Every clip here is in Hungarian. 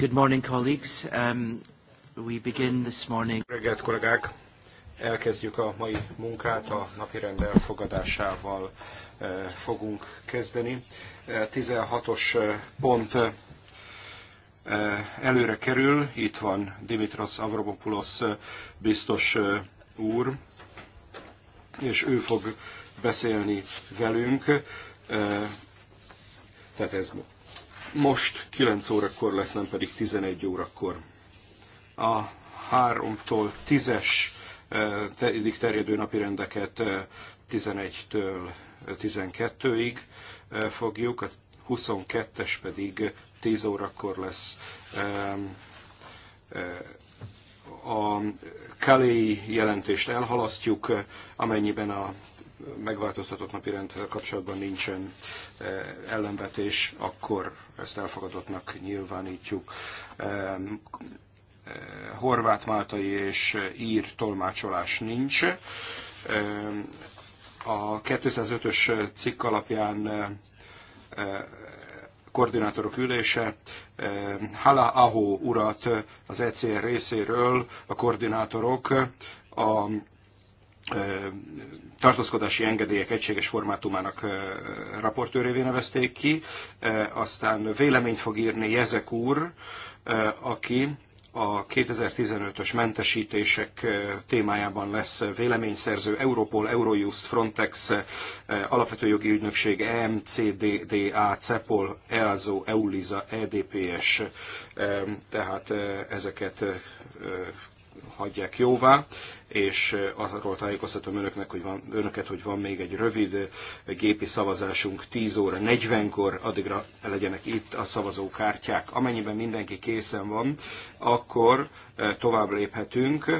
Good morning, colleagues. Um, we begin this morning. Reggelt, kollégák! Elkezdjük a mai munkát, a napirend elfogadásával eh, fogunk kezdeni. 16-os eh, eh, pont előre kerül, itt van Dimitros Avramopoulos biztos úr, és ő fog beszélni velünk. Tehát ez most 9 órakor lesz, nem pedig 11 órakor. A 3-tól 10-es eh, terjedő napi rendeket 11-től eh, 12-ig eh, fogjuk, a 22-es pedig 10 órakor lesz a Kelly jelentést elhalasztjuk, amennyiben a megváltoztatott napirendtel kapcsolatban nincsen eh, ellenvetés, akkor ezt elfogadottnak nyilvánítjuk. Eh, eh, horvát, máltai és ír tolmácsolás nincs. A 205-ös cikk alapján koordinátorok ülése Hala Aho urat az ECR részéről a koordinátorok a tartózkodási engedélyek egységes formátumának raportőrévé nevezték ki, aztán véleményt fog írni Jezek úr, aki a 2015-ös mentesítések témájában lesz véleményszerző Europol, Eurojust, Frontex, Alapvető Jogi Ügynökség, EMCDDA, CEPOL, EASO, EULISA, EDPS, tehát ezeket hagyják jóvá és arról tájékoztatom önöknek, hogy van, önöket, hogy van még egy rövid gépi szavazásunk 10 óra 40-kor, addigra legyenek itt a szavazókártyák. Amennyiben mindenki készen van, akkor tovább léphetünk.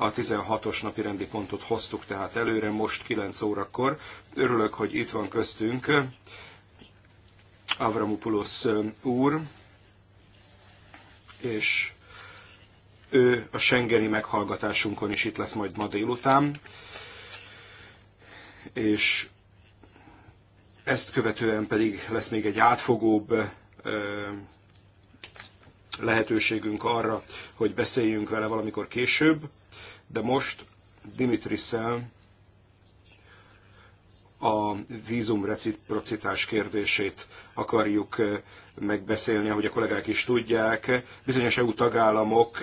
A 16-os napi rendi pontot hoztuk tehát előre, most 9 órakor. Örülök, hogy itt van köztünk Avramopoulos úr, és ő a Schengeni meghallgatásunkon is itt lesz majd ma délután, és ezt követően pedig lesz még egy átfogóbb lehetőségünk arra, hogy beszéljünk vele valamikor később, de most Dimitriszel a vízumreciprocitás kérdését akarjuk megbeszélni, ahogy a kollégák is tudják. Bizonyos EU tagállamok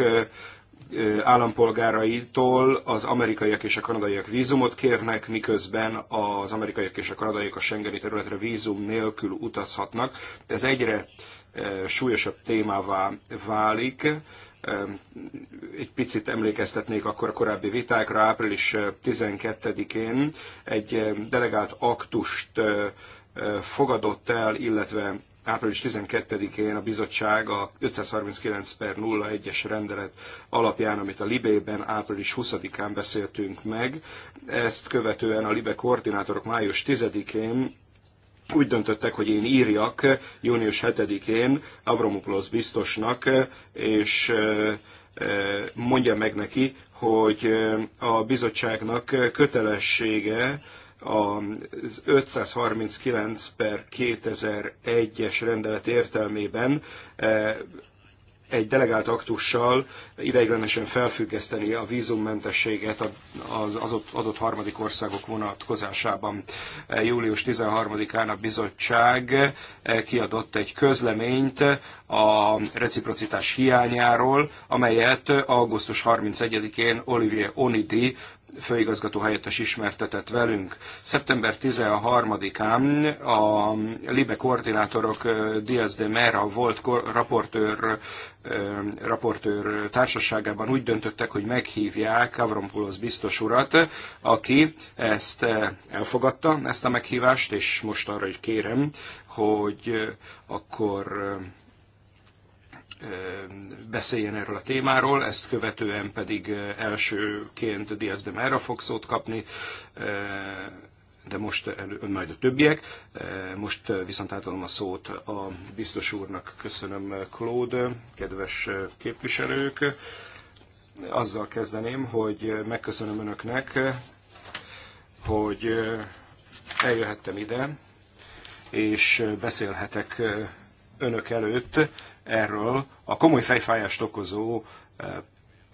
állampolgáraitól az amerikaiak és a kanadaiak vízumot kérnek, miközben az amerikaiak és a kanadaiak a Schengeni területre vízum nélkül utazhatnak. Ez egyre súlyosabb témává válik egy picit emlékeztetnék akkor a korábbi vitákra. Április 12-én egy delegált aktust fogadott el, illetve április 12-én a bizottság a 539 per 01-es rendelet alapján, amit a Libében április 20-án beszéltünk meg. Ezt követően a Libe koordinátorok május 10-én úgy döntöttek, hogy én írjak június 7-én Avromopoulos biztosnak, és mondja meg neki, hogy a bizottságnak kötelessége az 539 per 2001-es rendelet értelmében egy delegált aktussal ideiglenesen felfüggeszteni a vízummentességet az adott harmadik országok vonatkozásában. Július 13-án a bizottság eh, kiadott egy közleményt a reciprocitás hiányáról, amelyet augusztus 31-én Olivier Onidi főigazgató helyettes ismertetett velünk. Szeptember 13-án a LIBE koordinátorok Diaz de Mera volt raportőr, raportőr társaságában úgy döntöttek, hogy meghívják Avrampulos biztos urat, aki ezt elfogadta, ezt a meghívást, és most arra is kérem, hogy akkor beszéljen erről a témáról, ezt követően pedig elsőként Diaz de Mera fog szót kapni, de most majd a többiek. Most viszont átadom a szót a biztos úrnak. Köszönöm, Claude, kedves képviselők. Azzal kezdeném, hogy megköszönöm önöknek, hogy eljöhettem ide, és beszélhetek önök előtt erről a komoly fejfájást okozó e,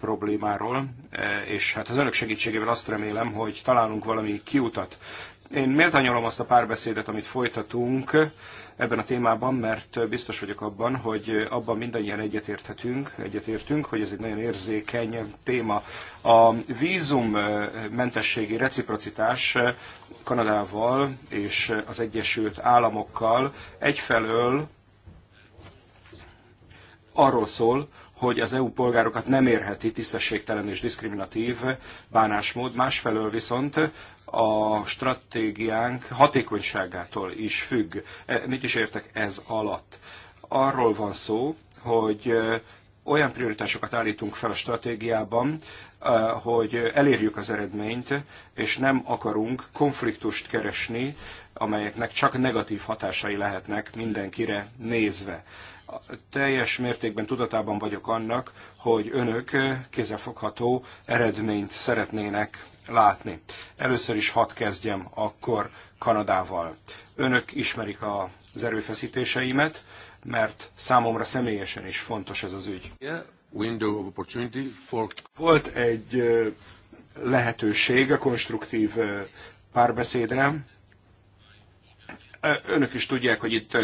problémáról, e, és hát az önök segítségével azt remélem, hogy találunk valami kiutat. Én méltányolom azt a párbeszédet, amit folytatunk ebben a témában, mert biztos vagyok abban, hogy abban mindannyian egyetérthetünk, egyetértünk, hogy ez egy nagyon érzékeny téma. A vízummentességi e, reciprocitás Kanadával és az Egyesült Államokkal egyfelől arról szól, hogy az EU polgárokat nem érheti tisztességtelen és diszkriminatív bánásmód, másfelől viszont a stratégiánk hatékonyságától is függ. E, mit is értek ez alatt? Arról van szó, hogy e, olyan prioritásokat állítunk fel a stratégiában, e, hogy elérjük az eredményt, és nem akarunk konfliktust keresni, amelyeknek csak negatív hatásai lehetnek mindenkire nézve teljes mértékben tudatában vagyok annak, hogy önök kézzelfogható eredményt szeretnének látni. Először is hat kezdjem akkor Kanadával. Önök ismerik az erőfeszítéseimet, mert számomra személyesen is fontos ez az ügy. Volt egy lehetőség a konstruktív párbeszédre. Önök is tudják, hogy itt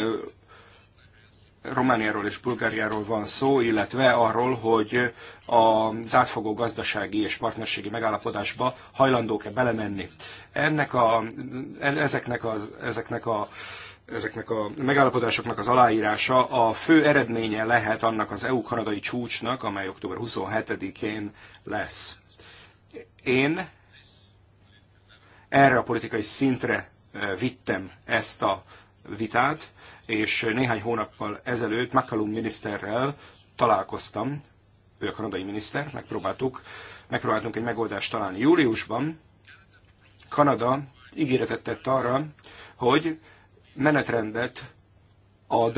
Romániáról és Bulgáriáról van szó, illetve arról, hogy az átfogó gazdasági és partnerségi megállapodásba hajlandók-e belemenni. Ennek a, ezeknek, a, ezeknek a ezeknek a megállapodásoknak az aláírása a fő eredménye lehet annak az EU-kanadai csúcsnak, amely október 27-én lesz. Én erre a politikai szintre eh, vittem ezt a vitát, és néhány hónappal ezelőtt McCallum miniszterrel találkoztam, ő a kanadai miniszter, megpróbáltuk, megpróbáltunk egy megoldást találni. Júliusban Kanada ígéretet tett arra, hogy menetrendet ad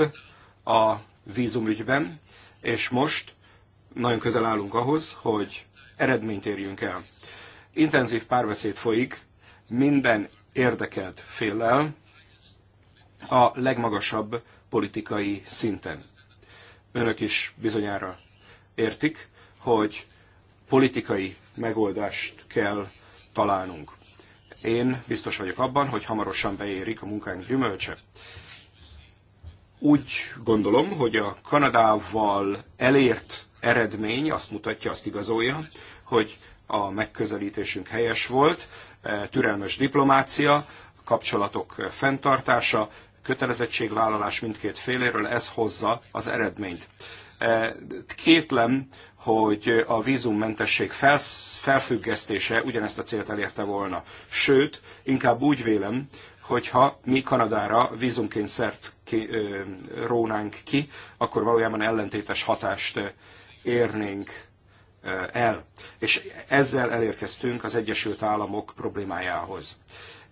a vízumügyben, és most nagyon közel állunk ahhoz, hogy eredményt érjünk el. Intenzív párbeszéd folyik minden érdekelt féllel, a legmagasabb politikai szinten. Önök is bizonyára értik, hogy politikai megoldást kell találnunk. Én biztos vagyok abban, hogy hamarosan beérik a munkánk gyümölcse. Úgy gondolom, hogy a Kanadával elért eredmény azt mutatja, azt igazolja, hogy a megközelítésünk helyes volt, türelmes diplomácia, kapcsolatok fenntartása, kötelezettségvállalás mindkét féléről, ez hozza az eredményt. E, kétlem, hogy a vízummentesség felfüggesztése ugyanezt a célt elérte volna. Sőt, inkább úgy vélem, hogyha mi Kanadára vízumkényszert rónánk ki, akkor valójában ellentétes hatást érnénk el. És ezzel elérkeztünk az Egyesült Államok problémájához.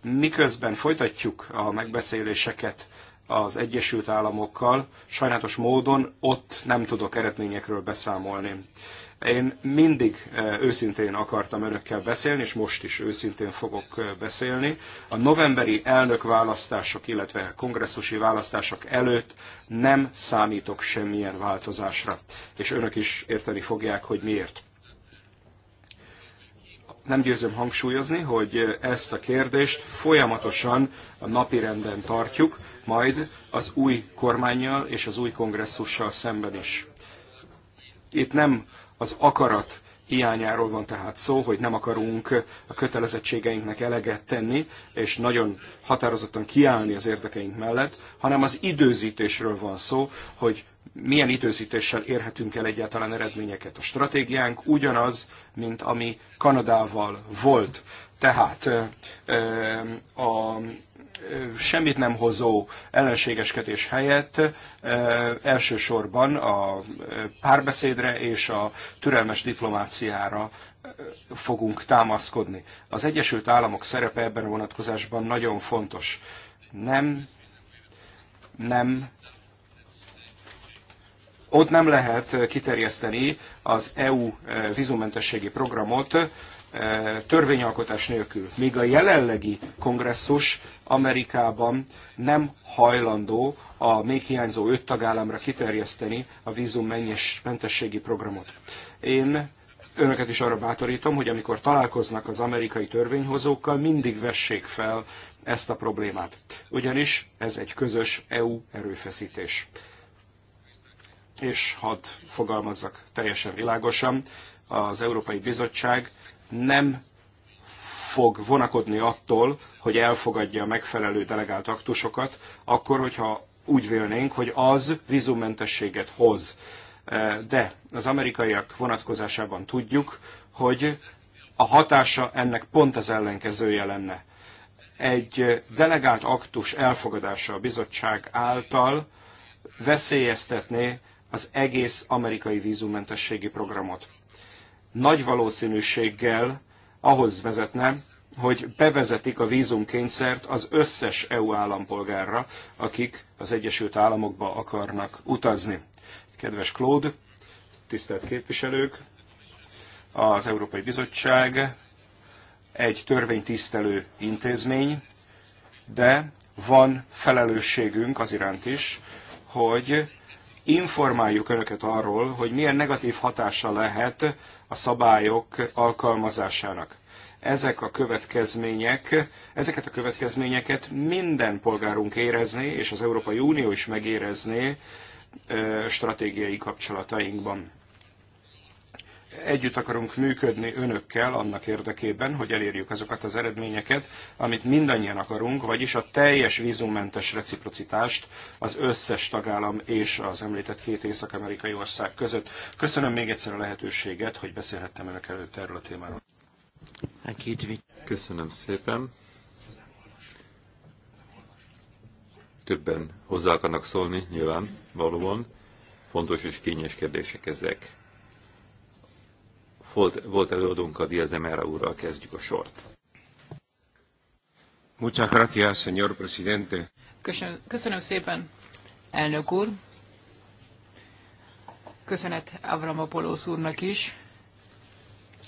Miközben folytatjuk a megbeszéléseket az Egyesült Államokkal, sajnálatos módon ott nem tudok eredményekről beszámolni. Én mindig e, őszintén akartam önökkel beszélni, és most is őszintén fogok e, beszélni. A novemberi elnökválasztások, illetve a kongresszusi választások előtt nem számítok semmilyen változásra, és önök is érteni fogják, hogy miért nem győzöm hangsúlyozni, hogy ezt a kérdést folyamatosan a napirenden tartjuk, majd az új kormányjal és az új kongresszussal szemben is. Itt nem az akarat hiányáról van tehát szó, hogy nem akarunk a kötelezettségeinknek eleget tenni, és nagyon határozottan kiállni az érdekeink mellett, hanem az időzítésről van szó, hogy milyen időzítéssel érhetünk el egyáltalán eredményeket. A stratégiánk ugyanaz, mint ami Kanadával volt. Tehát a semmit nem hozó ellenségeskedés helyett elsősorban a párbeszédre és a türelmes diplomáciára fogunk támaszkodni. Az Egyesült Államok szerepe ebben a vonatkozásban nagyon fontos. Nem, nem, ott nem lehet kiterjeszteni az EU vízumentességi programot E, törvényalkotás nélkül. Míg a jelenlegi kongresszus Amerikában nem hajlandó a még hiányzó öt tagállamra kiterjeszteni a vízum mennyes mentességi programot. Én önöket is arra bátorítom, hogy amikor találkoznak az amerikai törvényhozókkal, mindig vessék fel ezt a problémát. Ugyanis ez egy közös EU erőfeszítés. És hadd fogalmazzak teljesen világosan, az Európai Bizottság nem fog vonakodni attól, hogy elfogadja a megfelelő delegált aktusokat, akkor, hogyha úgy vélnénk, hogy az vízummentességet hoz. E, de az amerikaiak vonatkozásában tudjuk, hogy a hatása ennek pont az ellenkezője lenne. Egy delegált aktus elfogadása a bizottság által veszélyeztetné az egész amerikai vízummentességi programot nagy valószínűséggel ahhoz vezetne, hogy bevezetik a vízumkényszert az összes EU állampolgárra, akik az Egyesült Államokba akarnak utazni. Kedves Claude, tisztelt képviselők, az Európai Bizottság egy törvénytisztelő intézmény, de van felelősségünk az iránt is, hogy informáljuk Önöket arról, hogy milyen negatív hatása lehet a szabályok alkalmazásának. Ezek a következmények, ezeket a következményeket minden polgárunk érezné, és az Európai Unió is megérezné stratégiai kapcsolatainkban együtt akarunk működni önökkel annak érdekében, hogy elérjük azokat az eredményeket, amit mindannyian akarunk, vagyis a teljes vízummentes reciprocitást az összes tagállam és az említett két észak-amerikai ország között. Köszönöm még egyszer a lehetőséget, hogy beszélhettem önök előtt erről a témáról. Köszönöm szépen. Többen hozzá akarnak szólni, nyilván, valóban. Fontos és kényes kérdések ezek volt, volt előadónk a Diaz de Mera úrral, kezdjük a sort. Muchas gracias, señor presidente. Köszönöm, köszönöm szépen, elnök úr. Köszönet Avramopoulos úrnak is.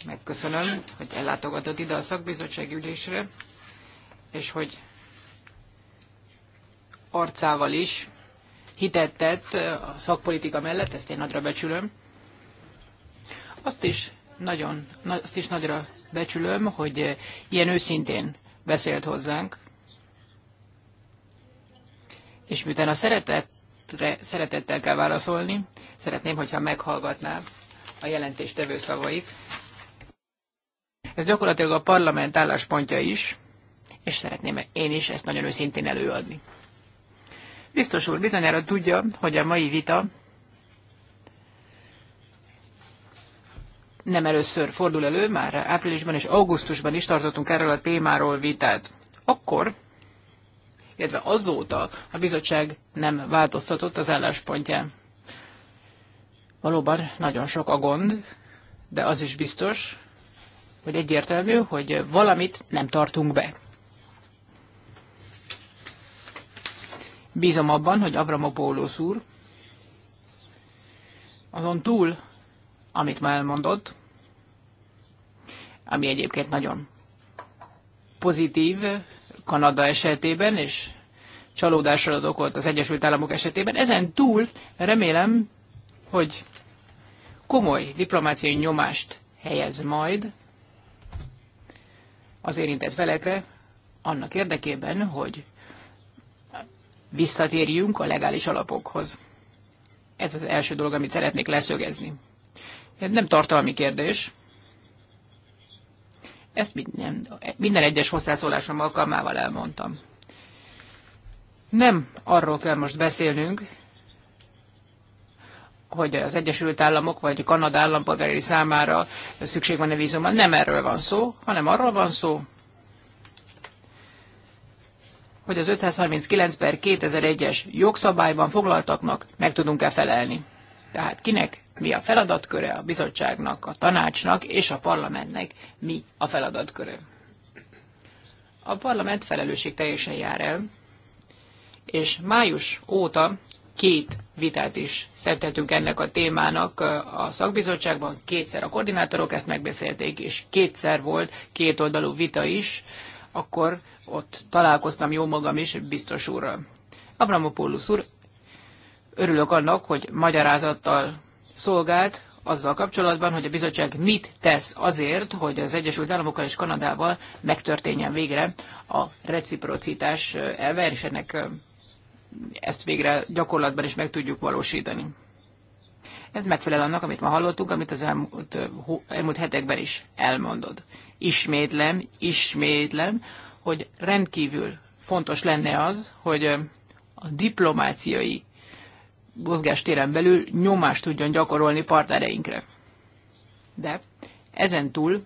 Megköszönöm, hogy ellátogatott ide a szakbizottsági ülésre, és hogy arcával is hitettet a szakpolitika mellett, ezt én nagyra becsülöm. Azt is nagyon, azt is nagyra becsülöm, hogy eh, ilyen őszintén beszélt hozzánk. És miután a szeretetre, szeretettel kell válaszolni, szeretném, hogyha meghallgatná a tevő szavait. Ez gyakorlatilag a parlament álláspontja is, és szeretném én is ezt nagyon őszintén előadni. Biztos úr, bizonyára tudja, hogy a mai vita nem először fordul elő, már áprilisban és augusztusban is tartottunk erről a témáról vitát. Akkor, illetve azóta a bizottság nem változtatott az álláspontján. Valóban nagyon sok a gond, de az is biztos, hogy egyértelmű, hogy valamit nem tartunk be. Bízom abban, hogy Abramopoulos úr azon túl, amit már elmondott, ami egyébként nagyon pozitív Kanada esetében, és csalódásra ad okot az Egyesült Államok esetében. Ezen túl remélem, hogy komoly diplomáciai nyomást helyez majd az érintett felekre, annak érdekében, hogy visszatérjünk a legális alapokhoz. Ez az első dolog, amit szeretnék leszögezni. Ez nem tartalmi kérdés, ezt minden, minden egyes hozzászólásom alkalmával elmondtam. Nem arról kell most beszélnünk, hogy az Egyesült Államok vagy a Kanada állampolgári számára szükség van-e vízumra. Nem erről van szó, hanem arról van szó, hogy az 539 per 2001-es jogszabályban foglaltaknak meg tudunk-e felelni. Tehát kinek mi a feladatköre a bizottságnak, a tanácsnak és a parlamentnek, mi a feladatköre. A parlament felelősség teljesen jár el, és május óta két vitát is szedhetünk ennek a témának a szakbizottságban, kétszer a koordinátorok ezt megbeszélték, és kétszer volt kétoldalú vita is, akkor ott találkoztam jó magam is biztos úrral. Abramopoulos úr, örülök annak, hogy magyarázattal szolgált azzal kapcsolatban, hogy a bizottság mit tesz azért, hogy az Egyesült Államokkal és Kanadával megtörténjen végre a reciprocitás elve, és ennek ezt végre gyakorlatban is meg tudjuk valósítani. Ez megfelel annak, amit ma hallottuk, amit az elmúlt, elmúlt hetekben is elmondod. Ismétlem, ismétlem, hogy rendkívül fontos lenne az, hogy a diplomáciai mozgástéren belül nyomást tudjon gyakorolni partnereinkre. De ezen túl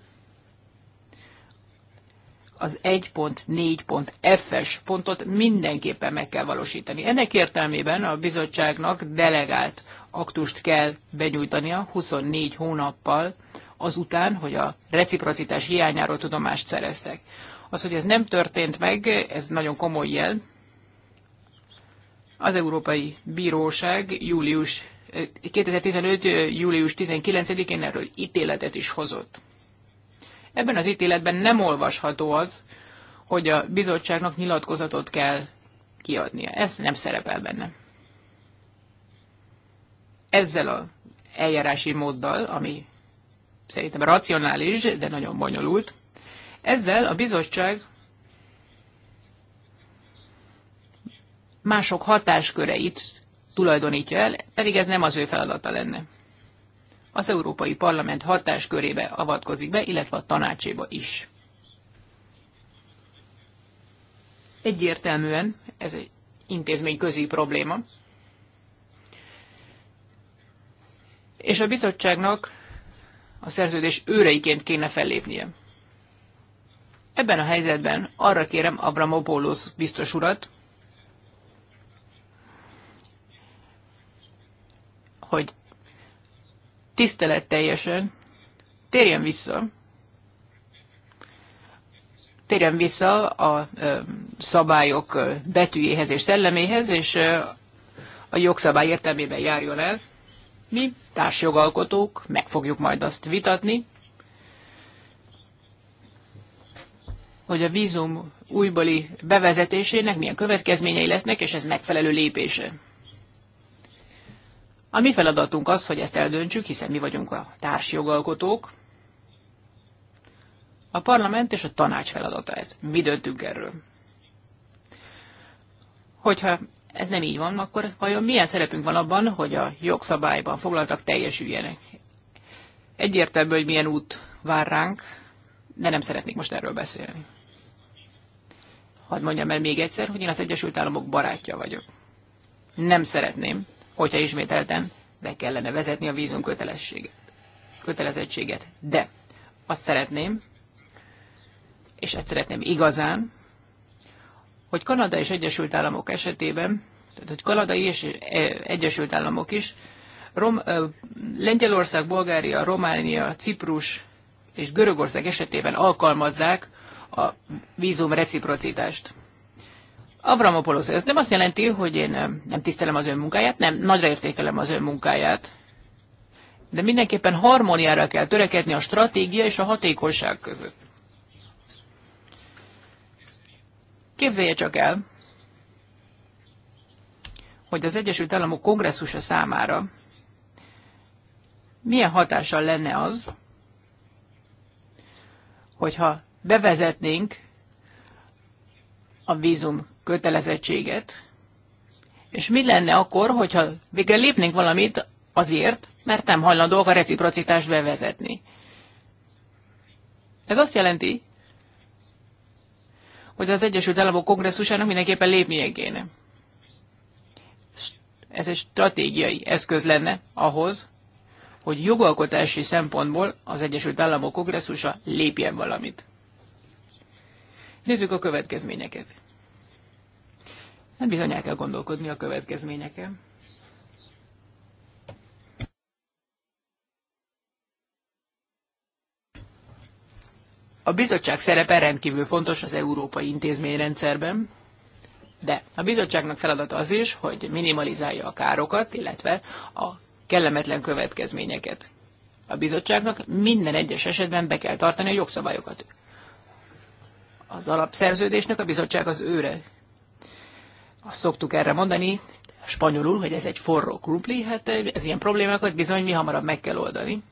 az 1.4.f-es pontot mindenképpen meg kell valósítani. Ennek értelmében a bizottságnak delegált aktust kell benyújtania 24 hónappal azután, hogy a reciprocitás hiányáról tudomást szereztek. Az, hogy ez nem történt meg, ez nagyon komoly jel, az Európai Bíróság július 2015. Eh, eh, július 19-én erről ítéletet is hozott. Ebben az ítéletben nem olvasható az, hogy a bizottságnak nyilatkozatot kell kiadnia. Ez nem szerepel benne. Ezzel a eljárási móddal, ami szerintem racionális, de nagyon bonyolult, ezzel a bizottság mások hatásköreit tulajdonítja el, pedig ez nem az ő feladata lenne. Az Európai Parlament hatáskörébe avatkozik be, illetve a tanácséba is. Egyértelműen ez egy intézményközi probléma. És a bizottságnak a szerződés őreiként kéne fellépnie. Ebben a helyzetben arra kérem Abramopoulos biztos urat, hogy tiszteletteljesen térjen vissza, térjen vissza a szabályok betűjéhez és szelleméhez, és a jogszabály értelmében járjon el. Mi, társjogalkotók, meg fogjuk majd azt vitatni, hogy a vízum újbali bevezetésének milyen következményei lesznek, és ez megfelelő lépése. A mi feladatunk az, hogy ezt eldöntsük, hiszen mi vagyunk a társjogalkotók. A parlament és a tanács feladata ez. Mi döntünk erről. Hogyha ez nem így van, akkor vajon milyen szerepünk van abban, hogy a jogszabályban foglaltak teljesüljenek? Egyértelmű, hogy milyen út vár ránk, de nem szeretnék most erről beszélni. Hadd mondjam el még egyszer, hogy én az Egyesült Államok barátja vagyok. Nem szeretném, hogyha ismételten be kellene vezetni a vízum kötelezettséget. De azt szeretném, és ezt szeretném igazán, hogy Kanada és Egyesült Államok esetében, tehát hogy Kanadai és e, Egyesült Államok is, Rom, Lengyelország, Bulgária, Románia, Ciprus és Görögország esetében alkalmazzák a vízum reciprocitást. Avramopoulos, ez nem azt jelenti, hogy én nem tisztelem az ön munkáját, nem, nagyra értékelem az ön munkáját, de mindenképpen harmóniára kell törekedni a stratégia és a hatékonyság között. Képzelje csak el, hogy az Egyesült Államok kongresszusa számára milyen hatással lenne az, hogyha bevezetnénk a vízum kötelezettséget, és mi lenne akkor, hogyha végül lépnénk valamit azért, mert nem hajlandóak a reciprocitást bevezetni. Ez azt jelenti, hogy az Egyesült Államok kongresszusának mindenképpen lépnie kéne. Ez egy stratégiai eszköz lenne ahhoz, hogy jogalkotási szempontból az Egyesült Államok kongresszusa lépjen valamit. Nézzük a következményeket. Hát bizony el kell gondolkodni a következményeken. A bizottság szerepe rendkívül fontos az európai intézményrendszerben, de a bizottságnak feladata az is, hogy minimalizálja a károkat, illetve a kellemetlen következményeket. A bizottságnak minden egyes esetben be kell tartani a jogszabályokat. Az alapszerződésnek a bizottság az őre azt szoktuk erre mondani, spanyolul, hogy ez egy forró krumpli, hát eh, ez ilyen problémákat bizony mi hamarabb meg kell oldani.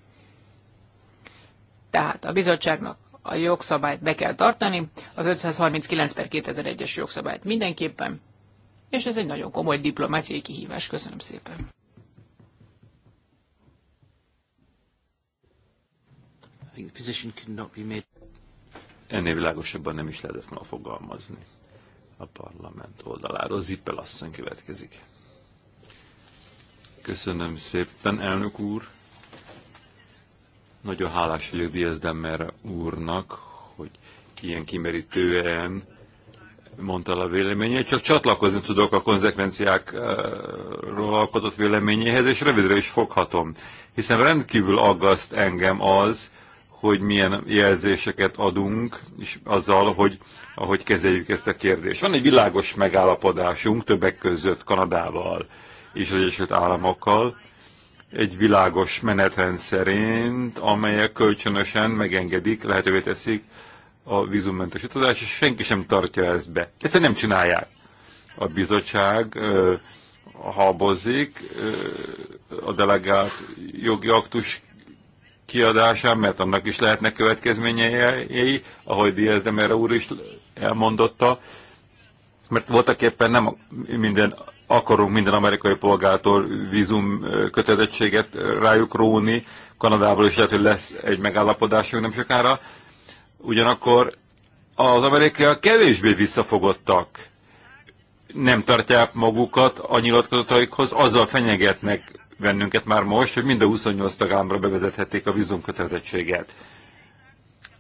Tehát a bizottságnak a jogszabályt be kell tartani, az 539 per 2001-es jogszabályt mindenképpen, és ez egy nagyon komoly diplomáciai kihívás. Köszönöm szépen. Ennél világosabban nem is lehetett volna fogalmazni a parlament oldaláról. Zippel asszony következik. Köszönöm szépen, elnök úr. Nagyon hálás vagyok Diaz Demmer úrnak, hogy ilyen kimerítően mondta a véleményét, csak csatlakozni tudok a konzekvenciákról alkotott véleményéhez, és rövidre is foghatom. Hiszen rendkívül aggaszt engem az, hogy milyen jelzéseket adunk, és azzal, hogy ahogy kezeljük ezt a kérdést. Van egy világos megállapodásunk többek között Kanadával és az Egyesült Államokkal, egy világos menetrend szerint, amelyek kölcsönösen megengedik, lehetővé teszik a vízummentes utazás, és senki sem tartja ezt be. Ezt nem csinálják. A bizottság ö, habozik, ö, a delegált jogi aktus kiadásán, mert annak is lehetnek következményei, ahogy Diaz de Mera úr is elmondotta, mert voltak éppen nem minden, akarunk minden amerikai polgártól vízum kötelezettséget rájuk róni, Kanadából is lehet, hogy lesz egy megállapodásunk nem sokára, ugyanakkor az amerikaiak kevésbé visszafogottak, nem tartják magukat a nyilatkozataikhoz, azzal fenyegetnek bennünket már most, hogy mind a 28 tagállamra bevezethették a vízumkötelezettséget.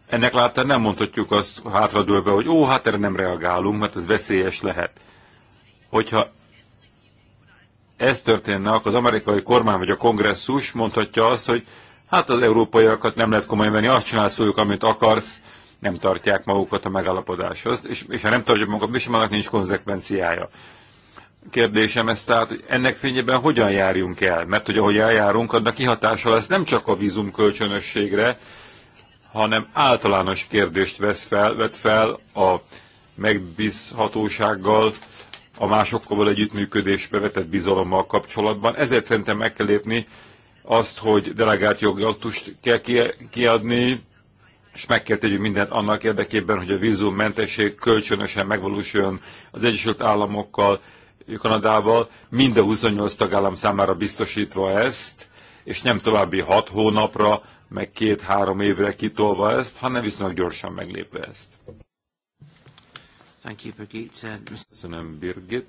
Ennek láttán nem mondhatjuk azt hátradőlve, hogy ó, hát erre nem reagálunk, mert ez veszélyes lehet. Hogyha ez történne, akkor az amerikai kormány vagy a kongresszus mondhatja azt, hogy hát az európaiakat nem lehet komolyan venni, azt csinálsz velük, amit akarsz, nem tartják magukat a megállapodáshoz, és, és ha nem tartják magukat, és annak nincs konzekvenciája kérdésem ez tehát, hogy ennek fényében hogyan járjunk el? Mert hogy ahogy eljárunk, annak kihatása lesz nem csak a vízum kölcsönösségre, hanem általános kérdést vesz fel, vet fel a megbízhatósággal, a másokkal való együttműködésbe vetett bizalommal kapcsolatban. Ezért szerintem meg kell lépni azt, hogy delegált jogjaktust kell kiadni, és meg kell tegyük mindent annak érdekében, hogy a vízummentesség kölcsönösen megvalósuljon az Egyesült Államokkal, Kanadával, mind a 28 tagállam számára biztosítva ezt, és nem további hat hónapra, meg két-három évre kitolva ezt, hanem viszonylag gyorsan meglépve ezt. Thank you, Birgit. Uh, Köszönöm, Birgit.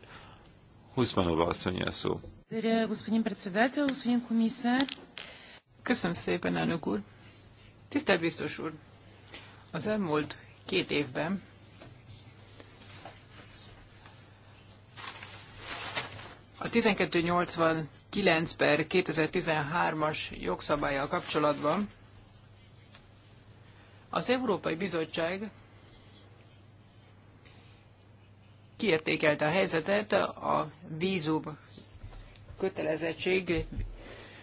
Huszmanova asszony szó. Köszönöm szépen, elnök úr. Tisztelt biztos úr! Az elmúlt két évben A 1289 per 2013-as jogszabályjal kapcsolatban az Európai Bizottság kiértékelte a helyzetet a vízum kötelezettség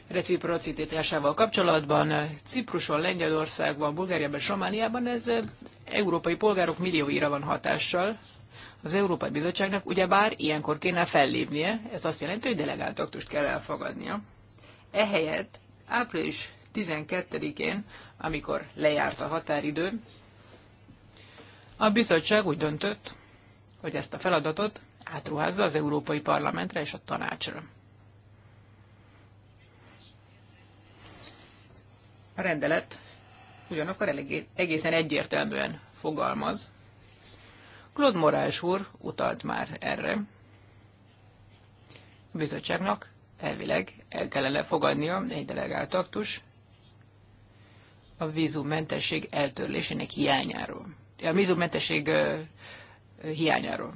reciprocitásával kapcsolatban. Cipruson, Lengyelországban, Bulgáriában, Somániában ez eh, európai polgárok millióira van hatással az Európai Bizottságnak ugyebár ilyenkor kéne fellépnie, ez azt jelenti, hogy delegált aktust kell elfogadnia. Ehelyett április 12-én, amikor lejárt a határidő, a bizottság úgy döntött, hogy ezt a feladatot átruházza az Európai Parlamentre és a tanácsra. A rendelet ugyanakkor elég, egészen egyértelműen fogalmaz Claude Morales úr utalt már erre. A bizottságnak elvileg el kellene fogadnia egy delegált aktus a vízummentesség eltörlésének hiányáról. A vízummentesség hiányáról.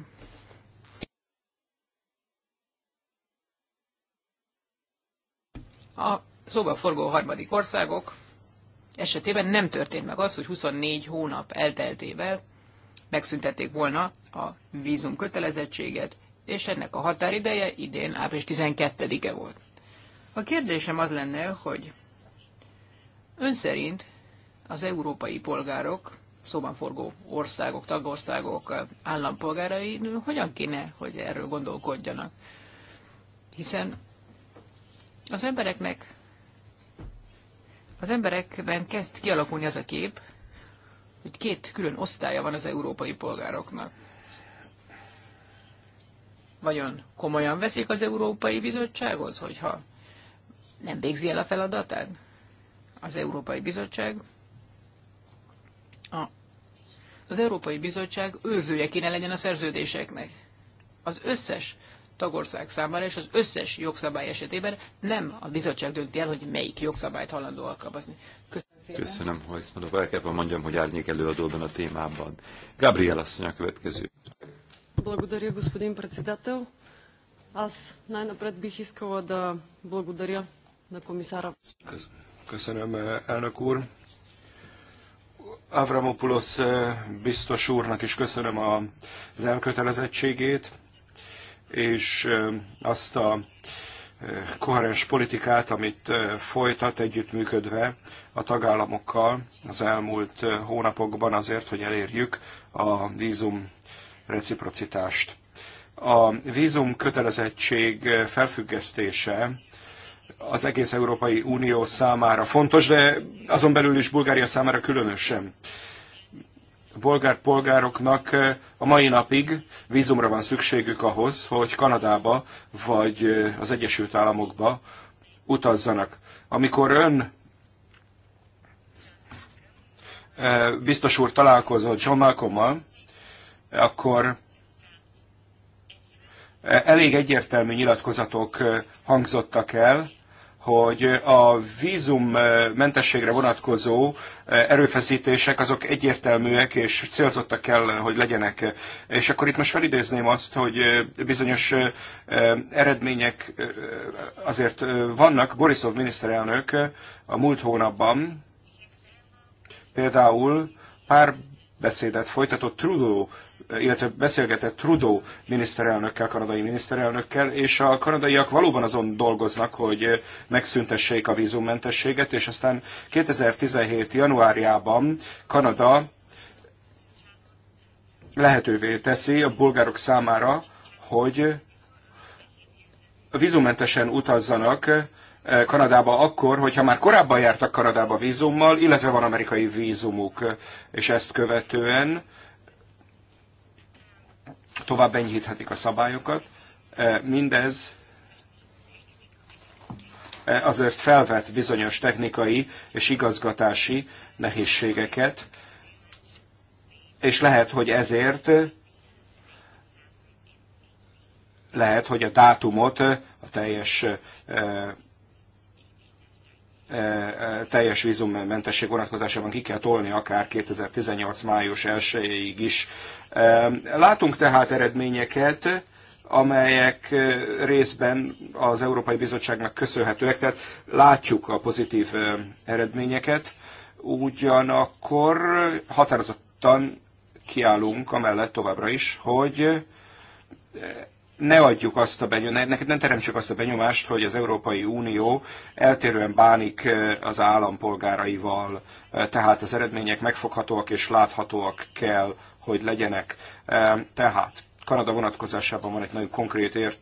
A szóba forgó harmadik országok esetében nem történt meg az, hogy 24 hónap elteltével megszüntették volna a vízum kötelezettséget, és ennek a határideje idén április 12-e volt. A kérdésem az lenne, hogy ön szerint az európai polgárok, szóban forgó országok, tagországok állampolgárai hogyan kéne, hogy erről gondolkodjanak? Hiszen az embereknek az emberekben kezd kialakulni az a kép, hogy két külön osztálya van az európai polgároknak. Vajon komolyan veszik az Európai Bizottságot, hogyha nem végzi el a feladatát? Az Európai Bizottság a, az Európai Bizottság őrzője kéne legyen a szerződéseknek. Az összes tagország számára, és az összes jogszabály esetében nem a bizottság dönti el, hogy melyik jogszabályt hallandó alkalmazni. Köszönöm szépen. Köszönöm, hogy mondok, el kell mondjam, hogy árnyék előadóban a témában. Gabriel asszony a következő. Благодаря, господин председател. Аз най-напред бих искала да благодаря на комисара. Köszönöm, elnök úr. Avramopoulos biztos úrnak is köszönöm az elkötelezettségét és azt a koherens politikát, amit folytat együttműködve a tagállamokkal az elmúlt hónapokban azért, hogy elérjük a vízum reciprocitást. A vízum kötelezettség felfüggesztése az egész Európai Unió számára fontos, de azon belül is Bulgária számára különösen bolgár polgároknak a mai napig vízumra van szükségük ahhoz, hogy Kanadába vagy az Egyesült Államokba utazzanak. Amikor ön biztos úr találkozott John Malcolm-mal, akkor elég egyértelmű nyilatkozatok hangzottak el, hogy a vízum mentességre vonatkozó erőfeszítések azok egyértelműek és célzottak kell, hogy legyenek. És akkor itt most felidézném azt, hogy bizonyos eredmények azért vannak. Borisov miniszterelnök a múlt hónapban például pár beszédet folytatott Trudeau illetve beszélgetett Trudeau miniszterelnökkel, kanadai miniszterelnökkel, és a kanadaiak valóban azon dolgoznak, hogy megszüntessék a vízummentességet, és aztán 2017. januárjában Kanada lehetővé teszi a bulgárok számára, hogy vízummentesen utazzanak eh, Kanadába akkor, hogyha már korábban jártak Kanadába vízummal, illetve van amerikai vízumuk, és ezt követően tovább enyhíthetik a szabályokat. Mindez azért felvet bizonyos technikai és igazgatási nehézségeket, és lehet, hogy ezért lehet, hogy a dátumot, a teljes E, e, teljes vízummentesség vonatkozásában ki kell tolni akár 2018. május 1-ig is. E, látunk tehát eredményeket, amelyek részben az Európai Bizottságnak köszönhetőek, tehát látjuk a pozitív eredményeket, ugyanakkor határozottan kiállunk amellett továbbra is, hogy ne adjuk azt a benyomást, ne, ne teremtsük azt a benyomást, hogy az Európai Unió eltérően bánik az állampolgáraival, tehát az eredmények megfoghatóak és láthatóak kell, hogy legyenek. Tehát Kanada vonatkozásában van egy nagyon konkrét ért,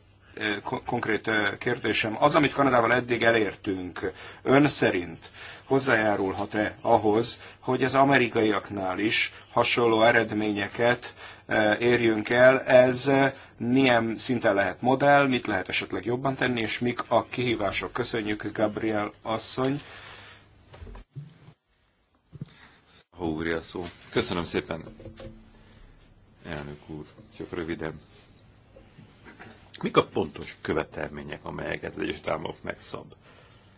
konkrét kérdésem. Az, amit Kanadával eddig elértünk, ön szerint hozzájárulhat-e ahhoz, hogy az amerikaiaknál is hasonló eredményeket érjünk el, ez milyen szinten lehet modell, mit lehet esetleg jobban tenni, és mik a kihívások. Köszönjük, Gabriel asszony. Hóri a szó. Köszönöm szépen, elnök úr. Csak röviden. Mik a pontos követelmények, amelyeket az Egyesült Államok megszab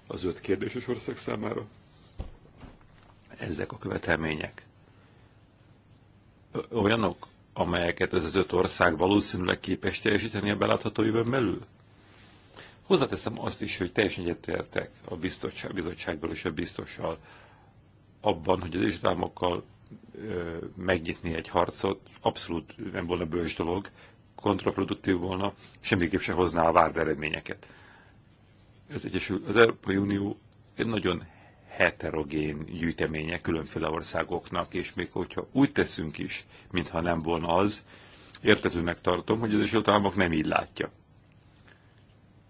az öt kérdéses ország számára? Ezek a követelmények olyanok, amelyeket ez az öt ország valószínűleg képes teljesíteni a belátható jövőn belül? Hozzáteszem azt is, hogy teljesen egyetértek a bizottságból és a biztossal abban, hogy az Egyesült megnyitni egy harcot abszolút nem volna bős dolog, kontraproduktív volna, semmiképp se hozná a várt eredményeket. Az, Egyesül, az Európai Unió egy nagyon heterogén gyűjteménye különféle országoknak, és még hogyha úgy teszünk is, mintha nem volna az, értetőnek tartom, hogy az Egyesült Államok nem így látja.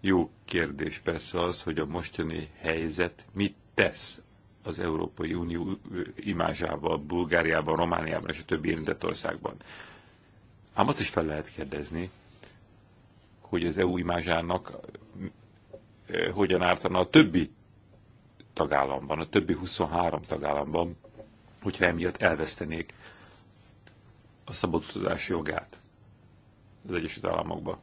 Jó kérdés persze az, hogy a mostani helyzet mit tesz az Európai Unió imázsával, Bulgáriában, Romániában és a többi érintett országban. Ám azt is fel lehet kérdezni, hogy az EU imázsának hogyan ártana a többi tagállamban, a többi 23 tagállamban, hogyha emiatt elvesztenék a szabadutazási jogát az Egyesült Államokba.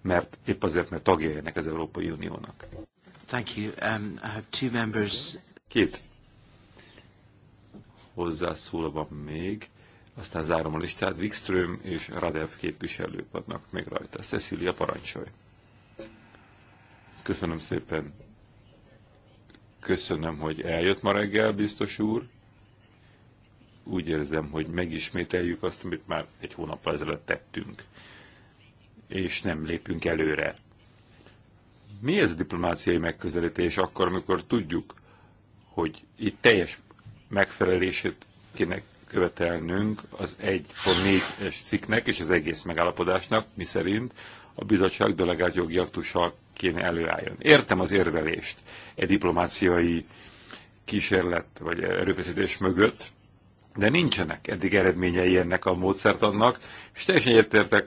Mert épp azért, mert tagja ennek az Európai Uniónak. Thank you. Um, I have two members. Két hozzászóló van még, aztán zárom a listát. Wikström és Radev képviselők vannak még rajta. Cecilia, parancsolj! Köszönöm szépen, Köszönöm, hogy eljött ma reggel, biztos úr. Úgy érzem, hogy megismételjük azt, amit már egy hónap ezelőtt tettünk, és nem lépünk előre. Mi ez a diplomáciai megközelítés akkor, amikor tudjuk, hogy itt teljes megfelelését kéne követelnünk az egy es cikknek és az egész megállapodásnak, miszerint a bizottság delegált jogi aktussal kéne előálljon. Értem az érvelést egy diplomáciai kísérlet vagy erőfeszítés mögött, de nincsenek eddig eredményei ennek a módszertannak, és teljesen értértek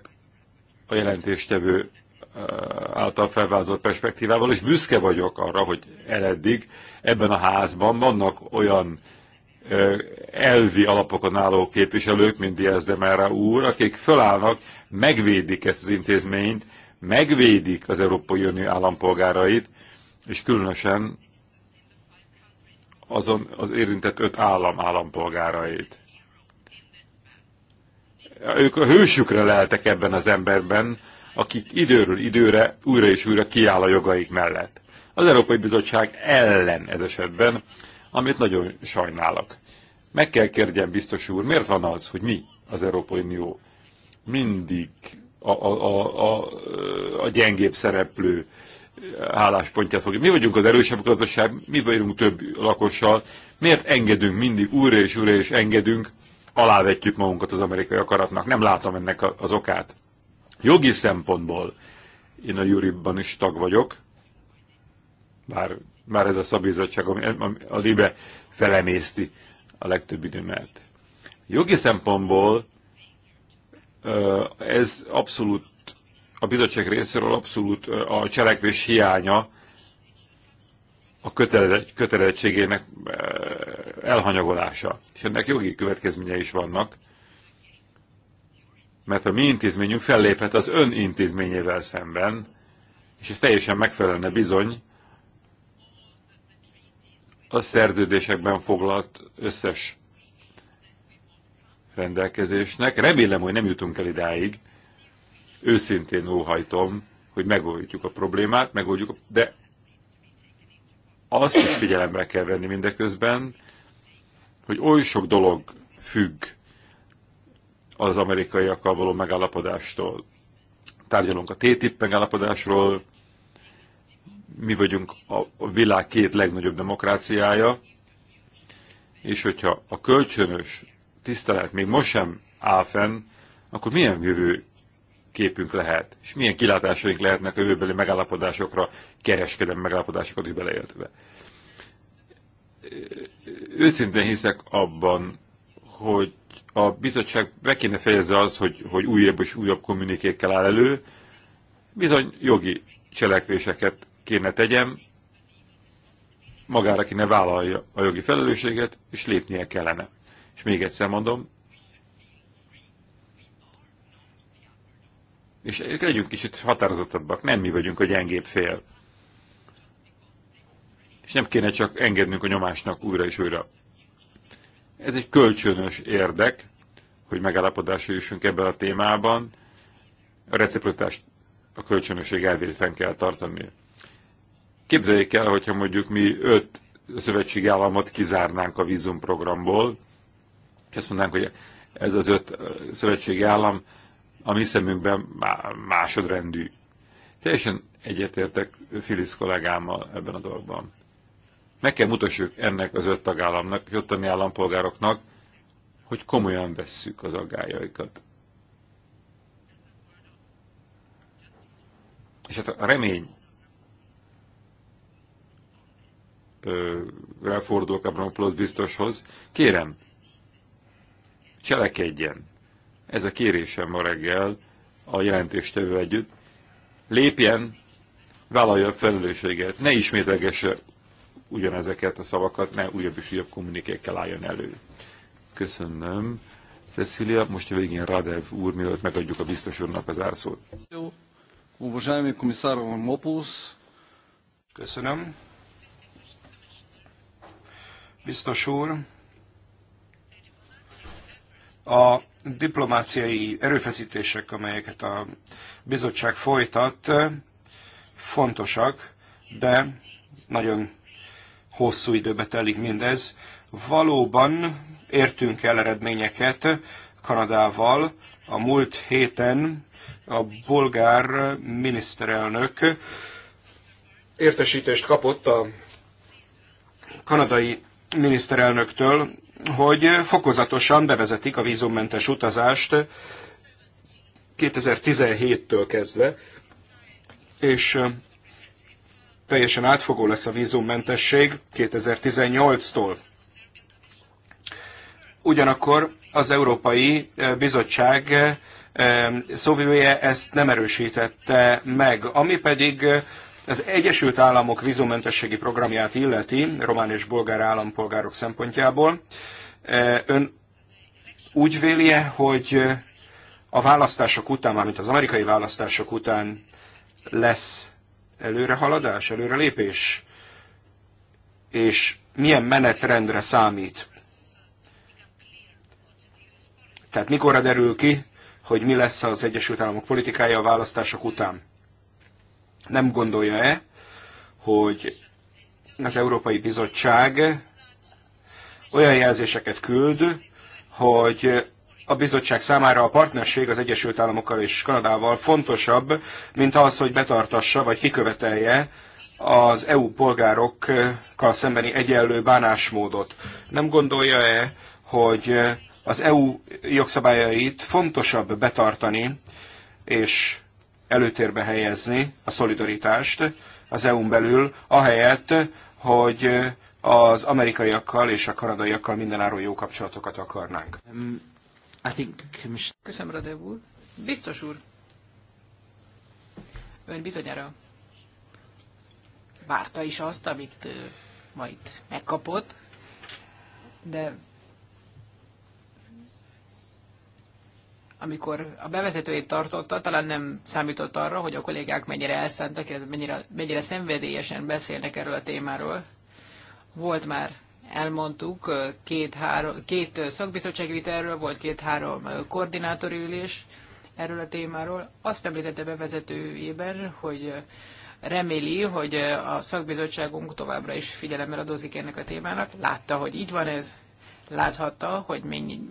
a jelentéstevő által felvázolt perspektívával, és büszke vagyok arra, hogy eleddig ebben a házban vannak olyan elvi alapokon álló képviselők, mint Diaz de Mera úr, akik fölállnak, megvédik ezt az intézményt, megvédik az Európai Unió állampolgárait, és különösen azon az érintett öt állam állampolgárait. Ők a hősükre leltek ebben az emberben, akik időről időre újra és újra kiáll a jogaik mellett. Az Európai Bizottság ellen ez esetben, amit nagyon sajnálok. Meg kell kérjem biztos úr, miért van az, hogy mi, az Európai Unió, mindig a, a, a, a gyengébb szereplő álláspontját fogja. Mi vagyunk az erősebb gazdaság, mi vagyunk több lakossal, miért engedünk mindig újra és újra és engedünk, alávetjük magunkat az amerikai akaratnak. Nem látom ennek az okát. Jogi szempontból én a Juribban is tag vagyok, bár, bár ez a szabizottság, ami a Libe felemészti a legtöbb időmet. Jogi szempontból ez abszolút a bizottság részéről abszolút a cselekvés hiánya a kötelezettségének elhanyagolása. És ennek jogi következményei is vannak, mert a mi intézményünk felléphet az ön intézményével szemben, és ez teljesen megfelelne bizony a szerződésekben foglalt összes rendelkezésnek. Remélem, hogy nem jutunk el idáig. Őszintén óhajtom, hogy megoldjuk a problémát, megoldjuk, a, de azt is figyelembe kell venni mindeközben, hogy oly sok dolog függ az amerikaiakkal való megállapodástól. Tárgyalunk a TTIP megállapodásról, mi vagyunk a világ két legnagyobb demokráciája, és hogyha a kölcsönös tisztelet még most sem áll fenn, akkor milyen jövő képünk lehet, és milyen kilátásaink lehetnek a jövőbeli megállapodásokra, kereskedelmi megállapodásokat is beleértve. Őszintén hiszek abban, hogy a bizottság be kéne fejezze az, hogy, hogy újabb és újabb kommunikékkel áll elő, bizony jogi cselekvéseket kéne tegyem, magára kéne vállalja a jogi felelősséget, és lépnie kellene. És még egyszer mondom, és legyünk kicsit határozottabbak, nem mi vagyunk a gyengébb fél. És nem kéne csak engednünk a nyomásnak újra és újra. Ez egy kölcsönös érdek, hogy megállapodásra jussunk ebben a témában. A reciprocitást, a kölcsönösség elvét fenn kell tartani. Képzeljék el, hogyha mondjuk mi öt szövetségi államot kizárnánk a vízumprogramból, azt mondanánk, hogy ez az öt szövetségi állam a mi szemünkben másodrendű. Teljesen egyetértek Filisz kollégámmal ebben a dolgban. Meg kell mutassuk ennek az öt tagállamnak, az ottani állampolgároknak, hogy komolyan vesszük az aggájaikat. És hát a remény a Avramopoulos biztoshoz, kérem, cselekedjen. Ez a kérésem ma reggel a jelentéstevő együtt. Lépjen, vállalja a felelősséget, ne ismételgesse ugyanezeket a szavakat, ne újabb és újabb kommunikékkel álljon elő. Köszönöm. Cecilia, most a végén Radev úr, mielőtt megadjuk a biztos úrnak az árszót. Köszönöm. Biztos úr, a diplomáciai erőfeszítések, amelyeket a bizottság folytat, fontosak, de nagyon hosszú időbe telik mindez. Valóban értünk el eredményeket Kanadával. A múlt héten a bolgár miniszterelnök értesítést kapott a kanadai miniszterelnöktől hogy fokozatosan bevezetik a vízummentes utazást 2017-től kezdve, és teljesen átfogó lesz a vízummentesség 2018-tól. Ugyanakkor az Európai Bizottság szóvivője ezt nem erősítette meg, ami pedig az Egyesült Államok vízumentességi programját illeti román és bolgár állampolgárok szempontjából. Eh, ön úgy vélje, hogy a választások után, mármint az amerikai választások után lesz előrehaladás, előrelépés? És milyen menetrendre számít? Tehát mikorra derül ki, hogy mi lesz az Egyesült Államok politikája a választások után? nem gondolja-e, hogy az Európai Bizottság olyan jelzéseket küld, hogy a bizottság számára a partnerség az Egyesült Államokkal és Kanadával fontosabb, mint az, hogy betartassa vagy kikövetelje az EU polgárokkal szembeni egyenlő bánásmódot. Nem gondolja-e, hogy az EU jogszabályait fontosabb betartani, és előtérbe helyezni a szolidaritást az EU-n belül, ahelyett, hogy az amerikaiakkal és a kanadaiakkal mindenáról jó kapcsolatokat akarnánk. Um, Köszönöm, Rade úr. Biztos úr, ön bizonyára várta is azt, amit ma itt megkapott, de amikor a bevezetőjét tartotta, talán nem számított arra, hogy a kollégák mennyire elszántak, illetve mennyire, mennyire szenvedélyesen beszélnek erről a témáról. Volt már, elmondtuk, két-három, két, szakbizottsági vita erről, volt két-három koordinátori ülés erről a témáról. Azt említette bevezetőjében, hogy reméli, hogy a szakbizottságunk továbbra is figyelemmel adózik ennek a témának. Látta, hogy így van ez, Láthatta, hogy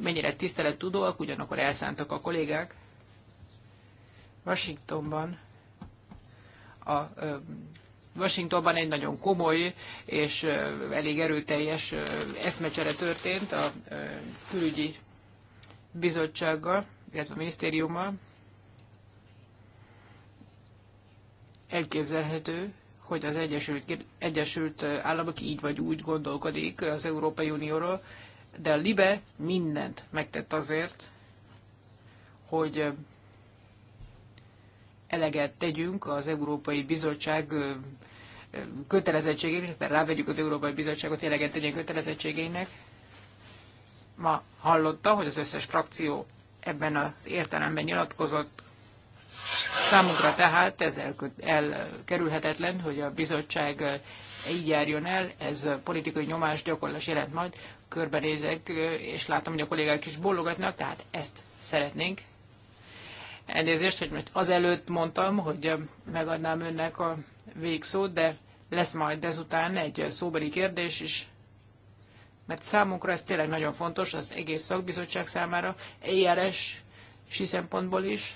mennyire tisztelet tudóak, ugyanakkor elszántak a kollégák. Washingtonban a Washingtonban egy nagyon komoly és elég erőteljes eszmecsere történt a külügyi bizottsággal, illetve a minisztériummal. Elképzelhető, hogy az Egyesült, Egyesült Államok így vagy úgy gondolkodik az Európai Unióról, de a Libe mindent megtett azért, hogy eleget tegyünk az Európai Bizottság kötelezettségének, mert rávegyük az Európai Bizottságot, eleget tegyen kötelezettségének. Ma hallotta, hogy az összes frakció ebben az értelemben nyilatkozott. Számunkra tehát ez elkerülhetetlen, hogy a bizottság így járjon el, ez politikai nyomás gyakorlás jelent majd körbenézek, és látom, hogy a kollégák is bólogatnak, tehát ezt szeretnénk. Elnézést, hogy most azelőtt mondtam, hogy megadnám önnek a végszót, de lesz majd ezután egy szóbeli kérdés is, mert számunkra ez tényleg nagyon fontos, az egész szakbizottság számára, EIRS si szempontból is,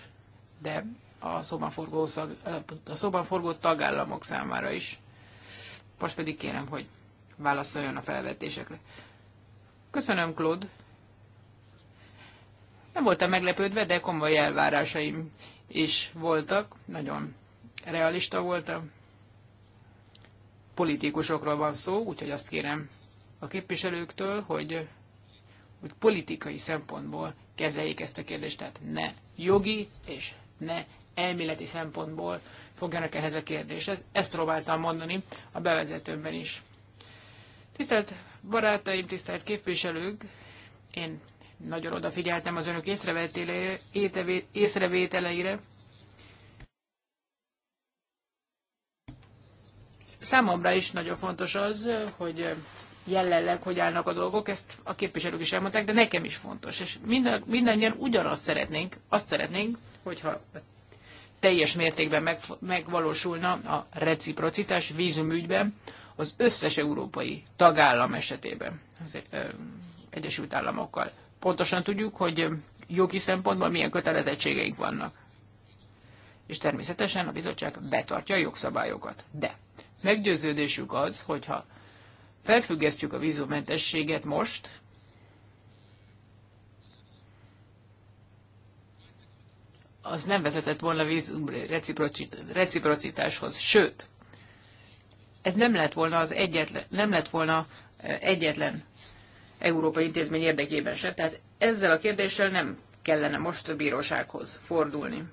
de a szóban, forgó szag, a szóban forgó tagállamok számára is. Most pedig kérem, hogy válaszoljon a felvetésekre. Köszönöm, Claude. Nem voltam meglepődve, de komoly elvárásaim is voltak. Nagyon realista voltam. Politikusokról van szó, úgyhogy azt kérem a képviselőktől, hogy, hogy politikai szempontból kezeljék ezt a kérdést. Tehát ne jogi és ne elméleti szempontból fogjanak ehhez a kérdéshez. Ezt próbáltam mondani a bevezetőmben is. Tisztelt Barátaim, tisztelt képviselők, én nagyon odafigyeltem az önök észrevételeire. Számomra is nagyon fontos az, hogy jelenleg hogy állnak a dolgok, ezt a képviselők is elmondták, de nekem is fontos. És minden, mindannyian ugyanazt szeretnénk, azt szeretnénk, hogyha teljes mértékben meg, megvalósulna a reciprocitás vízumügyben, az összes európai tagállam esetében, az Egyesült Államokkal. Pontosan tudjuk, hogy jogi szempontból milyen kötelezettségeink vannak. És természetesen a bizottság betartja a jogszabályokat. De meggyőződésük az, hogyha felfüggesztjük a vízumentességet most, az nem vezetett volna vízum reciprocitáshoz. Sőt, ez nem lett volna az egyetlen, nem lett volna eh, egyetlen európai intézmény érdekében se. Tehát ezzel a kérdéssel nem kellene most a bírósághoz fordulni.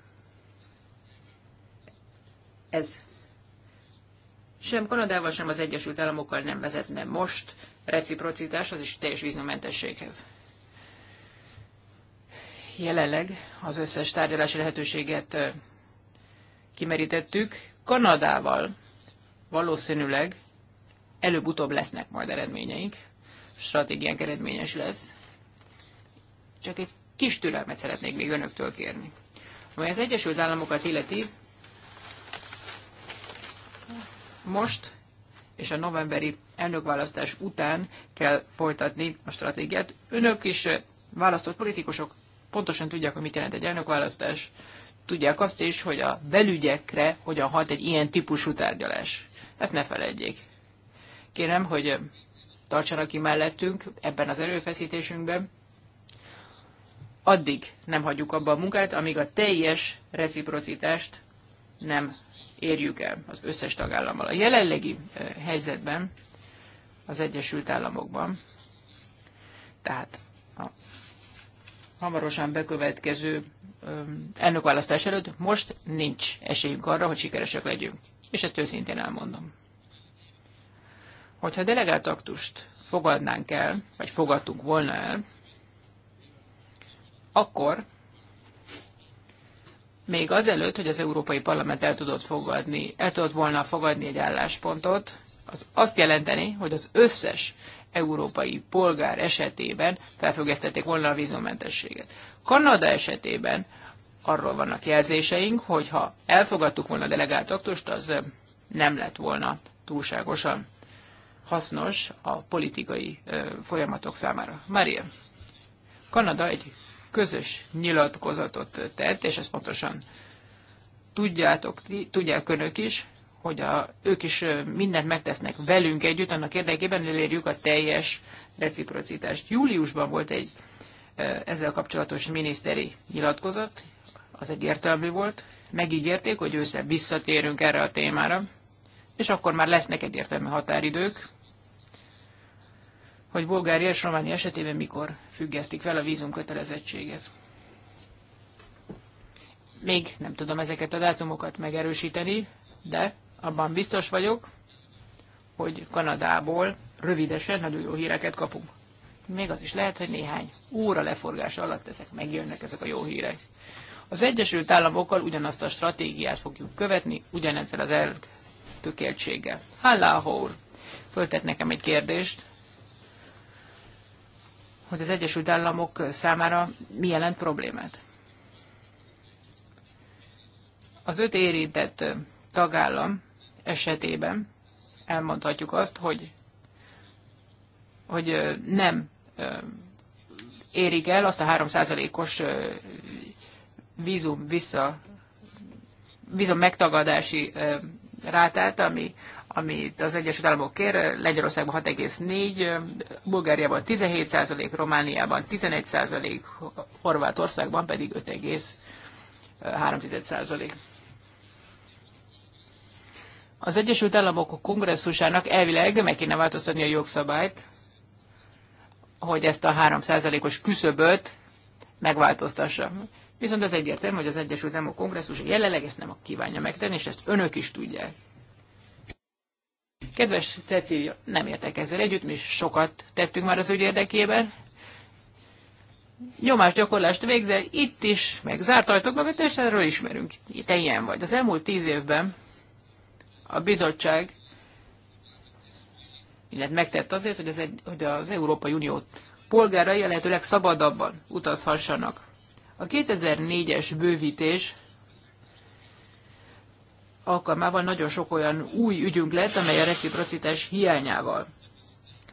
Ez sem Kanadával, sem az Egyesült Államokkal nem vezetne most reciprocitás, az is teljes vízummentességhez. Jelenleg az összes tárgyalási lehetőséget eh, kimerítettük. Kanadával valószínűleg előbb-utóbb lesznek majd eredményeink, stratégiánk eredményes lesz. Csak egy kis türelmet szeretnék még önöktől kérni. Ami az Egyesült Államokat illeti, most és a novemberi elnökválasztás után kell folytatni a stratégiát. Önök is eh, választott politikusok pontosan tudják, hogy mit jelent egy elnökválasztás tudják azt is, hogy a belügyekre hogyan hat egy ilyen típusú tárgyalás. Ezt ne felejtjék. Kérem, hogy tartsanak ki mellettünk ebben az erőfeszítésünkben. Addig nem hagyjuk abba a munkát, amíg a teljes reciprocitást nem érjük el az összes tagállammal. A jelenlegi eh, helyzetben az Egyesült Államokban, tehát a hamarosan bekövetkező elnökválasztás előtt most nincs esélyünk arra, hogy sikeresek legyünk. És ezt őszintén elmondom. Hogyha delegált aktust fogadnánk el, vagy fogadtunk volna el, akkor még azelőtt, hogy az Európai Parlament el tudott, fogadni, el tudott volna fogadni egy álláspontot, az azt jelenteni, hogy az összes európai polgár esetében felfüggesztették volna a vízumentességet. Kanada esetében arról vannak jelzéseink, hogy ha elfogadtuk volna a delegált aktust, az nem lett volna túlságosan hasznos a politikai folyamatok számára. Mária, Kanada egy közös nyilatkozatot tett, és ezt pontosan tudjátok, tudják önök is, hogy a, ők is mindent megtesznek velünk együtt, annak érdekében elérjük a teljes reciprocitást. Júliusban volt egy ezzel kapcsolatos miniszteri nyilatkozat, az egyértelmű volt, megígérték, hogy össze visszatérünk erre a témára, és akkor már lesznek egyértelmű határidők, hogy Bulgária és Románia esetében mikor függesztik fel a vízum kötelezettséget. Még nem tudom ezeket a dátumokat megerősíteni, de abban biztos vagyok, hogy Kanadából rövidesen nagyon jó híreket kapunk. Még az is lehet, hogy néhány óra leforgása alatt ezek megjönnek, ezek a jó hírek. Az Egyesült Államokkal ugyanazt a stratégiát fogjuk követni, ugyanezzel az eltökéltséggel. Hór! föltett nekem egy kérdést, hogy az Egyesült Államok számára mi jelent problémát. Az öt érintett tagállam esetében elmondhatjuk azt, hogy, hogy nem érik el azt a 3%-os vízum vissza, vízum megtagadási rátát, ami, amit az Egyesült Államok kér, Lengyelországban 6,4, Bulgáriában 17 Romániában 11 Horvátországban pedig 5,3 százalék. Az Egyesült Államok kongresszusának elvileg meg kéne változtatni a jogszabályt, hogy ezt a 3%-os küszöböt megváltoztassa. Viszont ez egyértelmű, hogy az Egyesült Államok kongresszus jelenleg ezt nem kívánja megtenni, és ezt önök is tudják. Kedves Cecília, nem értek ezzel együtt, mi sokat tettünk már az ügy érdekében. Nyomásgyakorlást végzel itt is, meg zárt ajtók mögött, és erről ismerünk. Te ilyen vagy. Az elmúlt tíz évben a bizottság mindent megtett azért, hogy az, egy, hogy az Európai Unió polgárai a lehető legszabadabban utazhassanak. A 2004-es bővítés alkalmával nagyon sok olyan új ügyünk lett, amely a reciprocitás hiányával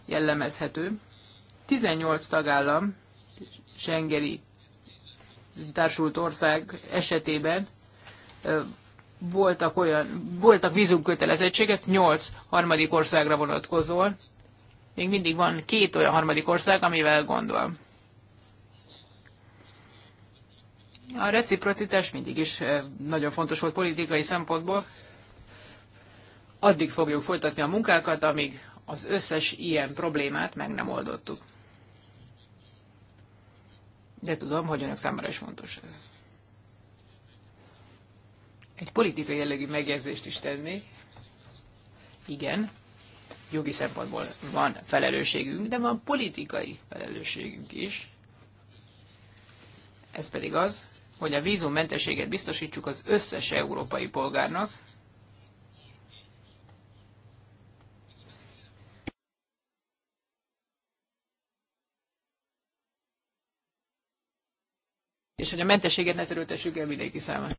jellemezhető. 18 tagállam Schengeri társult ország esetében voltak olyan, voltak vízumkötelezettséget nyolc harmadik országra vonatkozóan. Még mindig van két olyan harmadik ország, amivel gondolom. A reciprocitás mindig is eh, nagyon fontos volt politikai szempontból. Addig fogjuk folytatni a munkákat, amíg az összes ilyen problémát meg nem oldottuk. De tudom, hogy önök számára is fontos ez egy politikai jellegű megjegyzést is tenni. Igen, jogi szempontból van felelősségünk, de van politikai felelősségünk is. Ez pedig az, hogy a vízummentességet biztosítsuk az összes európai polgárnak, és hogy a mentességet ne törültessük el mindenki számára.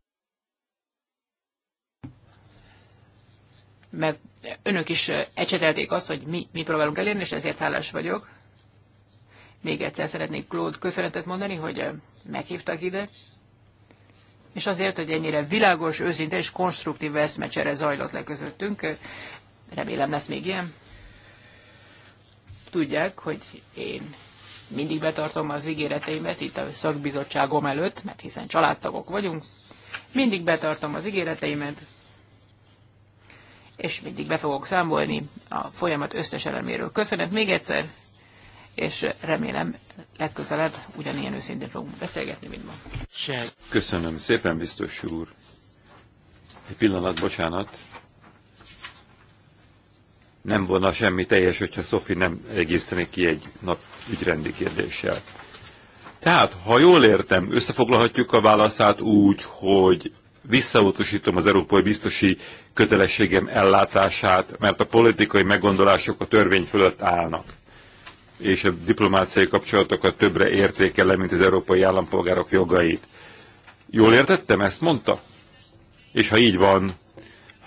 meg önök is ecsetelték azt, hogy mi, mi próbálunk elérni, és ezért hálás vagyok. Még egyszer szeretnék Claude köszönetet mondani, hogy meghívtak ide, és azért, hogy ennyire világos, őszinte és konstruktív eszmecsere zajlott le közöttünk. Remélem lesz még ilyen. Tudják, hogy én mindig betartom az ígéreteimet itt a szakbizottságom előtt, mert hiszen családtagok vagyunk. Mindig betartom az ígéreteimet, és mindig be fogok számolni a folyamat összes eleméről. Köszönet még egyszer, és remélem legközelebb ugyanilyen őszintén fogunk beszélgetni, mint ma. Köszönöm szépen, biztos úr. Egy pillanat, bocsánat. Nem volna semmi teljes, hogyha Szofi nem egésztené ki egy nap ügyrendi kérdéssel. Tehát, ha jól értem, összefoglalhatjuk a válaszát úgy, hogy visszautasítom az európai biztosi kötelességem ellátását, mert a politikai meggondolások a törvény fölött állnak és a diplomáciai kapcsolatokat többre értékel, mint az európai állampolgárok jogait. Jól értettem, ezt mondta? És ha így van,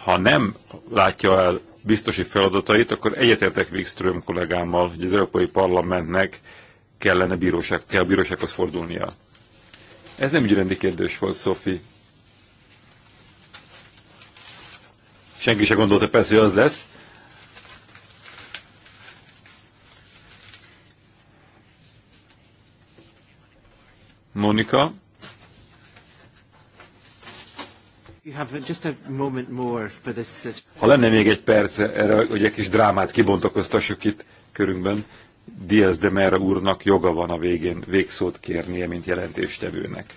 ha nem látja el biztosi feladatait, akkor egyetértek Wikström kollégámmal, hogy az Európai Parlamentnek kellene bíróság, kell bírósághoz fordulnia. Ez nem ügyrendi kérdés volt, Szofi. Senki se gondolta persze, hogy az lesz. Monika. Ha lenne még egy perc erre, hogy egy kis drámát kibontakoztassuk itt körünkben, Diaz de Mera úrnak joga van a végén végszót kérnie, mint jelentéstevőnek.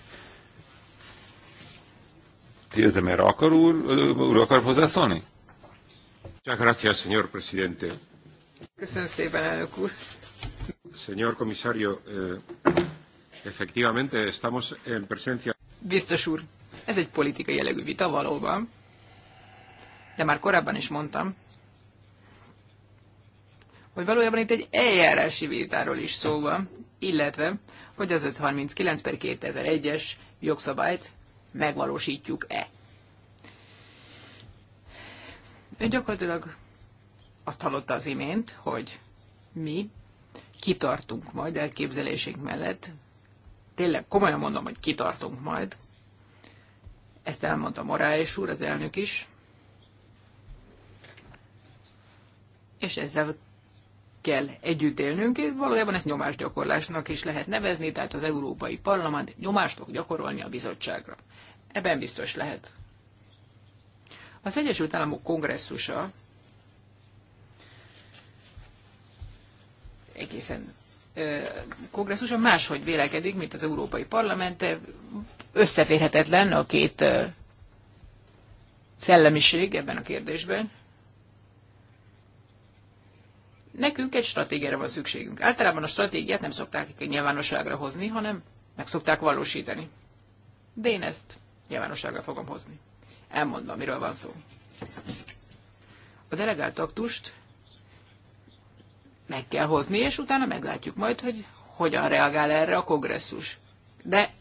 Kérdezem, erre akar úr, úr akar hozzászólni? Gracias, señor presidente. Köszönöm szépen, elnök úr. Señor comisario, eh, efectivamente estamos en presencia... Biztos úr, ez egy politikai jellegű vita valóban, de már korábban is mondtam, hogy valójában itt egy eljárási vétáról is szó van, illetve, hogy az 539 per 2001-es jogszabályt megvalósítjuk-e. Ön gyakorlatilag azt hallotta az imént, hogy mi kitartunk majd elképzelésünk mellett. Tényleg komolyan mondom, hogy kitartunk majd. Ezt elmondta Moráes úr, az elnök is. És ezzel kell együtt élnünk, valójában ezt nyomásgyakorlásnak is lehet nevezni, tehát az Európai Parlament nyomást fog gyakorolni a bizottságra. Ebben biztos lehet. Az Egyesült Államok kongresszusa egészen kongresszusa máshogy vélekedik, mint az Európai Parlament. Összeférhetetlen a két szellemiség ebben a kérdésben. Nekünk egy stratégiára van szükségünk. Általában a stratégiát nem szokták nyilvánosságra hozni, hanem meg szokták valósítani. De én ezt nyilvánosságra fogom hozni. Elmondom, miről van szó. A delegált aktust meg kell hozni, és utána meglátjuk majd, hogy hogyan reagál erre a kongresszus. De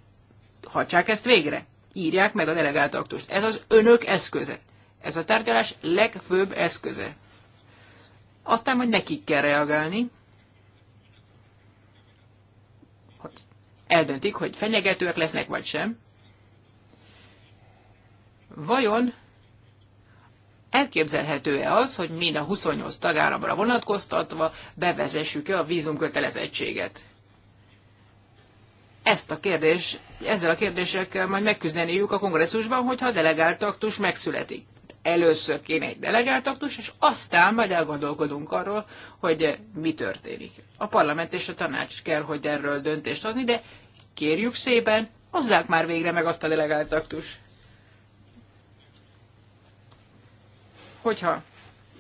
hagyják ezt végre. Írják meg a delegált aktust. Ez az önök eszköze. Ez a tárgyalás legfőbb eszköze aztán majd nekik kell reagálni, hogy eldöntik, hogy fenyegetőek lesznek, vagy sem. Vajon elképzelhető-e az, hogy mind a 28 tagállamra vonatkoztatva bevezessük-e a vízumkötelezettséget? Ezt a kérdés, ezzel a kérdésekkel majd megküzdeniük a kongresszusban, hogyha a delegált aktus megszületik először kéne egy delegált aktus, és aztán majd elgondolkodunk arról, hogy mi történik. A parlament és a tanács kell, hogy erről döntést hozni, de kérjük szépen, hozzák már végre meg azt a delegált aktus. Hogyha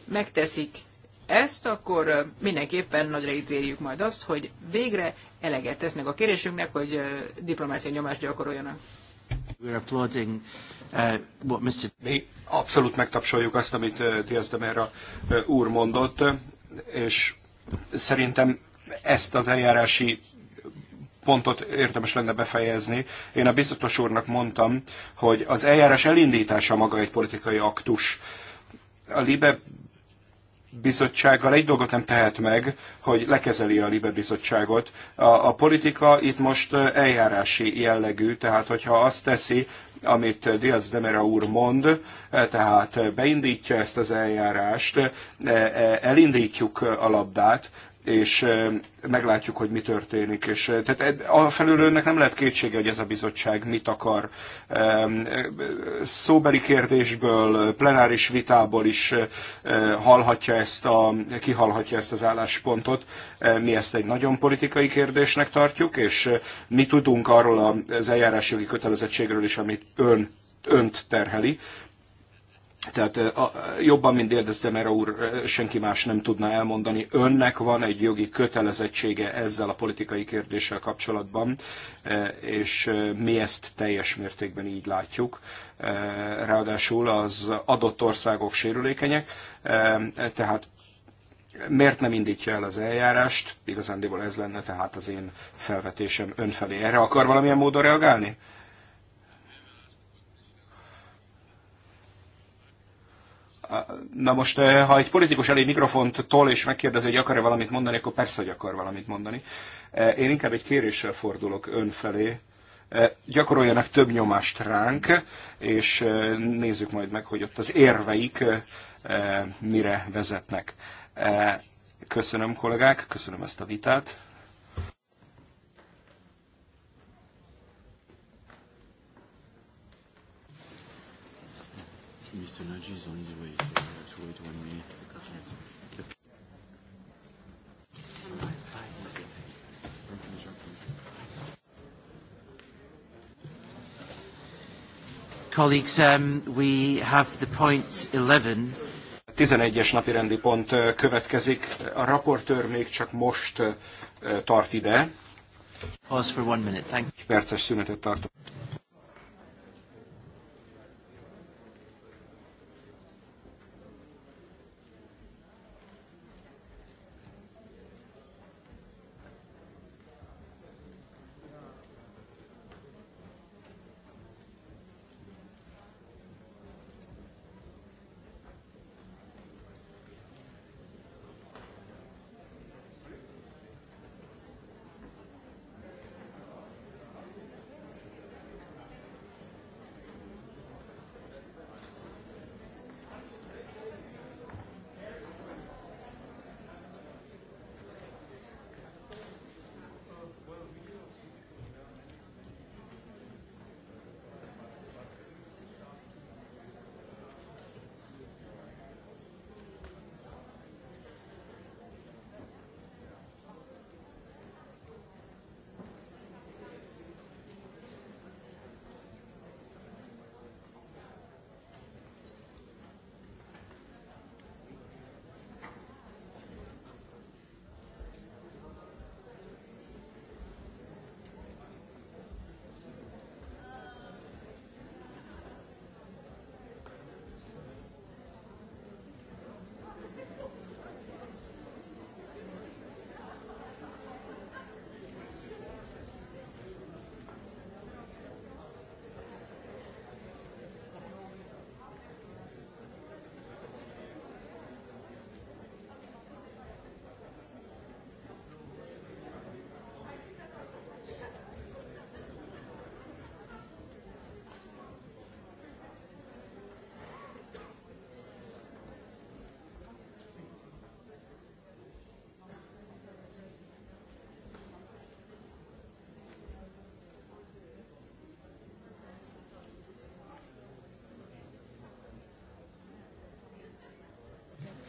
megteszik ezt, akkor mindenképpen nagyra ítéljük majd azt, hogy végre eleget tesznek a kérésünknek, hogy diplomáciai nyomást gyakoroljanak. Uh, Mi abszolút megtapsoljuk azt, amit uh, Diaz uh, úr mondott, és szerintem ezt az eljárási pontot érdemes lenne befejezni. Én a biztos úrnak mondtam, hogy az eljárás elindítása maga egy politikai aktus. A Libe bizottsággal egy dolgot nem tehet meg, hogy lekezeli a Libe bizottságot. A, a politika itt most eljárási jellegű, tehát hogyha azt teszi, amit Diaz Demera úr mond, tehát beindítja ezt az eljárást, elindítjuk a labdát, és meglátjuk, hogy mi történik. És, tehát a felülőnek nem lehet kétsége, hogy ez a bizottság mit akar. Szóbeli kérdésből, plenáris vitából is hallhatja ezt a, kihallhatja ezt az álláspontot. Mi ezt egy nagyon politikai kérdésnek tartjuk, és mi tudunk arról az eljárásjogi kötelezettségről is, amit ön önt terheli, tehát a, jobban, mint érdeztem, erre úr, senki más nem tudna elmondani. Önnek van egy jogi kötelezettsége ezzel a politikai kérdéssel kapcsolatban, és mi ezt teljes mértékben így látjuk. Ráadásul az adott országok sérülékenyek, tehát miért nem indítja el az eljárást? Igazándiból ez lenne tehát az én felvetésem önfelé. Erre akar valamilyen módon reagálni? Na most, eh, ha egy politikus elé mikrofont tol és megkérdezi, hogy akar-e valamit mondani, akkor persze, hogy akar valamit mondani. Eh, én inkább egy kéréssel fordulok ön felé. Eh, gyakoroljanak több nyomást ránk, és nézzük majd meg, hogy ott az érveik mire vezetnek. Köszönöm kollégák, köszönöm ezt a vitát. Mr. is on his way, so have to wait one minute. Colleagues, um, we have the point 11. 11-es napi rendi pont uh, következik. A raportőr még csak most uh, tart ide. Pause for one minute, thank you. Perces szünetet tartok.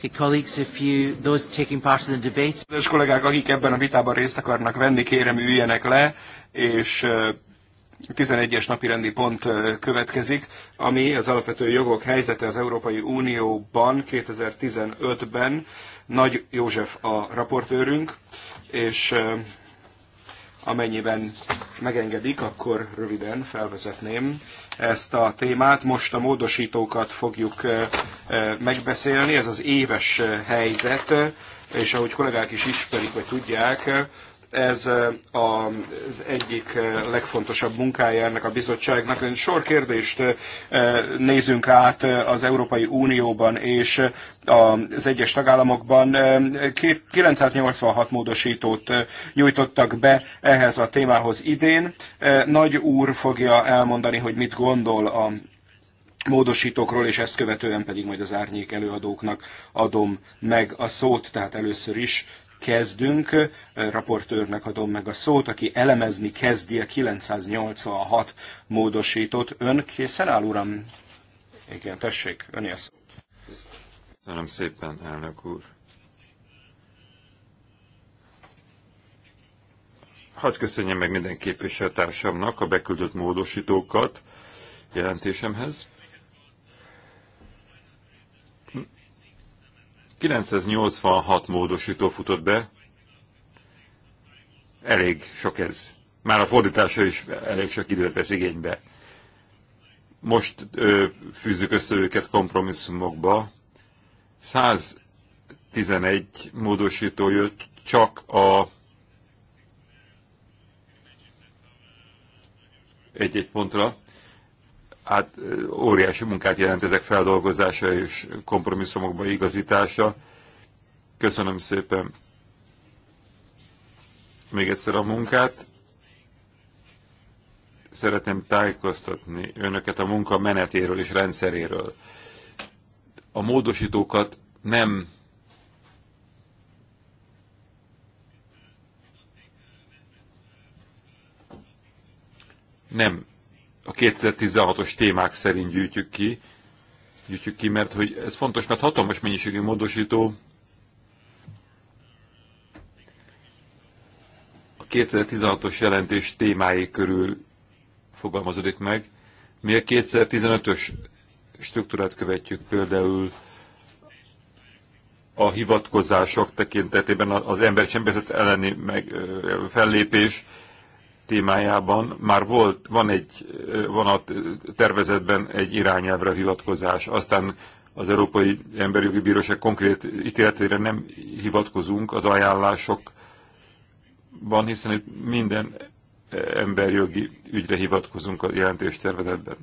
Kedves kollégák, akik ebben a vitában részt akarnak venni, kérem üljenek le, és 11-es napi rendi pont következik, ami az alapvető jogok helyzete az Európai Unióban 2015-ben. Nagy József a raportőrünk, és amennyiben megengedik, akkor röviden felvezetném ezt a témát. Most a módosítókat fogjuk megbeszélni, ez az éves helyzet, és ahogy kollégák is ismerik, vagy tudják, ez az egyik legfontosabb munkája ennek a bizottságnak. Sor kérdést nézünk át az Európai Unióban és az egyes tagállamokban. 986 módosítót nyújtottak be ehhez a témához idén. Nagy úr fogja elmondani, hogy mit gondol a módosítókról, és ezt követően pedig majd az árnyék előadóknak adom meg a szót, tehát először is kezdünk. Raportőrnek adom meg a szót, aki elemezni kezdi a 986 módosított. Ön készen áll, uram? Igen, tessék, ön jössz. Köszönöm szépen, elnök úr. Hadd köszönjem meg minden képviselőtársamnak a beküldött módosítókat jelentésemhez. 986 módosító futott be. Elég sok ez. Már a fordítása is elég sok időt vesz igénybe. Most ö, fűzzük össze őket kompromisszumokba. 111 módosító jött csak a egy-egy pontra át, óriási munkát jelent ezek feldolgozása és kompromisszumokba igazítása. Köszönöm szépen még egyszer a munkát. Szeretném tájékoztatni önöket a munka menetéről és rendszeréről. A módosítókat nem nem a 2016-os témák szerint gyűjtjük ki, gyűjtjük ki, mert hogy ez fontos, mert hatalmas mennyiségű módosító a 2016-os jelentés témái körül fogalmazódik meg. Mi a 2015-ös struktúrát követjük például a hivatkozások tekintetében az ember elleni meg, fellépés témájában már volt, van egy, van a tervezetben egy irányelvre hivatkozás, aztán az Európai Emberi Jogi Bíróság konkrét ítéletére nem hivatkozunk az ajánlásokban, hiszen itt minden emberjogi ügyre hivatkozunk a jelentés tervezetben.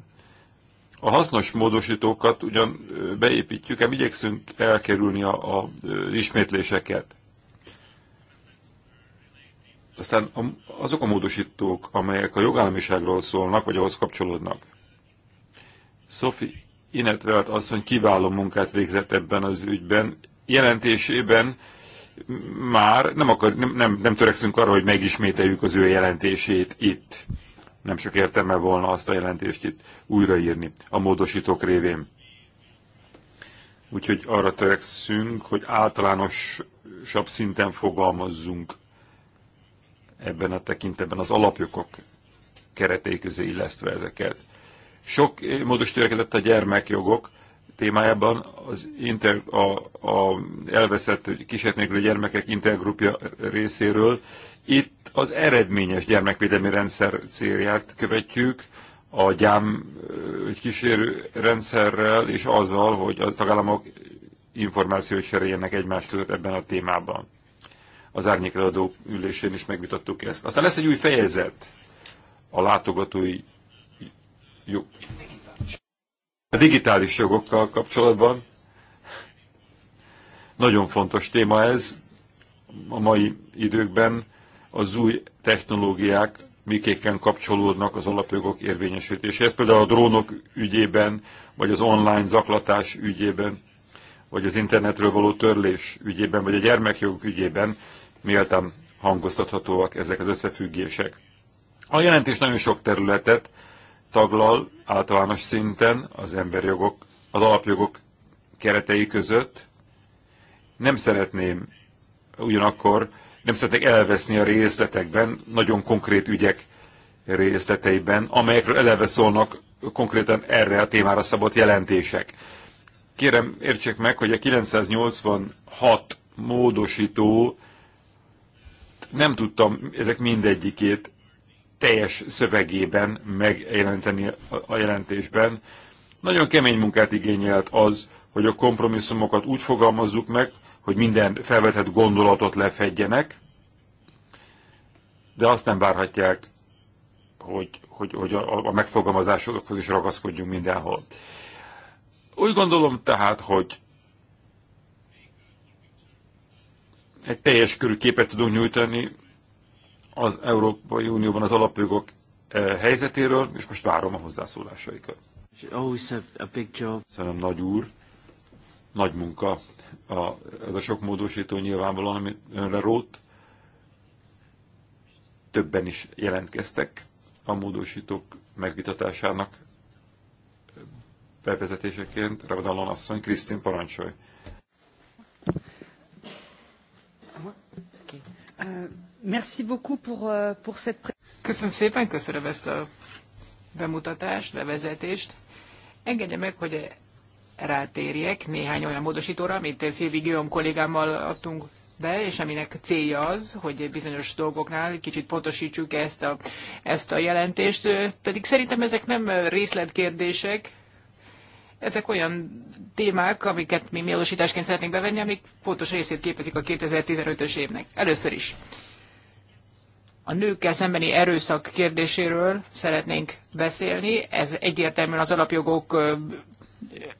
A hasznos módosítókat ugyan beépítjük, ám igyekszünk elkerülni a, a ismétléseket. Aztán azok a módosítók, amelyek a jogállamiságról szólnak, vagy ahhoz kapcsolódnak. Sophie Inetvelt asszony kiváló munkát végzett ebben az ügyben. Jelentésében már nem, akar, nem, nem, nem törekszünk arra, hogy megismételjük az ő jelentését itt. Nem sok értelme volna azt a jelentést itt újraírni a módosítók révén. Úgyhogy arra törekszünk, hogy általánosabb szinten fogalmazzunk ebben a tekintetben az alapjogok keretei közé illesztve ezeket. Sok módos törekedett a gyermekjogok témájában az inter, a, a elveszett kísért gyermekek intergrupja részéről. Itt az eredményes gyermekvédelmi rendszer célját követjük, a gyám kísérő rendszerrel és azzal, hogy a tagállamok információt cseréljenek egymás között ebben a témában az árnyékeladó ülésén is megvitattuk ezt. Aztán lesz egy új fejezet a látogatói jó. A digitális jogokkal kapcsolatban nagyon fontos téma ez a mai időkben. Az új technológiák mikéken kapcsolódnak az alapjogok érvényesítéséhez, például a drónok ügyében, vagy az online zaklatás ügyében, vagy az internetről való törlés ügyében, vagy a gyermekjogok ügyében méltán hangoztathatóak ezek az összefüggések. A jelentés nagyon sok területet taglal általános szinten az emberjogok, az alapjogok keretei között. Nem szeretném ugyanakkor, nem szeretnék elveszni a részletekben, nagyon konkrét ügyek részleteiben, amelyekről eleve szólnak konkrétan erre a témára szabott jelentések. Kérem, értsék meg, hogy a 986 módosító nem tudtam ezek mindegyikét teljes szövegében megjelenteni a jelentésben. Nagyon kemény munkát igényelt az, hogy a kompromisszumokat úgy fogalmazzuk meg, hogy minden felvetett gondolatot lefedjenek, de azt nem várhatják, hogy, hogy, hogy a, a megfogalmazásokhoz is ragaszkodjunk mindenhol. Úgy gondolom tehát, hogy egy teljes körű képet tudunk nyújtani az Európai Unióban az alapjogok eh, helyzetéről, és most várom a hozzászólásaikat. Szerintem nagy úr, nagy munka a, ez a sok módosító nyilvánvalóan, amit önre rót. Többen is jelentkeztek a módosítók megvitatásának bevezetéseként. Ravadalon asszony, Krisztin parancsolj. Euh, euh, köszönöm szépen, köszönöm ezt a bemutatást, bevezetést. Engedje meg, hogy rátérjek néhány olyan módosítóra, amit Szilvi Guillaume kollégámmal adtunk be, és aminek célja az, hogy bizonyos dolgoknál kicsit pontosítsuk ezt a, ezt a jelentést, pedig szerintem ezek nem részletkérdések, ezek olyan témák, amiket mi mélosításként szeretnénk bevenni, amik fontos részét képezik a 2015-ös évnek. Először is a nőkkel szembeni erőszak kérdéséről szeretnénk beszélni. Ez egyértelműen az alapjogok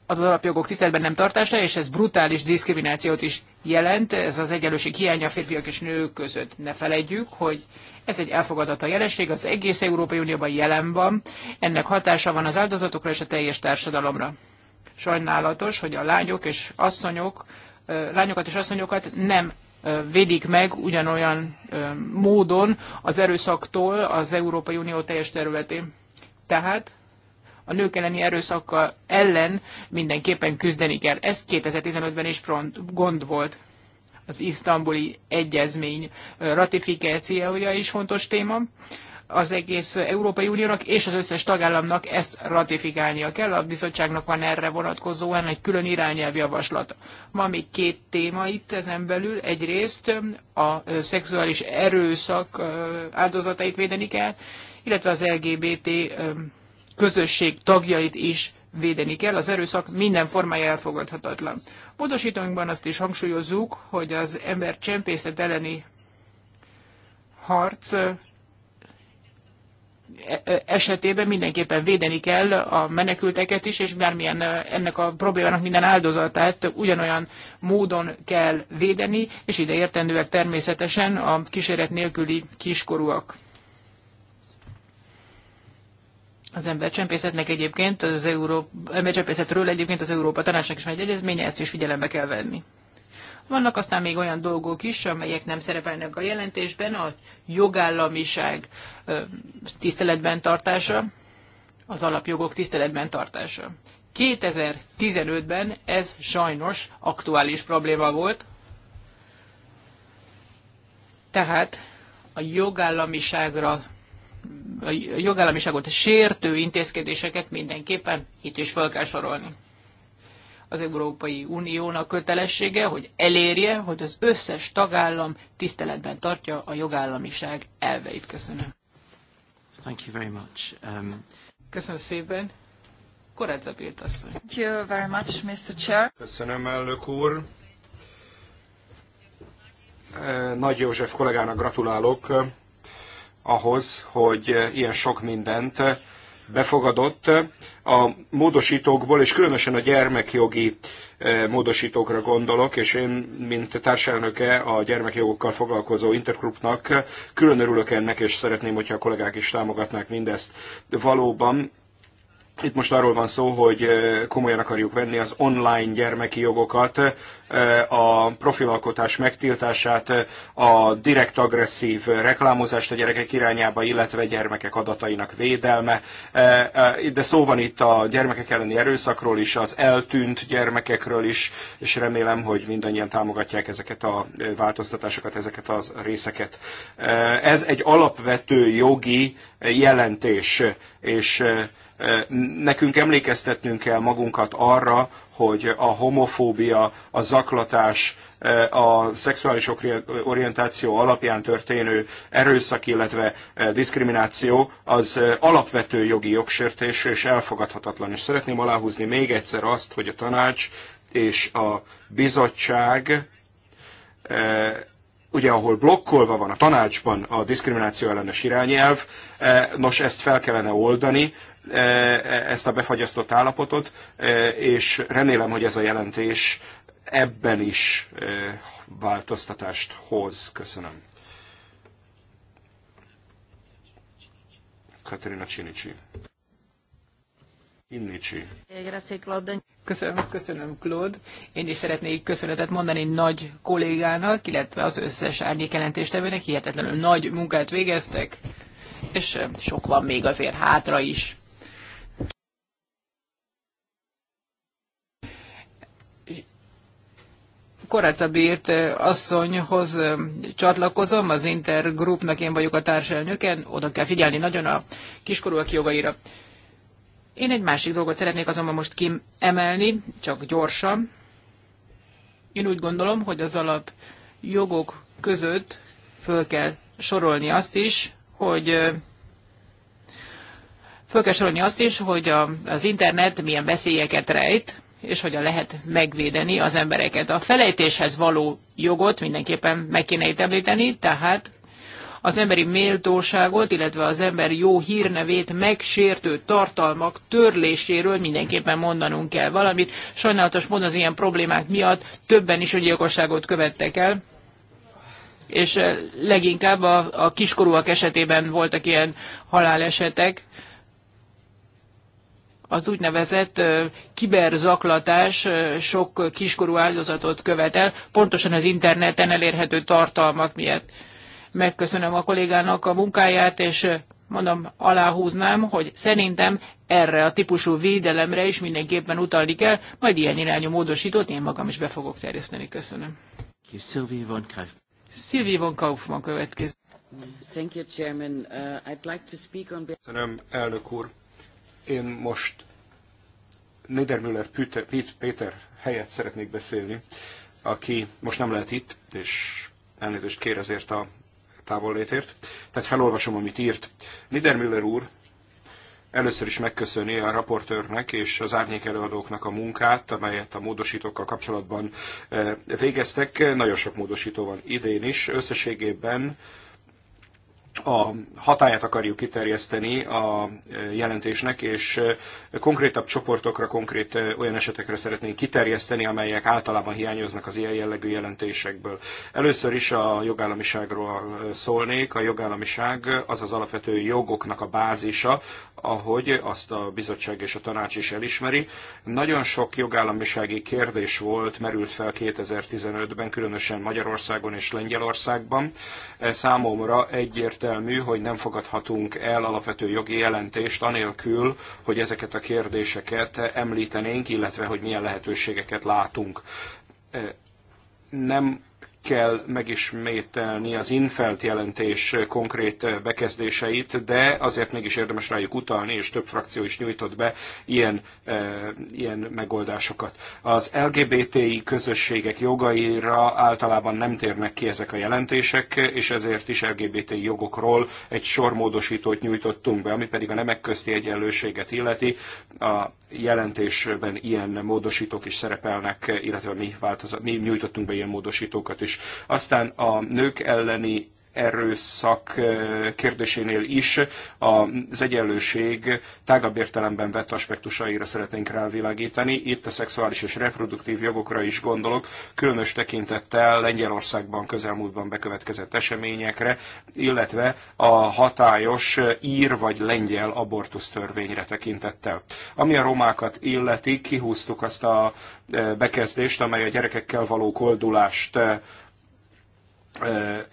az alapjogok tiszteletben nem tartása, és ez brutális diszkriminációt is jelent. Ez az egyenlőség hiánya a férfiak és nők között. Ne felejtjük, hogy ez egy elfogadata jelenség, az egész Európai Unióban jelen van, ennek hatása van az áldozatokra és a teljes társadalomra. Sajnálatos, hogy a lányok és asszonyok, lányokat és asszonyokat nem védik meg ugyanolyan módon az erőszaktól az Európai Unió teljes területén. Tehát a nők elleni erőszakkal ellen mindenképpen küzdeni kell. Ez 2015-ben is gond volt. Az isztambuli egyezmény ratifikációja is fontos téma az egész Európai Uniónak és az összes tagállamnak ezt ratifikálnia kell. A bizottságnak van erre vonatkozóan egy külön irányelvjavaslata. Van még két téma itt ezen belül. Egyrészt a szexuális erőszak áldozatait védeni kell, illetve az LGBT közösség tagjait is védeni kell. Az erőszak minden formája elfogadhatatlan. Módosítónkban azt is hangsúlyozzuk, hogy az ember csempészet elleni harc esetében mindenképpen védeni kell a menekülteket is, és bármilyen ennek a problémának minden áldozatát ugyanolyan módon kell védeni, és ide értendőek természetesen a kíséret nélküli kiskorúak. Az embercsempészetnek egyébként, az Európa, embercsempészetről egyébként az Európa Tanácsnak is van egy egyezménye, ezt is figyelembe kell venni. Vannak aztán még olyan dolgok is, amelyek nem szerepelnek a jelentésben, a jogállamiság tiszteletben tartása, az alapjogok tiszteletben tartása. 2015-ben ez sajnos aktuális probléma volt, tehát a jogállamiságra a jogállamiságot sértő intézkedéseket mindenképpen itt is fel kell sorolni az Európai Uniónak kötelessége, hogy elérje, hogy az összes tagállam tiszteletben tartja a jogállamiság elveit. Köszönöm. Thank you very much. Um... Köszönöm szépen. Koradza Bilt asszony. Thank you very much, Mr. Chair. Köszönöm, elnök úr. E, Nagy József kollégának gratulálok eh, ahhoz, hogy eh, ilyen sok mindent befogadott a módosítókból, és különösen a gyermekjogi eh, módosítókra gondolok, és én, mint társelnöke a gyermekjogokkal foglalkozó intergrupnak eh, külön örülök ennek, és szeretném, hogyha a kollégák is támogatnák mindezt. Valóban itt most arról van szó, hogy eh, komolyan akarjuk venni az online gyermeki jogokat, a profilalkotás megtiltását, a direkt agresszív reklámozást a gyerekek irányába, illetve gyermekek adatainak védelme. De szó van itt a gyermekek elleni erőszakról is, az eltűnt gyermekekről is, és remélem, hogy mindannyian támogatják ezeket a változtatásokat, ezeket az részeket. Ez egy alapvető jogi jelentés, és nekünk emlékeztetnünk kell magunkat arra, hogy a homofóbia, a zaklatás, e, a szexuális orientáció alapján történő erőszak, illetve e, diszkrimináció az e, alapvető jogi jogsértés és elfogadhatatlan. És szeretném aláhúzni még egyszer azt, hogy a tanács és a bizottság ugye ahol blokkolva van a tanácsban a diszkrimináció ellenes irányelv, nos ezt fel kellene oldani, ezt a befagyasztott állapotot, és remélem, hogy ez a jelentés ebben is változtatást hoz. Köszönöm. Katerina Csinicsi. Innicsi. Köszönöm, köszönöm, Claude. Én is szeretnék köszönetet mondani nagy kollégának, illetve az összes árnyékelentéstevőnek, Hihetetlenül nagy munkát végeztek, és sok van még azért hátra is. Koracabírt asszonyhoz csatlakozom, az Intergroupnak én vagyok a társelnöken, oda kell figyelni nagyon a kiskorúak jogaira. Én egy másik dolgot szeretnék azonban most kiemelni, csak gyorsan. Én úgy gondolom, hogy az alap jogok között föl kell sorolni azt is, hogy föl kell sorolni azt is, hogy az internet milyen veszélyeket rejt, és hogyan lehet megvédeni az embereket. A felejtéshez való jogot mindenképpen meg kéne itt említeni, tehát az emberi méltóságot, illetve az ember jó hírnevét megsértő tartalmak törléséről mindenképpen mondanunk kell valamit. Sajnálatos módon az ilyen problémák miatt többen is öngyilkosságot követtek el, és eh, leginkább a, a kiskorúak esetében voltak ilyen halálesetek az úgynevezett kiberzaklatás sok kiskorú áldozatot követel, pontosan az interneten elérhető tartalmak miatt. Megköszönöm a kollégának a munkáját, és mondom, aláhúznám, hogy szerintem erre a típusú védelemre is mindenképpen utalni kell, majd ilyen irányú módosítót én magam is be fogok terjeszteni. Köszönöm. Szilvi von Kaufmann. von következik. Thank you, Chairman. Uh, I'd like to speak on... Köszönöm, elnök úr. Én most Niedermüller Péter helyett szeretnék beszélni, aki most nem lehet itt, és elnézést kér ezért a távollétért. Tehát felolvasom, amit írt. Niedermüller úr először is megköszöni a raportőrnek és az árnyék előadóknak a munkát, amelyet a módosítókkal kapcsolatban eh, végeztek. Nagyon sok módosító van idén is. Összességében a hatáját akarjuk kiterjeszteni a jelentésnek, és konkrétabb csoportokra, konkrét olyan esetekre szeretnénk kiterjeszteni, amelyek általában hiányoznak az ilyen jellegű jelentésekből. Először is a jogállamiságról szólnék. A jogállamiság az az alapvető jogoknak a bázisa, ahogy azt a bizottság és a tanács is elismeri. Nagyon sok jogállamisági kérdés volt, merült fel 2015-ben, különösen Magyarországon és Lengyelországban. Számomra egyértelmű egyértelmű, hogy nem fogadhatunk el alapvető jogi jelentést anélkül, hogy ezeket a kérdéseket említenénk, illetve hogy milyen lehetőségeket látunk. Nem kell megismételni az infelt jelentés konkrét bekezdéseit, de azért mégis érdemes rájuk utalni, és több frakció is nyújtott be ilyen, e, ilyen megoldásokat. Az LGBTI közösségek jogaira általában nem térnek ki ezek a jelentések, és ezért is LGBTI jogokról egy sor módosítót nyújtottunk be, ami pedig a nemek közti egyenlőséget illeti. A jelentésben ilyen módosítók is szerepelnek, illetve mi, változat, mi nyújtottunk be ilyen módosítókat is. Aztán a nők elleni erőszak kérdésénél is az egyenlőség tágabb értelemben vett aspektusaira szeretnénk rávilágítani. Itt a szexuális és reproduktív jogokra is gondolok, különös tekintettel Lengyelországban közelmúltban bekövetkezett eseményekre, illetve a hatályos ír vagy lengyel abortusz törvényre tekintettel. Ami a romákat illeti, kihúztuk azt a bekezdést, amely a gyerekekkel való koldulást E,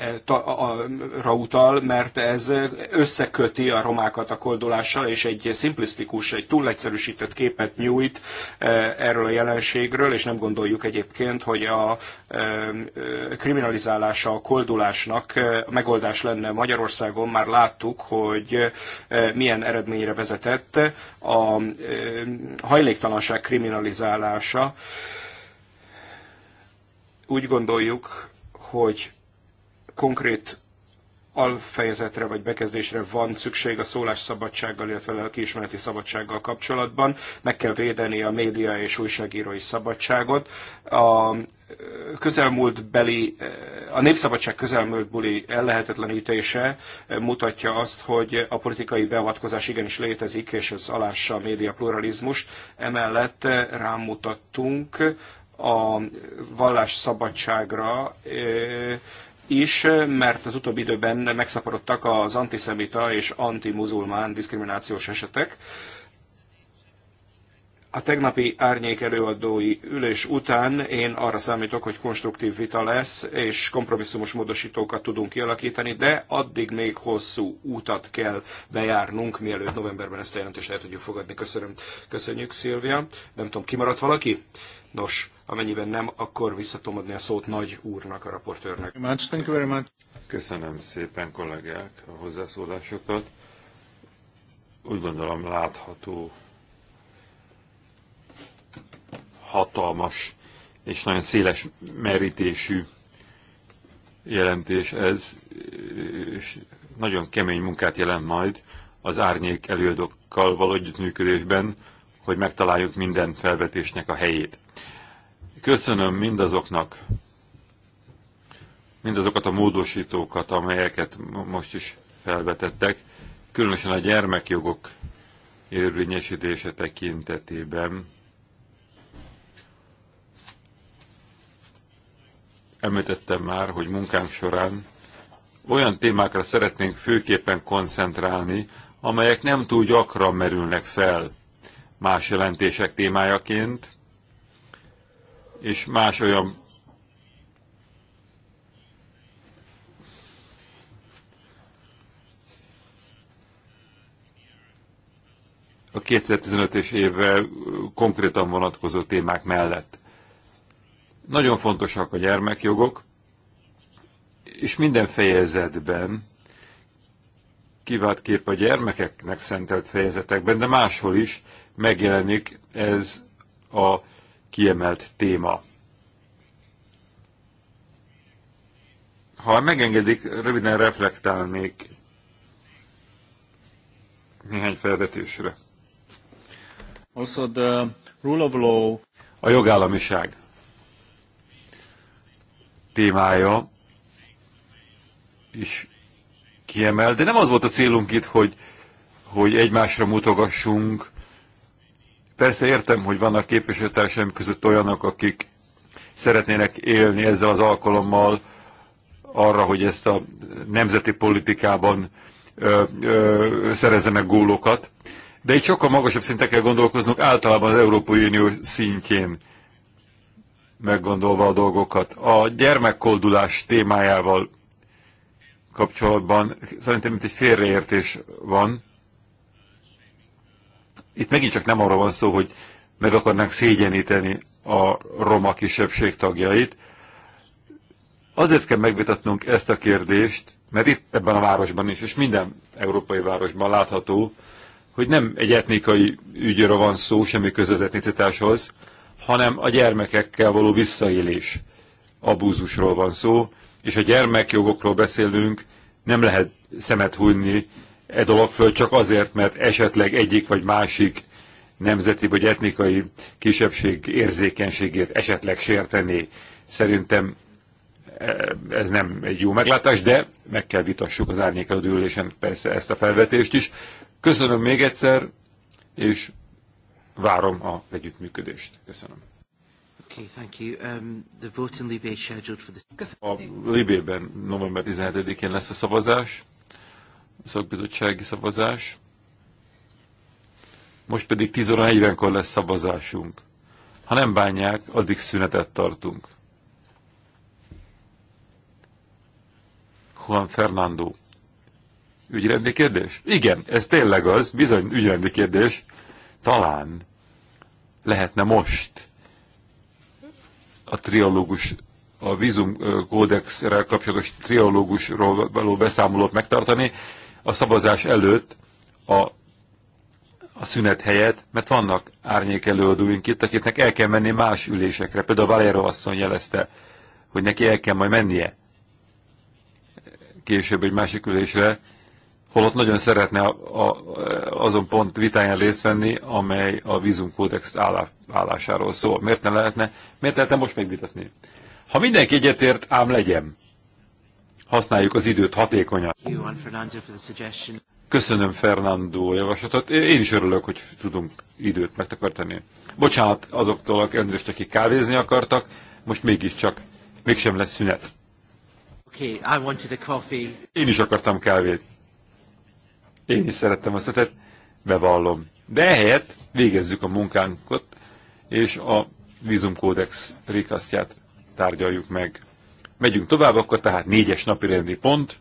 ra utal, mert ez összeköti a romákat a koldolással, és egy szimplisztikus, egy túl egyszerűsített képet nyújt erről a jelenségről, és nem gondoljuk egyébként, hogy a kriminalizálása a koldulásnak megoldás lenne Magyarországon. Már láttuk, hogy milyen eredményre vezetett a hajléktalanság kriminalizálása. Úgy gondoljuk, hogy konkrét alfejezetre vagy bekezdésre van szükség a szólásszabadsággal, illetve a kiismereti szabadsággal kapcsolatban. Meg kell védeni a média és újságírói szabadságot. A közelmúlt beli, a népszabadság közelmúlt buli ellehetetlenítése mutatja azt, hogy a politikai beavatkozás igenis létezik, és ez alássa a média pluralizmust. Emellett rámutattunk a vallásszabadságra, is, mert az utóbbi időben megszaporodtak az antiszemita és antimuzulmán diszkriminációs esetek. A tegnapi árnyék előadói ülés után én arra számítok, hogy konstruktív vita lesz, és kompromisszumos módosítókat tudunk kialakítani, de addig még hosszú útat kell bejárnunk, mielőtt novemberben ezt a jelentést el tudjuk fogadni. Köszönöm. Köszönjük, Szilvia. Nem tudom, kimaradt valaki? Nos, amennyiben nem, akkor visszatom adni a szót nagy úrnak, a raportőrnek. Köszönöm szépen, kollégák, a hozzászólásokat. Úgy gondolom látható hatalmas és nagyon széles merítésű jelentés ez, és nagyon kemény munkát jelent majd az árnyék előadókkal való együttműködésben, hogy megtaláljuk minden felvetésnek a helyét. Köszönöm mindazoknak, mindazokat a módosítókat, amelyeket most is felvetettek, különösen a gyermekjogok érvényesítése tekintetében. Említettem már, hogy munkánk során olyan témákra szeretnénk főképpen koncentrálni, amelyek nem túl gyakran merülnek fel más jelentések témájaként, és más olyan a 2015-es évvel konkrétan vonatkozó témák mellett. Nagyon fontosak a gyermekjogok, és minden fejezetben, kivált kép a gyermekeknek szentelt fejezetekben, de máshol is megjelenik ez a kiemelt téma. Ha megengedik, röviden reflektálnék néhány felvetésre. Also the rule of law. A jogállamiság témája is kiemel, de nem az volt a célunk itt, hogy, hogy egymásra mutogassunk, Persze értem, hogy vannak képviselőtársaim között olyanok, akik szeretnének élni ezzel az alkalommal arra, hogy ezt a nemzeti politikában ö, ö, szerezzenek gólokat. De itt sokkal magasabb kell gondolkoznunk, általában az Európai Unió szintjén meggondolva a dolgokat. A gyermekkoldulás témájával kapcsolatban szerintem itt egy félreértés van itt megint csak nem arra van szó, hogy meg akarnánk szégyeníteni a roma kisebbség tagjait. Azért kell megvitatnunk ezt a kérdést, mert itt ebben a városban is, és minden európai városban látható, hogy nem egy etnikai ügyről van szó, semmi köz etnicitáshoz, hanem a gyermekekkel való visszaélés abúzusról van szó, és a gyermekjogokról beszélünk, nem lehet szemet hunyni e dolog föl csak azért, mert esetleg egyik vagy másik nemzeti vagy etnikai kisebbség érzékenységét esetleg sértené. Szerintem e, ez nem egy jó meglátás, de meg kell vitassuk az árnyékelő ülésen persze ezt a felvetést is. Köszönöm még egyszer, és várom a együttműködést. Köszönöm. thank you. Um, Köszönöm. A Libében november 17-én lesz a szavazás szakbizottsági szavazás. Most pedig 10 óra 40-kor lesz szavazásunk. Ha nem bánják, addig szünetet tartunk. Juan Fernando. Ügyrendi kérdés? Igen, ez tényleg az, bizony ügyrendi kérdés. Talán lehetne most a triológus, a vízum kapcsolatos triológusról való beszámolót megtartani, a szavazás előtt a, a szünet helyett, mert vannak árnyék előadóink itt, akiknek el kell menni más ülésekre. Például Valero asszony jelezte, hogy neki el kell majd mennie később egy másik ülésre, holott nagyon szeretne a, a, azon pont vitáján részt venni, amely a vízumkódex állá, állásáról szól. Miért ne lehetne? Miért lehetne most megvitatni? Ha mindenki egyetért, ám legyen használjuk az időt hatékonyan. Köszönöm Fernando javaslatot. Én is örülök, hogy tudunk időt megtakarítani. Bocsánat azoktól, akik akik kávézni akartak, most mégiscsak, mégsem lesz szünet. Okay, I wanted a coffee. Én is akartam kávét. Én is szerettem a szünetet, bevallom. De ehelyett végezzük a munkánkat, és a vízumkódex rikasztját tárgyaljuk meg. Megyünk tovább, akkor tehát négyes napi rendi pont.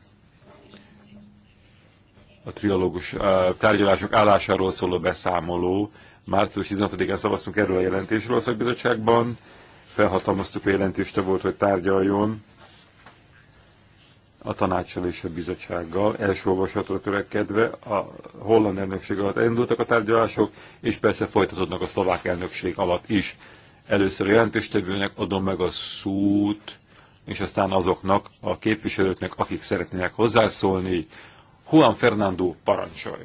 A trialógus tárgyalások állásáról szóló beszámoló. Március 16-án szavaztunk erről a jelentésről a szakbizottságban. Felhatalmaztuk a jelentést, volt, hogy tárgyaljon a tanácssal és a bizottsággal, első olvasatra törekedve, a holland elnökség alatt elindultak a tárgyalások, és persze folytatódnak a szlovák elnökség alatt is. Először a jelentéstevőnek adom meg a szót, és aztán azoknak a képviselőknek, akik szeretnének hozzászólni. Juan Fernando parancsolj!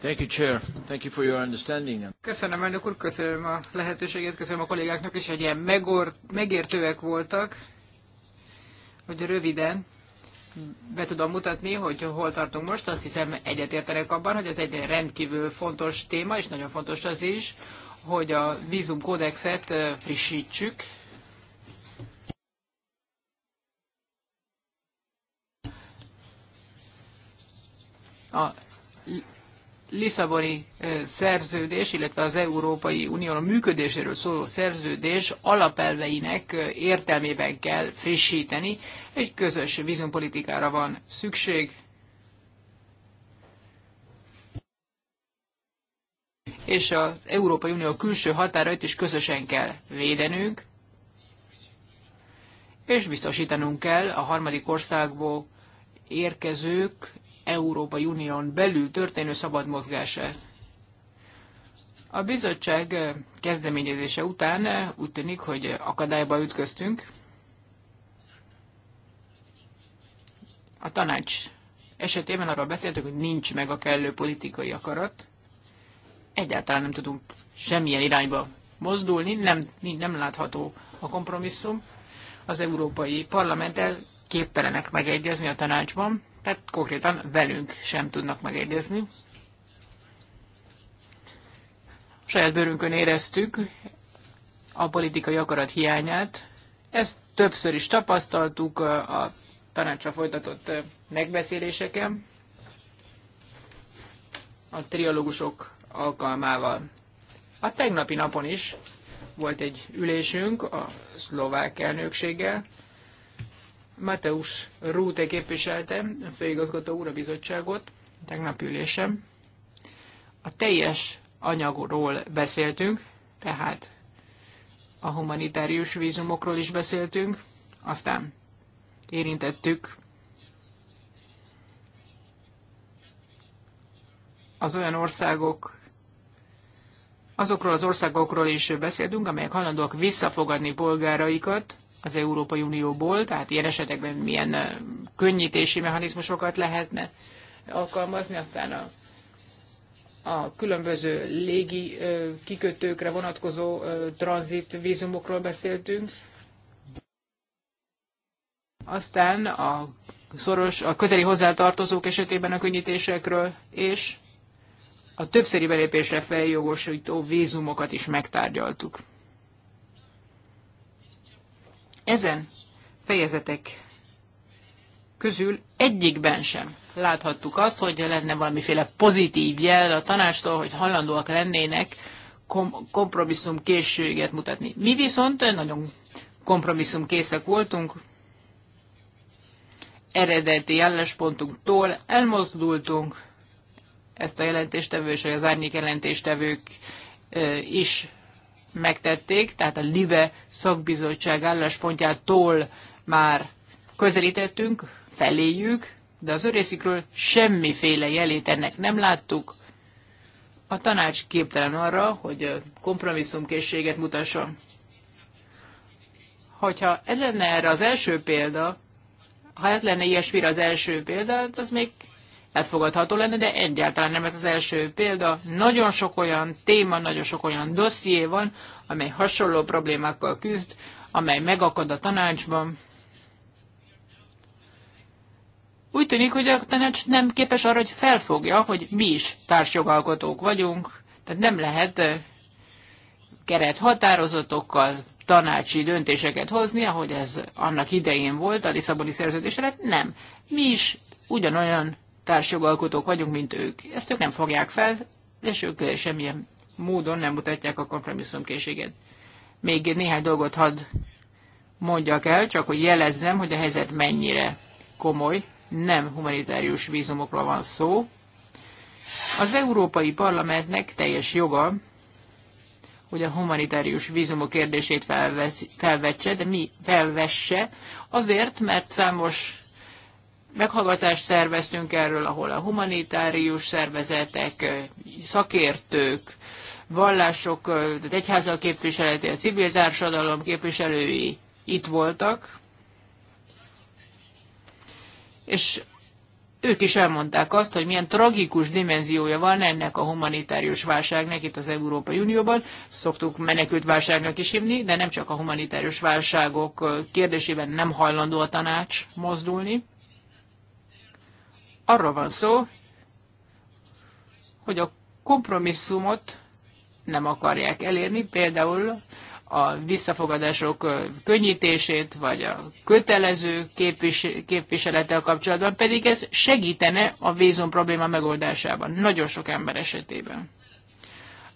Thank you, Chair. Thank you for your understanding. Köszönöm, elnök úr, köszönöm a lehetőséget, köszönöm a kollégáknak is, hogy ilyen megor- megértőek voltak, hogy röviden be tudom mutatni, hogy hol tartunk most. Azt hiszem egyetértenek abban, hogy ez egy rendkívül fontos téma, és nagyon fontos az is, hogy a vízumkódexet frissítsük, a Lisszaboni szerződés, illetve az Európai Unió működéséről szóló szerződés alapelveinek értelmében kell frissíteni. Egy közös vízumpolitikára van szükség, és az Európai Unió külső határait is közösen kell védenünk, és biztosítanunk kell a harmadik országból érkezők Európai Unión belül történő szabad mozgását. A bizottság eh, kezdeményezése után eh, úgy tűnik, hogy akadályba ütköztünk. A tanács esetében arról beszéltünk, hogy nincs meg a kellő politikai akarat. Egyáltalán nem tudunk semmilyen irányba mozdulni, nem, nem látható a kompromisszum. Az Európai Parlamenttel képtelenek megegyezni a tanácsban. Tehát konkrétan velünk sem tudnak megegyezni. A saját bőrünkön éreztük a politikai akarat hiányát. Ezt többször is tapasztaltuk a tanácsra folytatott megbeszéléseken, a trialógusok alkalmával. A tegnapi napon is volt egy ülésünk a szlovák elnökséggel, Mateus Rúte képviselte, főigazgató úr a bizottságot, tegnap ülésem. A teljes anyagról beszéltünk, tehát a humanitárius vízumokról is beszéltünk, aztán érintettük az olyan országok, azokról az országokról is beszéltünk, amelyek hajlandóak visszafogadni polgáraikat, az Európai Unióból, tehát ilyen esetekben milyen könnyítési mechanizmusokat lehetne alkalmazni, aztán a, a különböző légi kikötőkre vonatkozó tranzit vízumokról beszéltünk, aztán a szoros, a közeli hozzátartozók esetében a könnyítésekről, és a többszöri belépésre feljogosító vízumokat is megtárgyaltuk. Ezen fejezetek közül egyikben sem láthattuk azt, hogy lenne valamiféle pozitív jel a tanástól, hogy hallandóak lennének kom- kompromisszum készséget mutatni. Mi viszont nagyon kompromisszum készek voltunk, eredeti álláspontunktól elmozdultunk, ezt a jelentéstevő és az árnyék jelentéstevők is megtették, tehát a LIBE szakbizottság álláspontjától már közelítettünk, feléjük, de az örészikről semmiféle jelét ennek nem láttuk. A tanács képtelen arra, hogy kompromisszumkészséget mutasson. Hogyha ez lenne erre az első példa, ha ez lenne ilyesmire az első példa, hát az még elfogadható lenne, de egyáltalán nem ez az első példa. Nagyon sok olyan téma, nagyon sok olyan dosszié van, amely hasonló problémákkal küzd, amely megakad a tanácsban. Úgy tűnik, hogy a tanács nem képes arra, hogy felfogja, hogy mi is társjogalkotók vagyunk, tehát nem lehet keret határozatokkal, tanácsi döntéseket hozni, ahogy ez annak idején volt a Lisszaboni szerződés előtt. Nem. Mi is ugyanolyan társjogalkotók vagyunk, mint ők. Ezt ők nem fogják fel, és ők semmilyen módon nem mutatják a kompromisszumkészséget. Még néhány dolgot hadd mondjak el, csak hogy jelezzem, hogy a helyzet mennyire komoly. Nem humanitárius vízumokról van szó. Az Európai Parlamentnek teljes joga, hogy a humanitárius vízumok kérdését felvesz, felvetse, de mi felvesse, azért, mert számos meghallgatást szerveztünk erről, ahol a humanitárius szervezetek, szakértők, vallások, tehát egyháza képviseleti, a civil társadalom képviselői itt voltak, és ők is elmondták azt, hogy milyen tragikus dimenziója van ennek a humanitárius válságnak itt az Európai Unióban. Szoktuk menekült válságnak is hívni, de nem csak a humanitárius válságok kérdésében nem hajlandó a tanács mozdulni. Arról van szó, hogy a kompromisszumot nem akarják elérni, például a visszafogadások könnyítését, vagy a kötelező képvis képviselettel kapcsolatban, pedig ez segítene a vízum probléma megoldásában, nagyon sok ember esetében.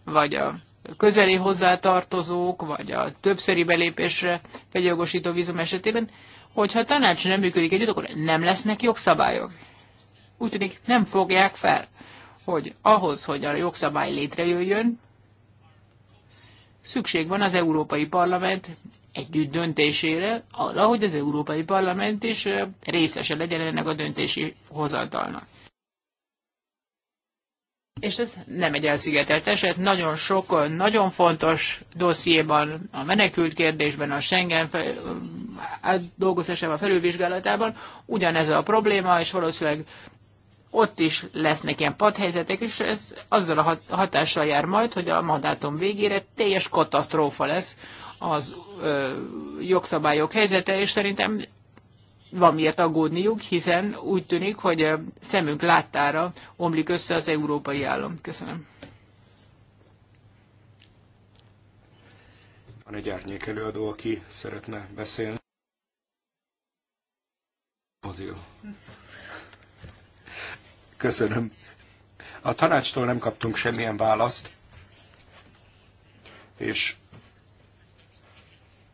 Vagy a közeli hozzátartozók, vagy a többszöri belépésre feljogosító vízum esetében, hogyha tanács nem működik együtt, akkor nem lesznek jogszabályok úgy tűnik nem fogják fel, hogy ahhoz, hogy a jogszabály létrejöjjön, szükség van az Európai Parlament együtt döntésére, arra, hogy az Európai Parlament is részese legyen ennek a döntési hozatalnak. És ez nem egy elszigetelt eset, nagyon sok, nagyon fontos dossziéban, a menekült kérdésben, a Schengen dolgozásában, felülvizsgálatában ugyanez a probléma, és valószínűleg ott is lesznek ilyen padhelyzetek, és ez azzal a hatással jár majd, hogy a mandátum végére teljes katasztrófa lesz az ö, jogszabályok helyzete, és szerintem van miért aggódniuk, hiszen úgy tűnik, hogy szemünk láttára omlik össze az európai állam. Köszönöm. Van egy árnyék előadó, aki szeretne beszélni. Odil. Köszönöm. A tanácstól nem kaptunk semmilyen választ, és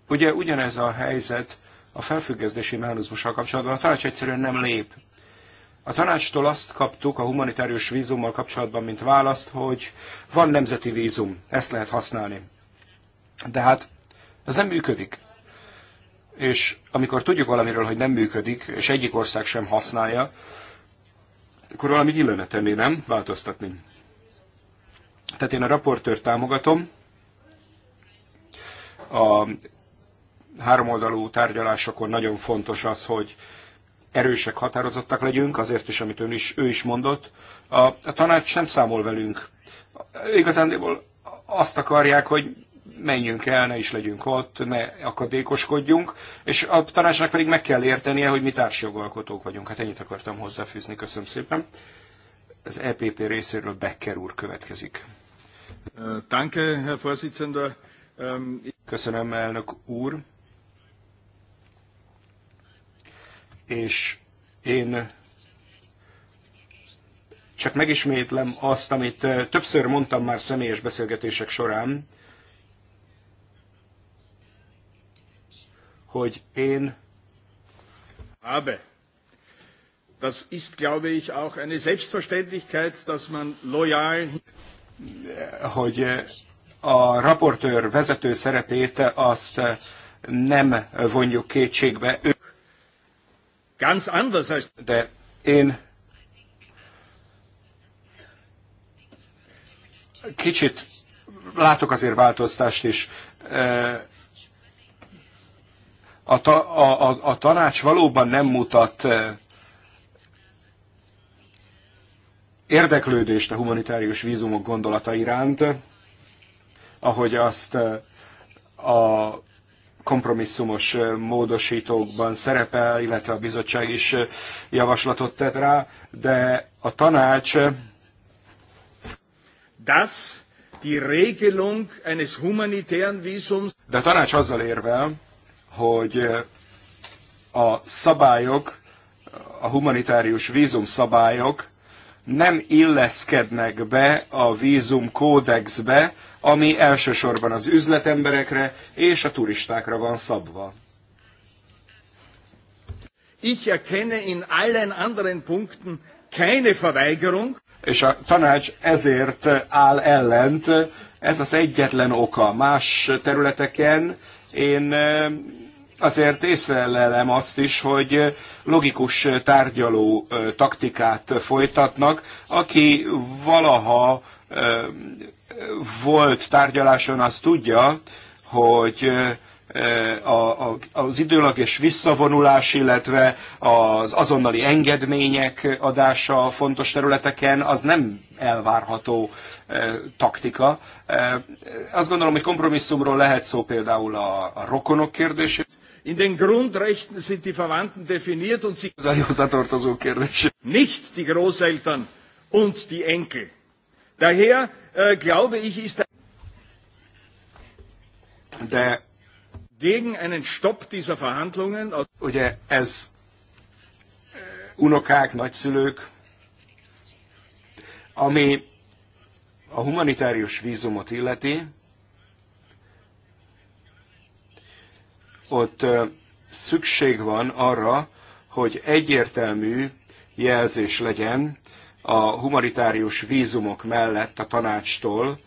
ugye ugyanez a helyzet a felfüggesztési mechanizmussal kapcsolatban. A tanács egyszerűen nem lép. A tanácstól azt kaptuk a humanitárius vízummal kapcsolatban, mint választ, hogy van nemzeti vízum, ezt lehet használni. De hát ez nem működik. És amikor tudjuk valamiről, hogy nem működik, és egyik ország sem használja, akkor valamit illene tenni, nem? Változtatni. Tehát én a raportőrt támogatom. A háromoldalú tárgyalásokon nagyon fontos az, hogy erősek, határozottak legyünk, azért is, amit ön is, ő is mondott. A, a tanács nem számol velünk. Igazándiból azt akarják, hogy menjünk el, ne is legyünk ott, ne akadékoskodjunk, és a tanácsnak pedig meg kell értenie, hogy mi társjogalkotók vagyunk. Hát ennyit akartam hozzáfűzni, köszönöm szépen. Az EPP részéről Becker úr következik. Danke, Herr Vorsitzender. Ähm, köszönöm, elnök úr. És én csak megismétlem azt, amit többször mondtam már személyes beszélgetések során, hogy én habe. Das ist, glaube ich, auch eine Selbstverständlichkeit, dass man loyal... Hogy eh, a raportőr vezető szerepét eh, azt eh, nem vonjuk kétségbe. Ganz anders als... De én kicsit látok azért változtást is a, ta, a, a, a tanács valóban nem mutat eh, érdeklődést a humanitárius vízumok gondolata iránt, ahogy azt eh, a kompromisszumos eh, módosítókban szerepel, illetve a bizottság is javaslatot tett rá, de a tanács das die Regelung eines humanitären Visums de a tanács azzal érvel, hogy eh, a szabályok, a humanitárius vízum szabályok nem illeszkednek be a vízum kódexbe, ami elsősorban az üzletemberekre és a turistákra van szabva. Ich erkenne in allen anderen Punkten keine Verweigerung. És a tanács ezért eh, áll ellent. Ez az egyetlen oka. Más területeken én eh, azért észlelem azt is, hogy logikus tárgyaló taktikát folytatnak, aki valaha volt tárgyaláson, az tudja, hogy a, időlag az időleges visszavonulás, illetve az azonnali engedmények adása fontos területeken, az nem elvárható taktika. azt gondolom, hogy kompromisszumról lehet szó például a, a rokonok kérdését. In den Grundrechten sind die Verwandten definiert und sie nicht die Großeltern und die Enkel. Daher äh, glaube ich, ist De gegen einen Stopp dieser Verhandlungen. Ugye ez unokák, nagyszülők, ami a humanitárius vízumot illeti, ott szükség van arra, hogy egyértelmű jelzés legyen a humanitárius vízumok mellett a tanácstól.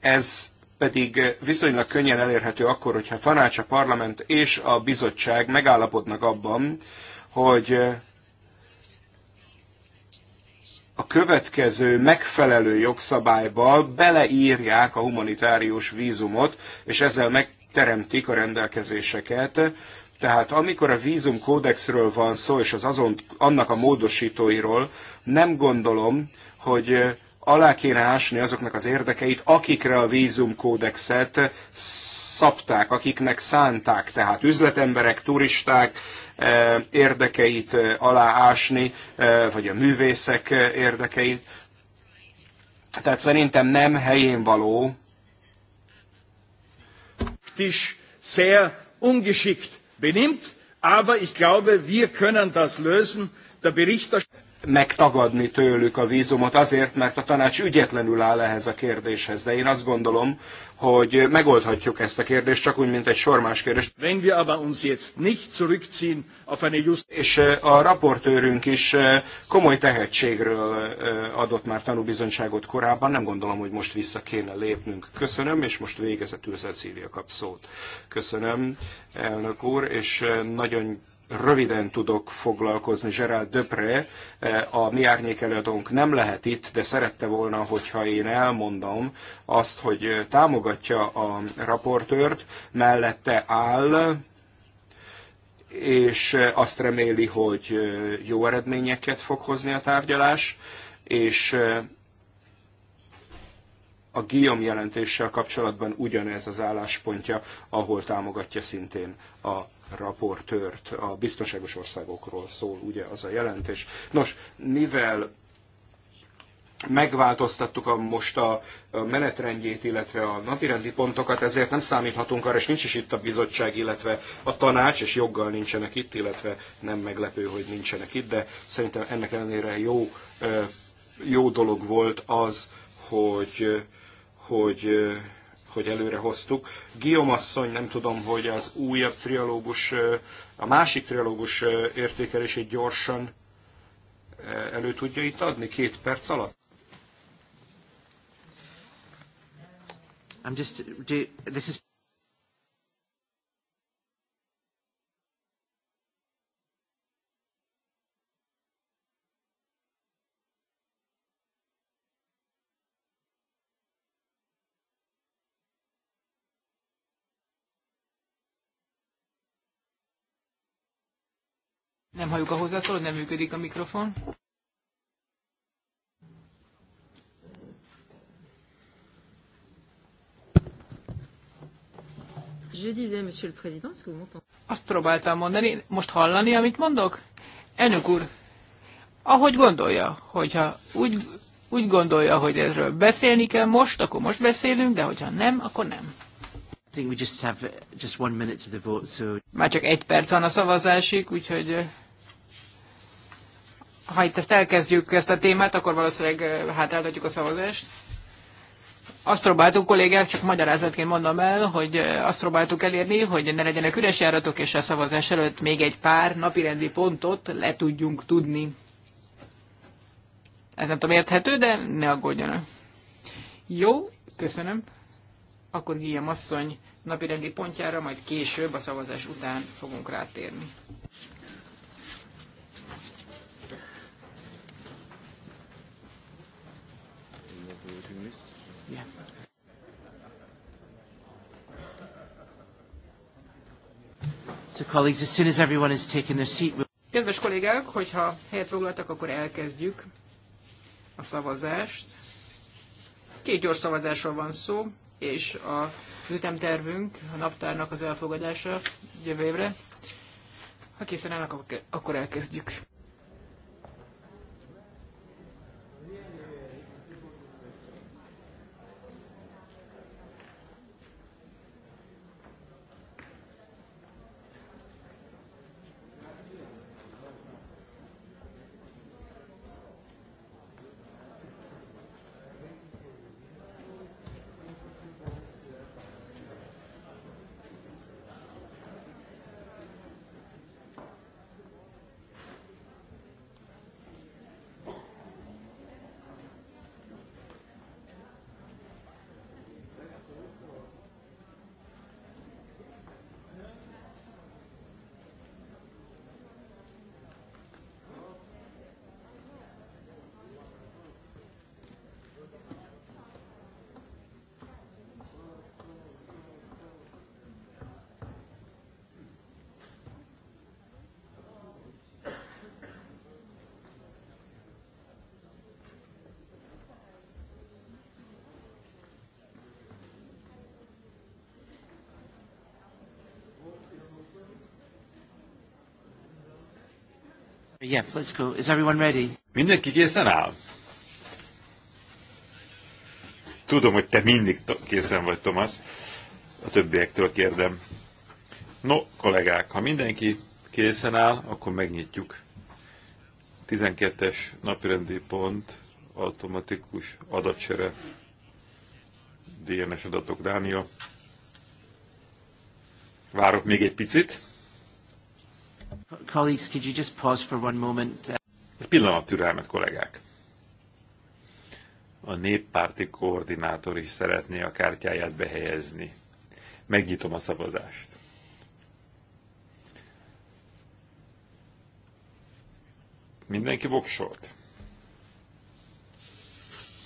Ez pedig viszonylag könnyen elérhető akkor, hogyha a tanács, a parlament és a bizottság megállapodnak abban, hogy a következő megfelelő jogszabályba beleírják a humanitárius vízumot, és ezzel meg teremtik a rendelkezéseket, tehát amikor a vízumkódexről van szó, és az azon, annak a módosítóiról, nem gondolom, hogy alá kéne ásni azoknak az érdekeit, akikre a vízumkódexet szabták, akiknek szánták, tehát üzletemberek, turisták érdekeit aláásni, vagy a művészek érdekeit. Tehát szerintem nem helyén való taktisch sehr ungeschickt benimmt. Aber ich glaube, wir können das lösen. Der Berichterstatter megtagadni tőlük a vízumot azért, mert a tanács ügyetlenül áll ehhez a kérdéshez. De én azt gondolom, hogy megoldhatjuk ezt a kérdést, csak úgy, mint egy sormás kérdést. Wenn wir aber uns jetzt nicht zurückziehen auf eine Just És a raportőrünk is komoly tehetségről adott már tanúbizonyságot korábban, nem gondolom, hogy most vissza kéne lépnünk. Köszönöm, és most végezetül Cecília kap szót. Köszönöm, elnök úr, és nagyon röviden tudok foglalkozni. Gerald Döpré, eh, a mi árnyékelőadónk nem lehet itt, de szerette volna, hogyha én elmondom azt, hogy eh, támogatja a raportőrt, mellette áll, és eh, azt reméli, hogy jó eredményeket fog hozni a tárgyalás, és a Guillaume jelentéssel kapcsolatban ugyanez az álláspontja, ahol támogatja szintén a raportőrt a biztonságos országokról szól, ugye az a jelentés. Nos, mivel megváltoztattuk a, most a, a menetrendjét, illetve a napirendi pontokat, ezért nem számíthatunk arra, és nincs is itt a bizottság, illetve a tanács, és joggal nincsenek itt, illetve nem meglepő, hogy nincsenek itt, de szerintem ennek ellenére jó, jó dolog volt az, hogy, hogy hogy előre hoztuk. Guillaume asszony, nem tudom, hogy az újabb trialógus, a másik trialógus értékelését gyorsan elő tudja itt adni két perc alatt? I'm just, do, this is... Nem halljuk a hozzászólót, nem működik a mikrofon. Je disais, monsieur le président, ce que vous Azt próbáltam mondani, most hallani, amit mondok? Elnök úr, ahogy gondolja, hogyha úgy, úgy gondolja, hogy erről beszélni kell most, akkor most beszélünk, de hogyha nem, akkor nem. Már csak egy perc van a szavazásig, úgyhogy uh, ha itt ezt elkezdjük, ezt a témát, akkor valószínűleg hátráltatjuk a szavazást. Azt próbáltuk, kollégák, csak magyarázatként mondom el, hogy azt próbáltuk elérni, hogy ne legyenek üres járatok, és a szavazás előtt még egy pár napirendi pontot le tudjunk tudni. Ez nem tudom érthető, de ne aggódjanak. Jó, köszönöm. Akkor Guillaume asszony napirendi pontjára, majd később a szavazás után fogunk rátérni. So colleagues, as soon as everyone has taken their seat, we'll... Kedves kollégák, hogyha helyet foglaltak, akkor elkezdjük a szavazást. Két gyors szavazásról van szó, és a ütemtervünk, a naptárnak az elfogadása jövő évre. Ha készen állnak, akkor elkezdjük. yeah, let's go. Is everyone ready? Mindenki készen áll? Tudom, hogy te mindig készen vagy, Thomas. A többiektől kérdem. No, kollégák, ha mindenki készen áll, akkor megnyitjuk. 12-es napirendi pont, automatikus adatsere, DNS adatok, Dánia. Várok még egy picit. Colleagues, could you just pause for one moment? Egy pillanat türelmet, kollégák. A néppárti koordinátor is szeretné a kártyáját behelyezni. Megnyitom a szavazást. Mindenki voksolt?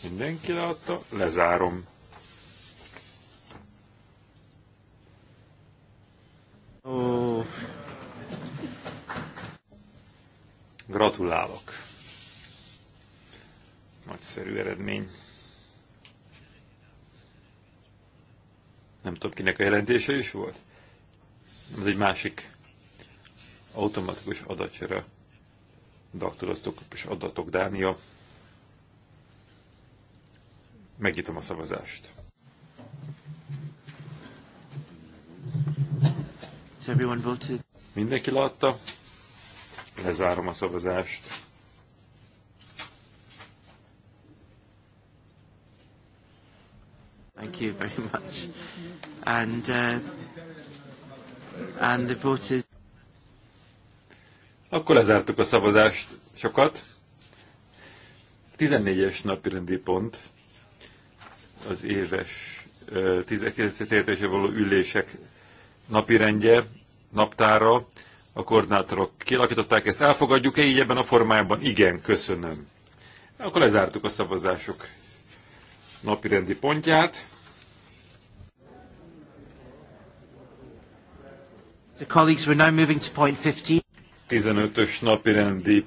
Mindenki leadta, lezárom. Oh. Gratulálok! Nagyszerű eredmény. Nem tudom, kinek a jelentése is volt? Ez egy másik automatikus adatcsere. Daktorosztok és adatok Dánia. Megnyitom a szavazást. Mindenki látta. Lezárom a szavazást. Thank you very much. And, uh, and the vote is... Akkor lezártuk a szavazást sokat. 14-es napi rendi pont az éves 19. való ülések napirendje, naptára a koordinátorok kialakították ezt. Elfogadjuk-e így ebben a formájában? Igen, köszönöm. Akkor lezártuk a szavazások napirendi pontját. The colleagues, we're now moving to point 15. 15-ös napirendi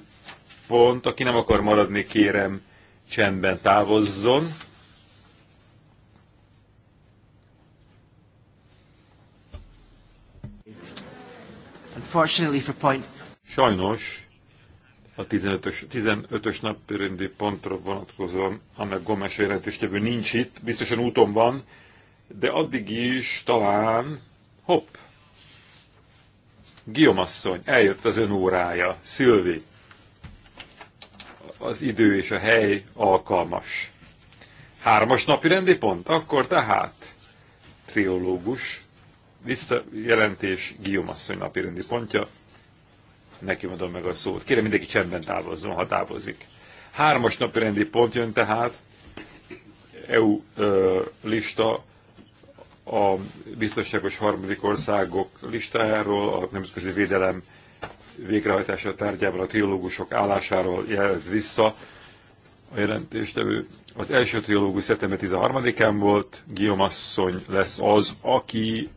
pont, aki nem akar maradni, kérem csendben távozzon. Fortunately for point. Sajnos a 15-ös, 15-ös napirendi pontra vonatkozóan annak Gomes jelentéstevő nincs itt, biztosan úton van, de addig is talán, hopp, Guillaume asszony, eljött az ön órája, Szilvi. Az idő és a hely alkalmas. Hármas napi rendi pont? Akkor tehát triológus visszajelentés Guillaume asszony napi rendi pontja. Neki adom meg a szót. Kérem, mindenki csendben távozzon, ha távozik. Hármas napi rendi pont jön tehát. EU ö, lista a biztonságos harmadik országok listájáról, a nemzetközi védelem végrehajtása tárgyában a triológusok állásáról jelez vissza a jelentéstevő. Az első triológus szeptember 13-án volt, Guillaume asszony lesz az, aki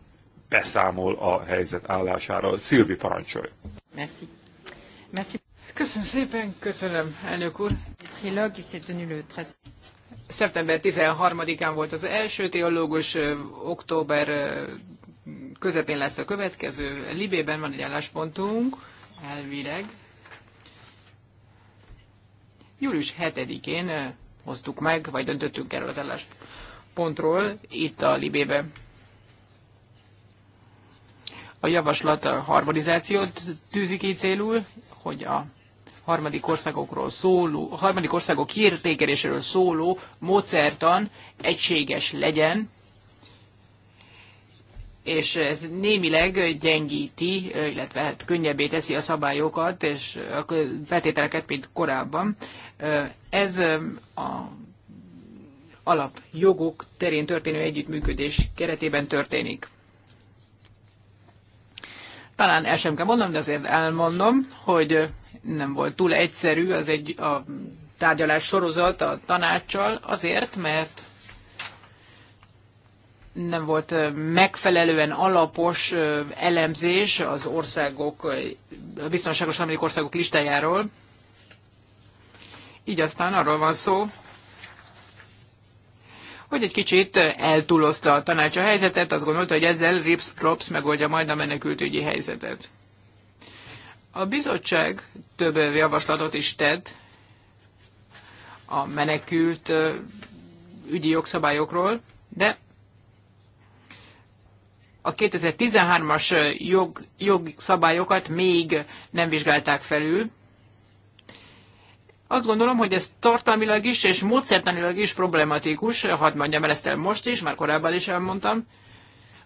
beszámol a helyzet állásáról. Szilvi parancsolj! Merci. Merci. Köszönöm szépen, köszönöm, elnök úr. Szeptember 13-án volt az első teológus, október közepén lesz a következő. Libében van egy álláspontunk, elvileg. Július 7-én hoztuk meg, vagy döntöttünk erről az álláspontról itt a Libében. A javaslat a harmonizációt tűzi ki célul, hogy a harmadik országokról szóló, harmadik országok kiértékeléséről szóló módszertan egységes legyen, és ez némileg gyengíti, illetve hát könnyebbé teszi a szabályokat és a feltételeket, mint korábban. Ez um, a alapjogok terén történő együttműködés keretében történik. Talán el sem kell mondom, de azért elmondom, hogy nem volt túl egyszerű az egy a tárgyalás sorozat a tanácssal, azért, mert nem volt megfelelően alapos elemzés az országok, a biztonságos amerikai országok listájáról. Így aztán arról van szó, hogy egy kicsit eltúlozta a tanács a helyzetet, azt gondolta, hogy ezzel Rips Props megoldja majd a menekültügyi helyzetet. A bizottság több javaslatot is tett a menekült ügyi jogszabályokról, de a 2013-as jog, jogszabályokat még nem vizsgálták felül, azt gondolom, hogy ez tartalmilag is és módszertanilag is problematikus, hadd mondjam el ezt el most is, már korábban is elmondtam.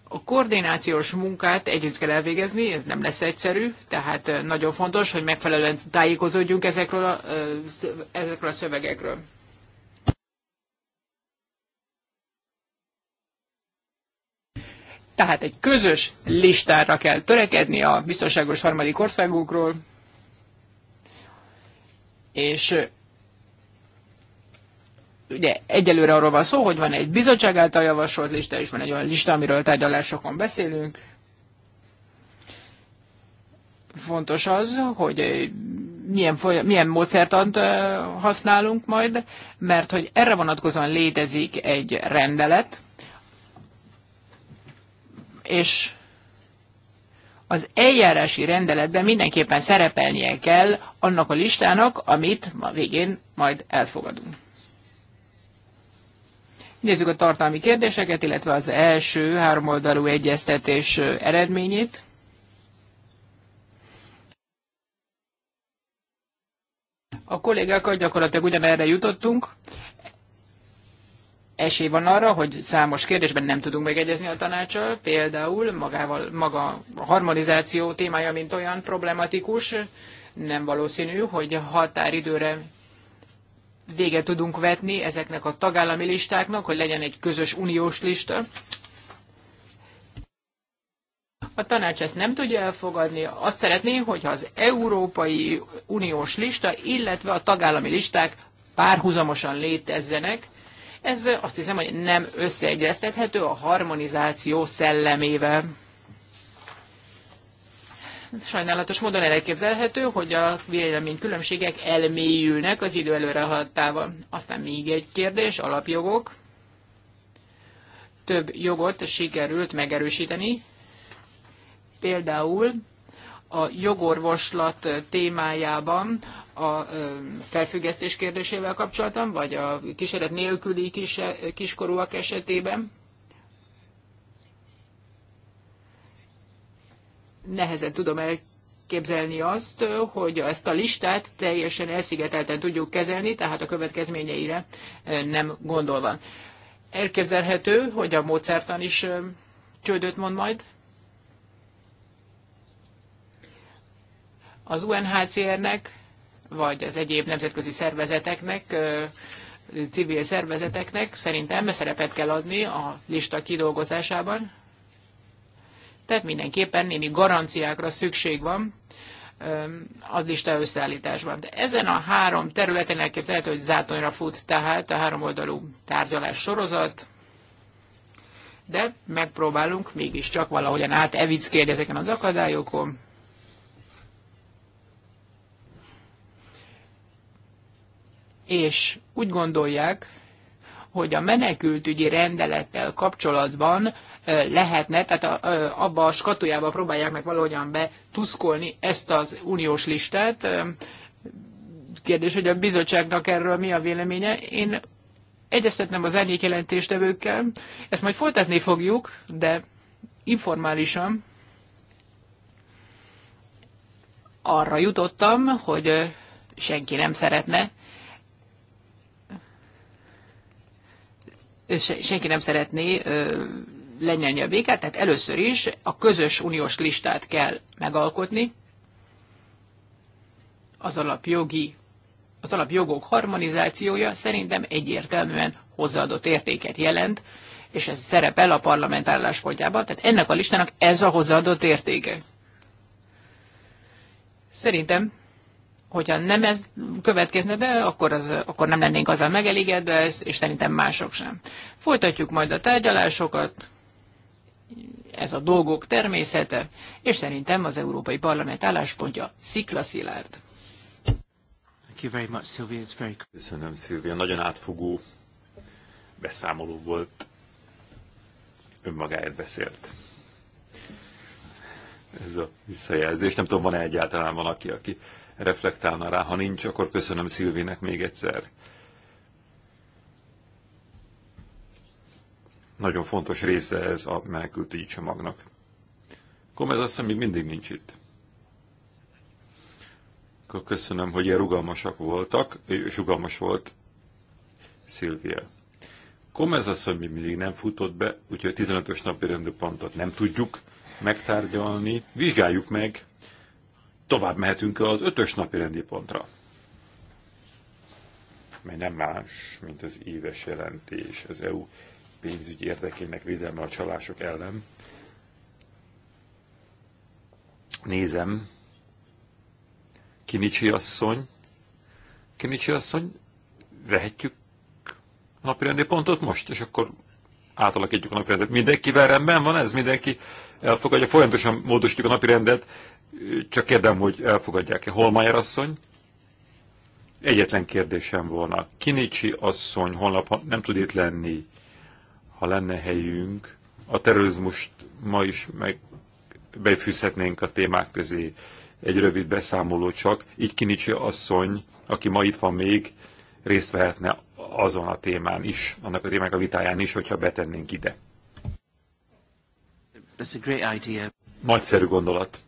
A koordinációs munkát együtt kell elvégezni, ez nem lesz egyszerű, tehát eh, nagyon fontos, hogy megfelelően tájékozódjunk ezekről a, eh, ezekről a szövegekről. Tehát egy közös listára kell törekedni a biztonságos harmadik országokról, és ugye egyelőre arról van szó, hogy van egy bizottság által javasolt lista, és van egy olyan lista, amiről tárgyalásokon beszélünk. Fontos az, hogy milyen, folyam, milyen módszertant használunk majd, mert hogy erre vonatkozóan létezik egy rendelet, és az eljárási rendeletben mindenképpen szerepelnie kell annak a listának, amit ma végén majd elfogadunk. Nézzük a tartalmi kérdéseket, illetve az első háromoldalú egyeztetés eredményét. A kollégákkal gyakorlatilag ugyanerre jutottunk esély van arra, hogy számos kérdésben nem tudunk megegyezni a tanácsal, például magával, maga a harmonizáció témája, mint olyan problematikus, nem valószínű, hogy határidőre véget tudunk vetni ezeknek a tagállami listáknak, hogy legyen egy közös uniós lista. A tanács ezt nem tudja elfogadni. Azt szeretné, hogyha az Európai Uniós lista, illetve a tagállami listák párhuzamosan létezzenek, ez azt hiszem, hogy nem összeegyeztethető a harmonizáció szellemével. Sajnálatos módon elképzelhető, hogy a vélemény különbségek elmélyülnek az idő előre haladtával. Aztán még egy kérdés, alapjogok. Több jogot sikerült megerősíteni, például a jogorvoslat témájában a felfüggesztés kérdésével kapcsolatban, vagy a kísérlet nélküli kis, kiskorúak esetében. Nehezen tudom képzelni azt, hogy ezt a listát teljesen elszigetelten tudjuk kezelni, tehát a következményeire nem gondolva. Elképzelhető, hogy a módszertan is csődöt mond majd, az UNHCR-nek vagy az egyéb nemzetközi szervezeteknek, civil szervezeteknek szerintem szerepet kell adni a lista kidolgozásában. Tehát mindenképpen némi garanciákra szükség van a lista összeállításban. De ezen a három területen elképzelhető, hogy zátonyra fut tehát a három oldalú tárgyalás sorozat, de megpróbálunk mégiscsak valahogyan átevickelni ezeken az akadályokon, és úgy gondolják, hogy a menekültügyi rendelettel kapcsolatban lehetne, tehát a, a, abba a skatujába próbálják meg valahogyan betuszkolni ezt az uniós listát. Kérdés, hogy a bizottságnak erről mi a véleménye. Én egyeztetnem az árnyék jelentéstevőkkel, ezt majd folytatni fogjuk, de informálisan arra jutottam, hogy senki nem szeretne senki nem szeretné lenyelni a békát, tehát először is a közös uniós listát kell megalkotni, az alapjogi, az alapjogok harmonizációja szerintem egyértelműen hozzáadott értéket jelent, és ez szerepel a parlament álláspontjában, tehát ennek a listának ez a hozzáadott értéke. Szerintem hogyha nem ez következne be, akkor, az, akkor nem lennénk azzal megelégedve, és szerintem mások sem. Folytatjuk majd a tárgyalásokat, ez a dolgok természete, és szerintem az Európai Parlament álláspontja sziklaszilárd. Köszönöm, Szilvia. Nagyon átfogó beszámoló volt. Önmagáért beszélt. Ez a visszajelzés. Nem tudom, van-e egyáltalán valaki, aki reflektálna rá. Ha nincs, akkor köszönöm Szilvének még egyszer. Nagyon fontos része ez a menekültügyi csomagnak. Gomez azt hiszem, még mindig nincs itt. Akkor köszönöm, hogy ilyen rugalmasak voltak, és rugalmas volt Szilvia. Gomez az még mindig nem futott be, úgyhogy a 15-ös napi rendőpontot nem tudjuk megtárgyalni. Vizsgáljuk meg, tovább mehetünk az ötös napi rendi pontra, mely nem más, mint az éves jelentés az EU pénzügyi érdekének védelme a csalások ellen. Nézem, Kinicsi asszony, Kinicsi asszony, vehetjük a napirendi pontot most, és akkor átalakítjuk a napirendet. Mindenkivel rendben van ez? Mindenki elfogadja, folyamatosan módosítjuk a napirendet, csak kérdem, hogy elfogadják-e. Holmajer asszony? Egyetlen kérdésem volna. Kinicsi asszony holnap nem tud itt lenni, ha lenne helyünk. A terrorizmust ma is meg befűzhetnénk a témák közé. Egy rövid beszámoló csak. Így Kinicsi asszony, aki ma itt van még, részt vehetne azon a témán is, annak a témák a vitáján is, hogyha betennénk ide. That's a great idea. Nagyszerű gondolat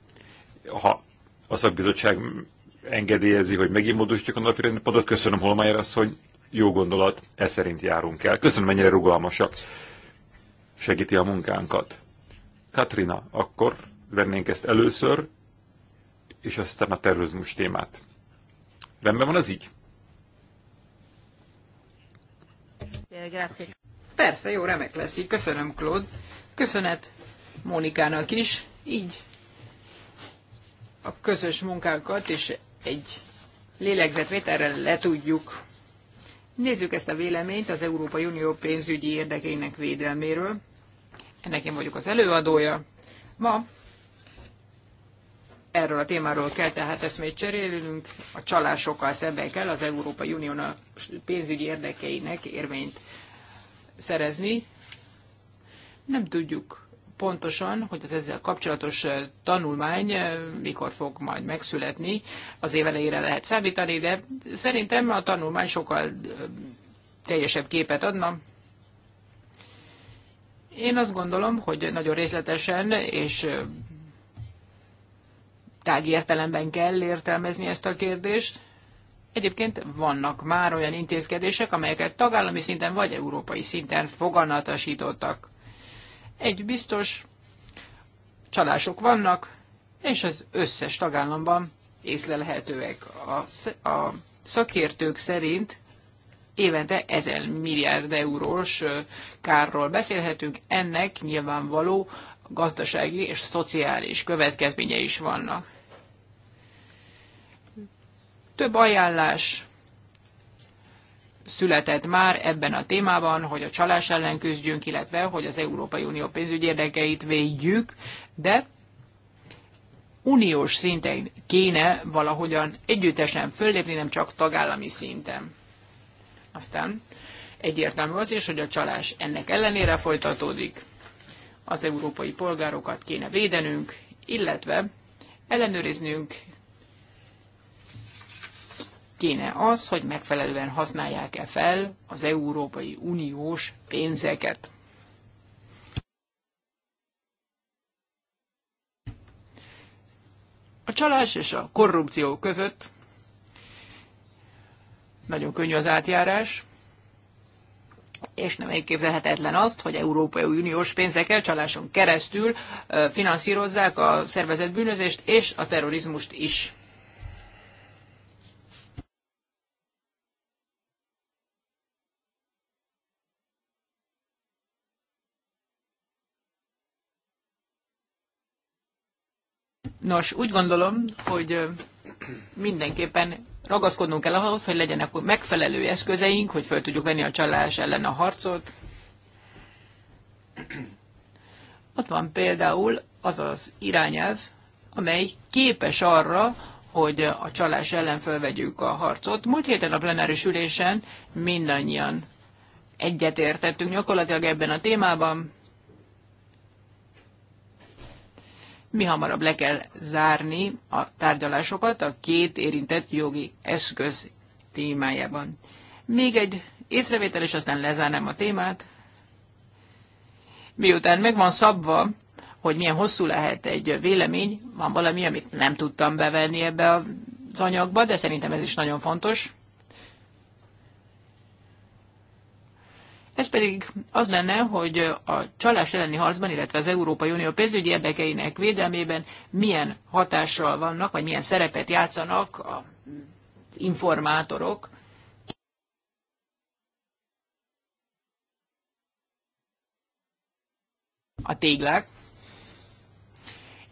ha a szakbizottság engedélyezi, hogy megint módosítjuk a napi rendpadot, köszönöm Holmájer azt, hogy jó gondolat, e szerint járunk el. Köszönöm, mennyire rugalmasak. Segíti a munkánkat. Katrina, akkor vennénk ezt először, és aztán a terrorizmus témát. Rendben van ez így? Persze, jó, remek lesz így. Köszönöm, Claude. Köszönet Mónikának is. Így a közös munkánkat, és egy lélegzetvételre le tudjuk. Nézzük ezt a véleményt az Európai Unió pénzügyi érdekeinek védelméről. Ennek én vagyok az előadója. Ma erről a témáról kell tehát eszmét cserélünk, a csalásokkal szemben kell az Európai Unió pénzügyi érdekeinek érvényt szerezni. Nem tudjuk pontosan, hogy az ezzel kapcsolatos tanulmány mikor fog majd megszületni. Az év elejére lehet számítani, de szerintem a tanulmány sokkal teljesebb képet adna. Én azt gondolom, hogy nagyon részletesen és tág értelemben kell értelmezni ezt a kérdést. Egyébként vannak már olyan intézkedések, amelyeket tagállami szinten vagy európai szinten foganatosítottak. Egy biztos, csalások vannak, és az összes tagállamban észlelhetőek. A, a szakértők szerint évente ezer milliárd eurós kárról beszélhetünk, ennek nyilvánvaló gazdasági és szociális következménye is vannak. Több ajánlás született már ebben a témában, hogy a csalás ellen küzdjünk, illetve hogy az Európai Unió pénzügyi érdekeit védjük, de uniós szinten kéne valahogyan együttesen föllépni, nem csak tagállami szinten. Aztán egyértelmű az is, hogy a csalás ennek ellenére folytatódik, az európai polgárokat kéne védenünk, illetve ellenőriznünk kéne az, hogy megfelelően használják-e fel az Európai Uniós pénzeket. A csalás és a korrupció között nagyon könnyű az átjárás, és nem elképzelhetetlen azt, hogy Európai Uniós pénzekkel csaláson keresztül finanszírozzák a szervezett bűnözést és a terrorizmust is. Nos, úgy gondolom, hogy mindenképpen ragaszkodnunk kell ahhoz, hogy legyenek megfelelő eszközeink, hogy fel tudjuk venni a csalás ellen a harcot. Ott van például az az irányelv, amely képes arra, hogy a csalás ellen fölvegyük a harcot. Múlt héten a plenáris ülésen mindannyian egyetértettünk gyakorlatilag ebben a témában. mi hamarabb le kell zárni a tárgyalásokat a két érintett jogi eszköz témájában. Még egy észrevétel, és aztán lezárnám a témát. Miután meg van szabva, hogy milyen hosszú lehet egy vélemény, van valami, amit nem tudtam bevenni ebbe az anyagba, de szerintem ez is nagyon fontos. Ez pedig az lenne, hogy a csalás elleni harcban, illetve az Európai Unió pénzügyi érdekeinek védelmében milyen hatással vannak, vagy milyen szerepet játszanak a informátorok, a téglák.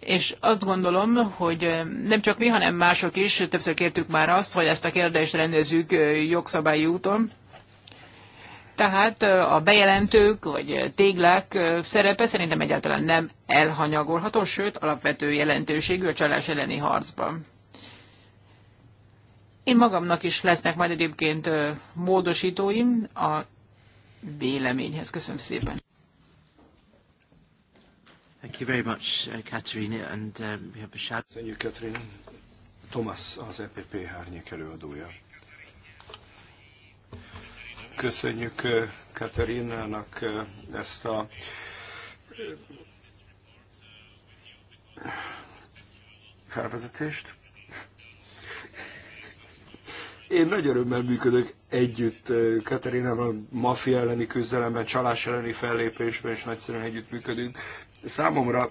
És azt gondolom, hogy nem csak mi, hanem mások is, többször kértük már azt, hogy ezt a kérdést rendezzük jogszabályi úton. Tehát a bejelentők vagy téglák szerepe szerintem egyáltalán nem elhanyagolható, sőt alapvető jelentőségű a csalás elleni harcban. Én magamnak is lesznek majd egyébként módosítóim a véleményhez. Köszönöm szépen. Thank you very much, uh, Katerina, and um, we have a shout. Thank you, Katerina. Thomas az EPP hárnyék előadója. Köszönjük eh, Katarinának eh, ezt a eh, felvezetést. Én nagy örömmel működök együtt Katerinával mafia elleni küzdelemben, csalás elleni fellépésben, és nagyszerűen együtt működünk. Számomra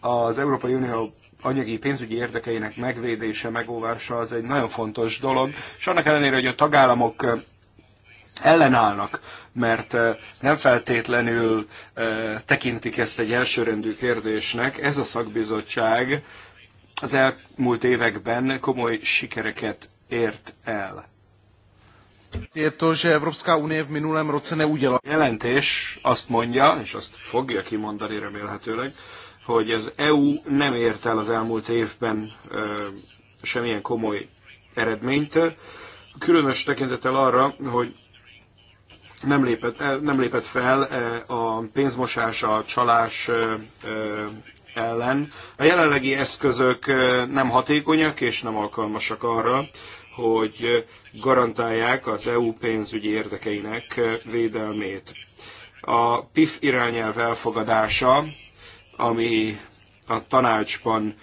az Európai Unió anyagi pénzügyi érdekeinek megvédése, megóvása az egy nagyon fontos dolog, és annak ellenére, hogy a tagállamok ellenállnak, mert nem feltétlenül tekintik ezt egy elsőrendű kérdésnek. Ez a szakbizottság az elmúlt években komoly sikereket ért el. Je to, že Evropská unie v minulém roce neudělala. Jelentés azt mondja, és azt fogja kimondani remélhetőleg, hogy az EU nem ért el az elmúlt évben ö, semmilyen komoly eredményt, különös tekintettel arra, hogy nem lépett, nem lépett fel eh, a pénzmosás, a csalás eh, eh, ellen. A jelenlegi eszközök nem hatékonyak és nem alkalmasak arra, hogy garantálják az EU pénzügyi érdekeinek védelmét. A PIF irányelv elfogadása, ami a tanácsban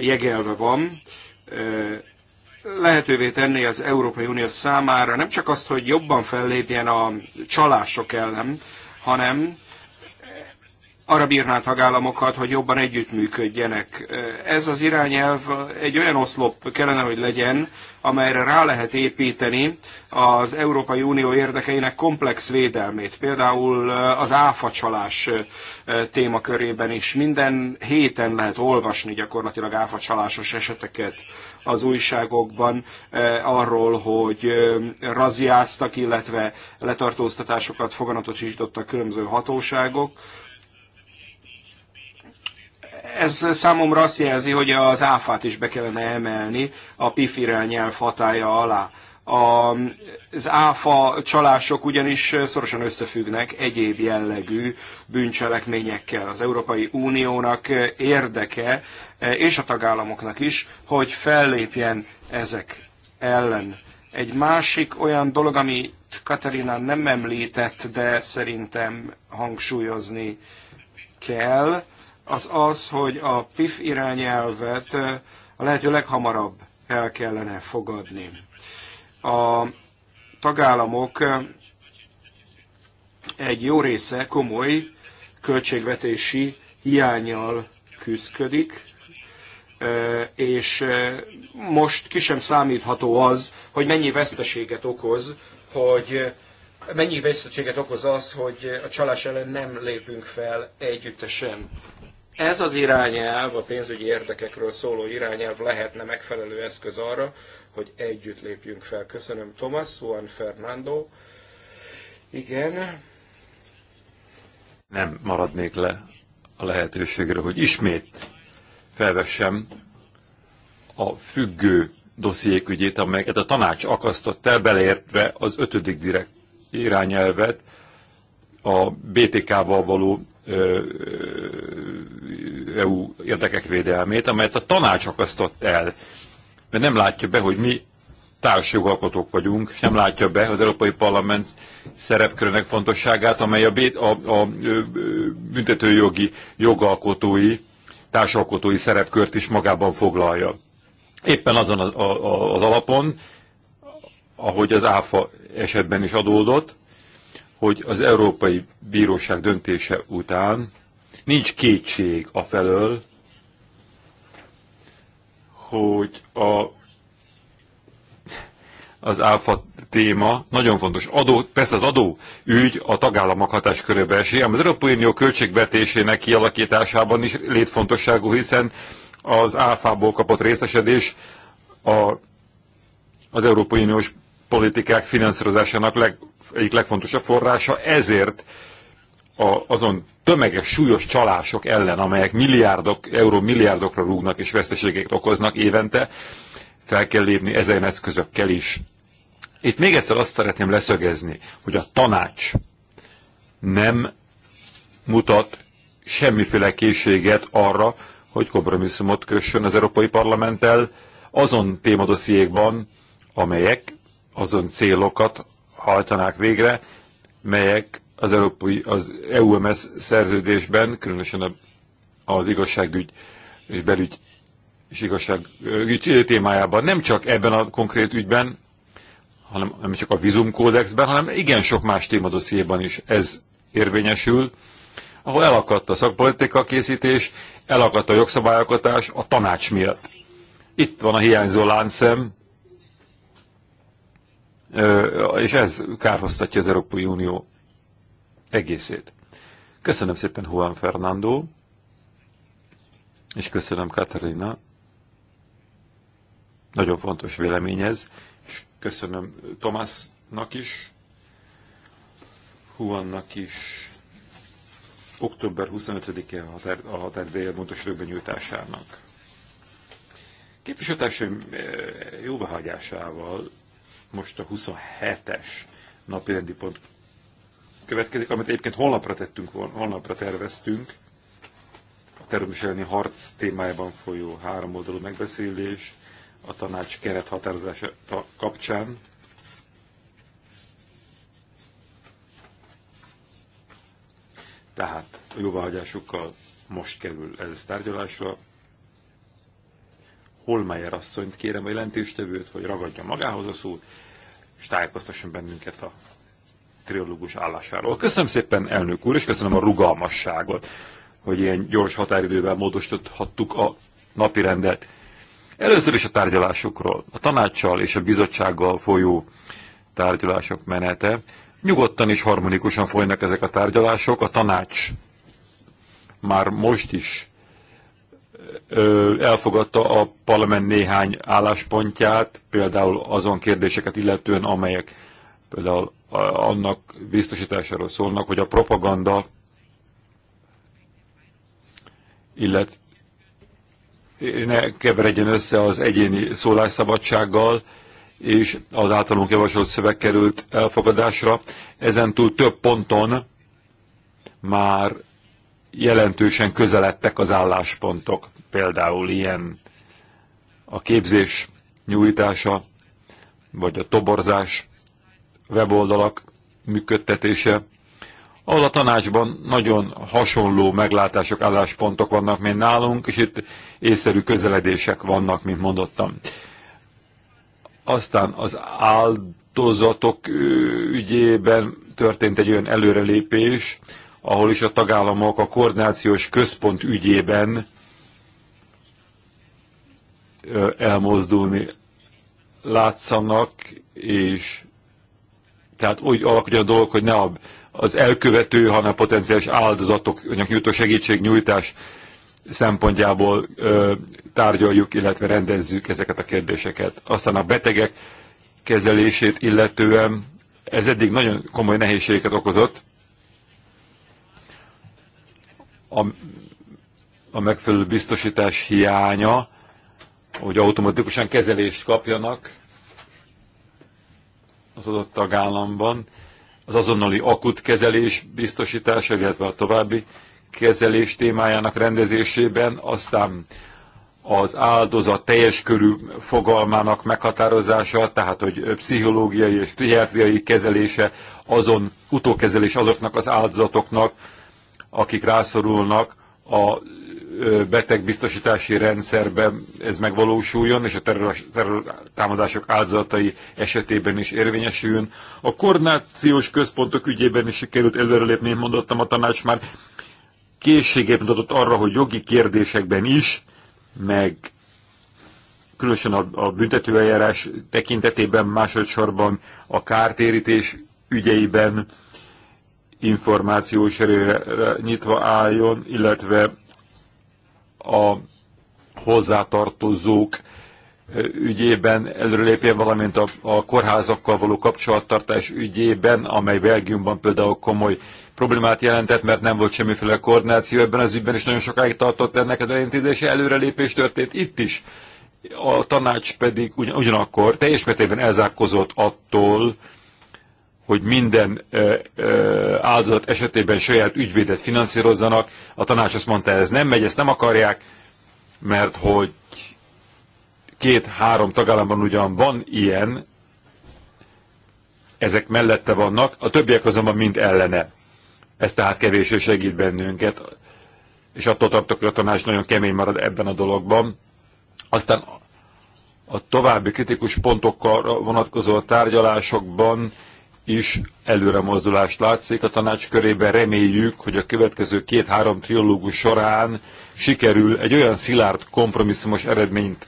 jegelve van, lehetővé tenni az Európai Unió számára nem csak azt, hogy jobban fellépjen a csalások ellen, hanem arra bírná a tagállamokat, hogy jobban együttműködjenek. Ez az irányelv egy olyan oszlop kellene, hogy legyen, amelyre rá lehet építeni az Európai Unió érdekeinek komplex védelmét. Például az áfacsalás témakörében is minden héten lehet olvasni gyakorlatilag áfacsalásos eseteket az újságokban arról, hogy raziáztak, illetve letartóztatásokat foganatosítottak különböző hatóságok ez számomra azt jelzi, hogy az áfát is be kellene emelni a pifirel nyelv hatája alá. A, az áfa csalások ugyanis szorosan összefüggnek egyéb jellegű bűncselekményekkel. Az Európai Uniónak érdeke, és a tagállamoknak is, hogy fellépjen ezek ellen. Egy másik olyan dolog, amit Katarina nem említett, de szerintem hangsúlyozni kell, az az, hogy a PIF irányelvet a lehető leghamarabb el kellene fogadni. A tagállamok egy jó része komoly költségvetési hiányjal küzdködik, és most ki sem számítható az, hogy mennyi veszteséget okoz, hogy mennyi veszteséget okoz az, hogy a csalás ellen nem lépünk fel együttesen. Ez az irányelv, a pénzügyi érdekekről szóló irányelv lehetne megfelelő eszköz arra, hogy együtt lépjünk fel. Köszönöm Thomas, Juan Fernando. Igen. Nem maradnék le a lehetőségre, hogy ismét felvessem a függő dossziék ügyét, amelyeket a tanács akasztott el, beleértve az ötödik direkt irányelvet, a BTK-val való EU érdekek védelmét, amelyet a tanács akasztott el, mert nem látja be, hogy mi társjogalkotók vagyunk, nem látja be az Európai Parlament szerepkörének fontosságát, amely a, a, a büntetőjogi jogalkotói, társalkotói szerepkört is magában foglalja. Éppen azon az, az alapon, ahogy az ÁFA esetben is adódott, hogy az Európai Bíróság döntése után nincs kétség a felől, hogy a, az áfa téma nagyon fontos. Adó, persze az adó ügy a tagállamok hatáskörébe esik, ám az Európai Unió költségvetésének kialakításában is létfontosságú, hiszen az áfából kapott részesedés a, az Európai Uniós politikák finanszírozásának leg, egyik legfontosabb forrása, ezért a, azon tömeges, súlyos csalások ellen, amelyek milliárdok, euró milliárdokra rúgnak és veszteségeket okoznak évente, fel kell lépni ezen eszközökkel is. Itt még egyszer azt szeretném leszögezni, hogy a tanács nem mutat semmiféle készséget arra, hogy kompromisszumot kössön az Európai Parlamenttel azon témadossziékban, amelyek azon célokat hajtanák végre, melyek az, Európai, az EUMS szerződésben, különösen az igazságügy és belügy és igazságügy témájában, nem csak ebben a konkrét ügyben, hanem nem csak a vizumkódexben, hanem igen sok más témadosszéban is ez érvényesül, ahol elakadt a szakpolitika készítés, elakadt a jogszabályalkotás a tanács miatt. Itt van a hiányzó láncszem, és ez kárhoztatja az Európai Unió egészét. Köszönöm szépen Juan Fernando, és köszönöm Katarina. Nagyon fontos vélemény ez, és köszönöm Tomásnak is, Juannak is, október 25-e a határ, pontos rögbenyújtásának. Képviselőtársaim jóváhagyásával most a 27-es napi rendi pont következik, amit egyébként holnapra tettünk holnapra terveztünk. A terrorizmus elleni harc témájában folyó három oldalú megbeszélés a tanács kerethatározása kapcsán. Tehát a jóváhagyásukkal most kerül ez tárgyalásra. Holmeyer asszonyt kérem a jelentéstevőt, hogy ragadja magához a szót, és tájékoztasson bennünket a triológus állásáról. Köszönöm szépen, elnök úr, és köszönöm a rugalmasságot, hogy ilyen gyors határidővel módosíthattuk a napi rendet. Először is a tárgyalásokról, a tanácssal és a bizottsággal folyó tárgyalások menete. Nyugodtan és harmonikusan folynak ezek a tárgyalások. A tanács már most is elfogadta a parlament néhány álláspontját, például azon kérdéseket illetően, amelyek például annak biztosításáról szólnak, hogy a propaganda illet ne keveredjen össze az egyéni szólásszabadsággal, és az általunk javasolt szöveg került elfogadásra. Ezen túl több ponton már jelentősen közeledtek az álláspontok például ilyen a képzés nyújtása, vagy a toborzás weboldalak működtetése, ahol a tanácsban nagyon hasonló meglátások, álláspontok vannak, mint nálunk, és itt észszerű közeledések vannak, mint mondottam. Aztán az áldozatok ügyében történt egy olyan előrelépés, ahol is a tagállamok a koordinációs központ ügyében elmozdulni látszanak, és tehát úgy alakulja a dolog, hogy ne az elkövető, hanem a potenciális áldozatoknak nyújtó segítségnyújtás szempontjából ö, tárgyaljuk, illetve rendezzük ezeket a kérdéseket. Aztán a betegek kezelését illetően ez eddig nagyon komoly nehézségeket okozott. A, a megfelelő biztosítás hiánya, hogy automatikusan kezelést kapjanak az adott tagállamban, az azonnali akut kezelés biztosítása, illetve a további kezelés témájának rendezésében, aztán az áldozat teljes körű fogalmának meghatározása, tehát hogy pszichológiai és pszichiátriai kezelése, azon utókezelés azoknak az áldozatoknak, akik rászorulnak a betegbiztosítási rendszerben ez megvalósuljon, és a támadások áldozatai esetében is érvényesüljön. A koordinációs központok ügyében is sikerült előrelépni, mint mondottam, a tanács már készségét mutatott arra, hogy jogi kérdésekben is, meg különösen a, a büntetőeljárás tekintetében, másodszorban a kártérítés ügyeiben információs nyitva álljon, illetve a hozzátartozók ügyében előrelépjen, valamint a, a kórházakkal való kapcsolattartás ügyében, amely Belgiumban például komoly problémát jelentett, mert nem volt semmiféle koordináció ebben az ügyben, és nagyon sokáig tartott ennek az elintézése, előrelépés történt itt is. A tanács pedig ugyanakkor teljes mértékben elzárkozott attól, hogy minden ö, ö, áldozat esetében saját ügyvédet finanszírozzanak. A tanács azt mondta, ez nem megy, ezt nem akarják, mert hogy két-három tagállamban ugyan van ilyen, ezek mellette vannak, a többiek azonban mind ellene. Ez tehát kevésbé segít bennünket, és attól tartok, hogy a tanács nagyon kemény marad ebben a dologban. Aztán a további kritikus pontokkal vonatkozó tárgyalásokban is előre mozdulást látszik. A tanács körében reméljük, hogy a következő két-három triológus során sikerül egy olyan szilárd kompromisszumos eredményt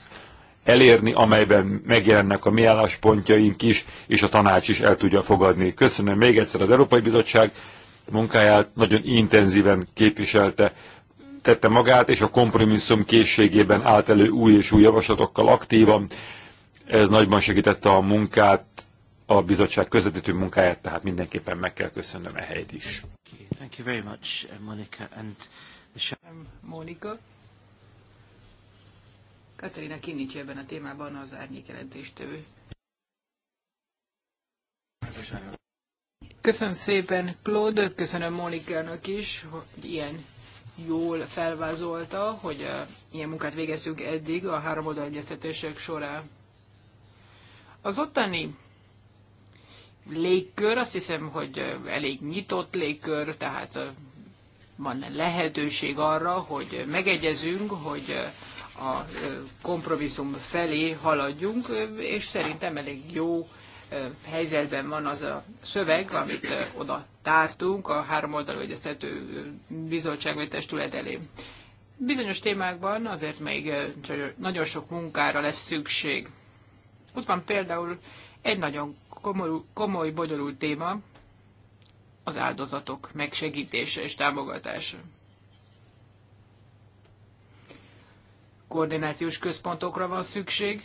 elérni, amelyben megjelennek a mi álláspontjaink is, és a tanács is el tudja fogadni. Köszönöm még egyszer az Európai Bizottság munkáját, nagyon intenzíven képviselte, tette magát, és a kompromisszum készségében állt elő új és új javaslatokkal aktívan. Ez nagyban segítette a munkát, a bizottság közvetítő munkáját, tehát mindenképpen meg kell köszönnöm a e helyet is. Thank you very much, uh, Monica. And the Monica. Katerina Kinnicsi ebben a témában az árnyék jelentéstevő. Köszönöm szépen, Claude, köszönöm Monikának is, hogy ilyen jól felvázolta, hogy uh, ilyen munkát végeztünk eddig a három oldal egyeztetések során. Az ottani légkör, azt hiszem, hogy elég nyitott légkör, tehát van lehetőség arra, hogy megegyezünk, hogy a kompromisszum felé haladjunk, és szerintem elég jó helyzetben van az a szöveg, amit oda tártunk a háromoldalú egyeztető bizottság vagy testület elé. Bizonyos témákban azért még nagyon sok munkára lesz szükség. Ott van például egy nagyon komoly, komoly bonyolult téma az áldozatok megsegítése és támogatása. Koordinációs központokra van szükség,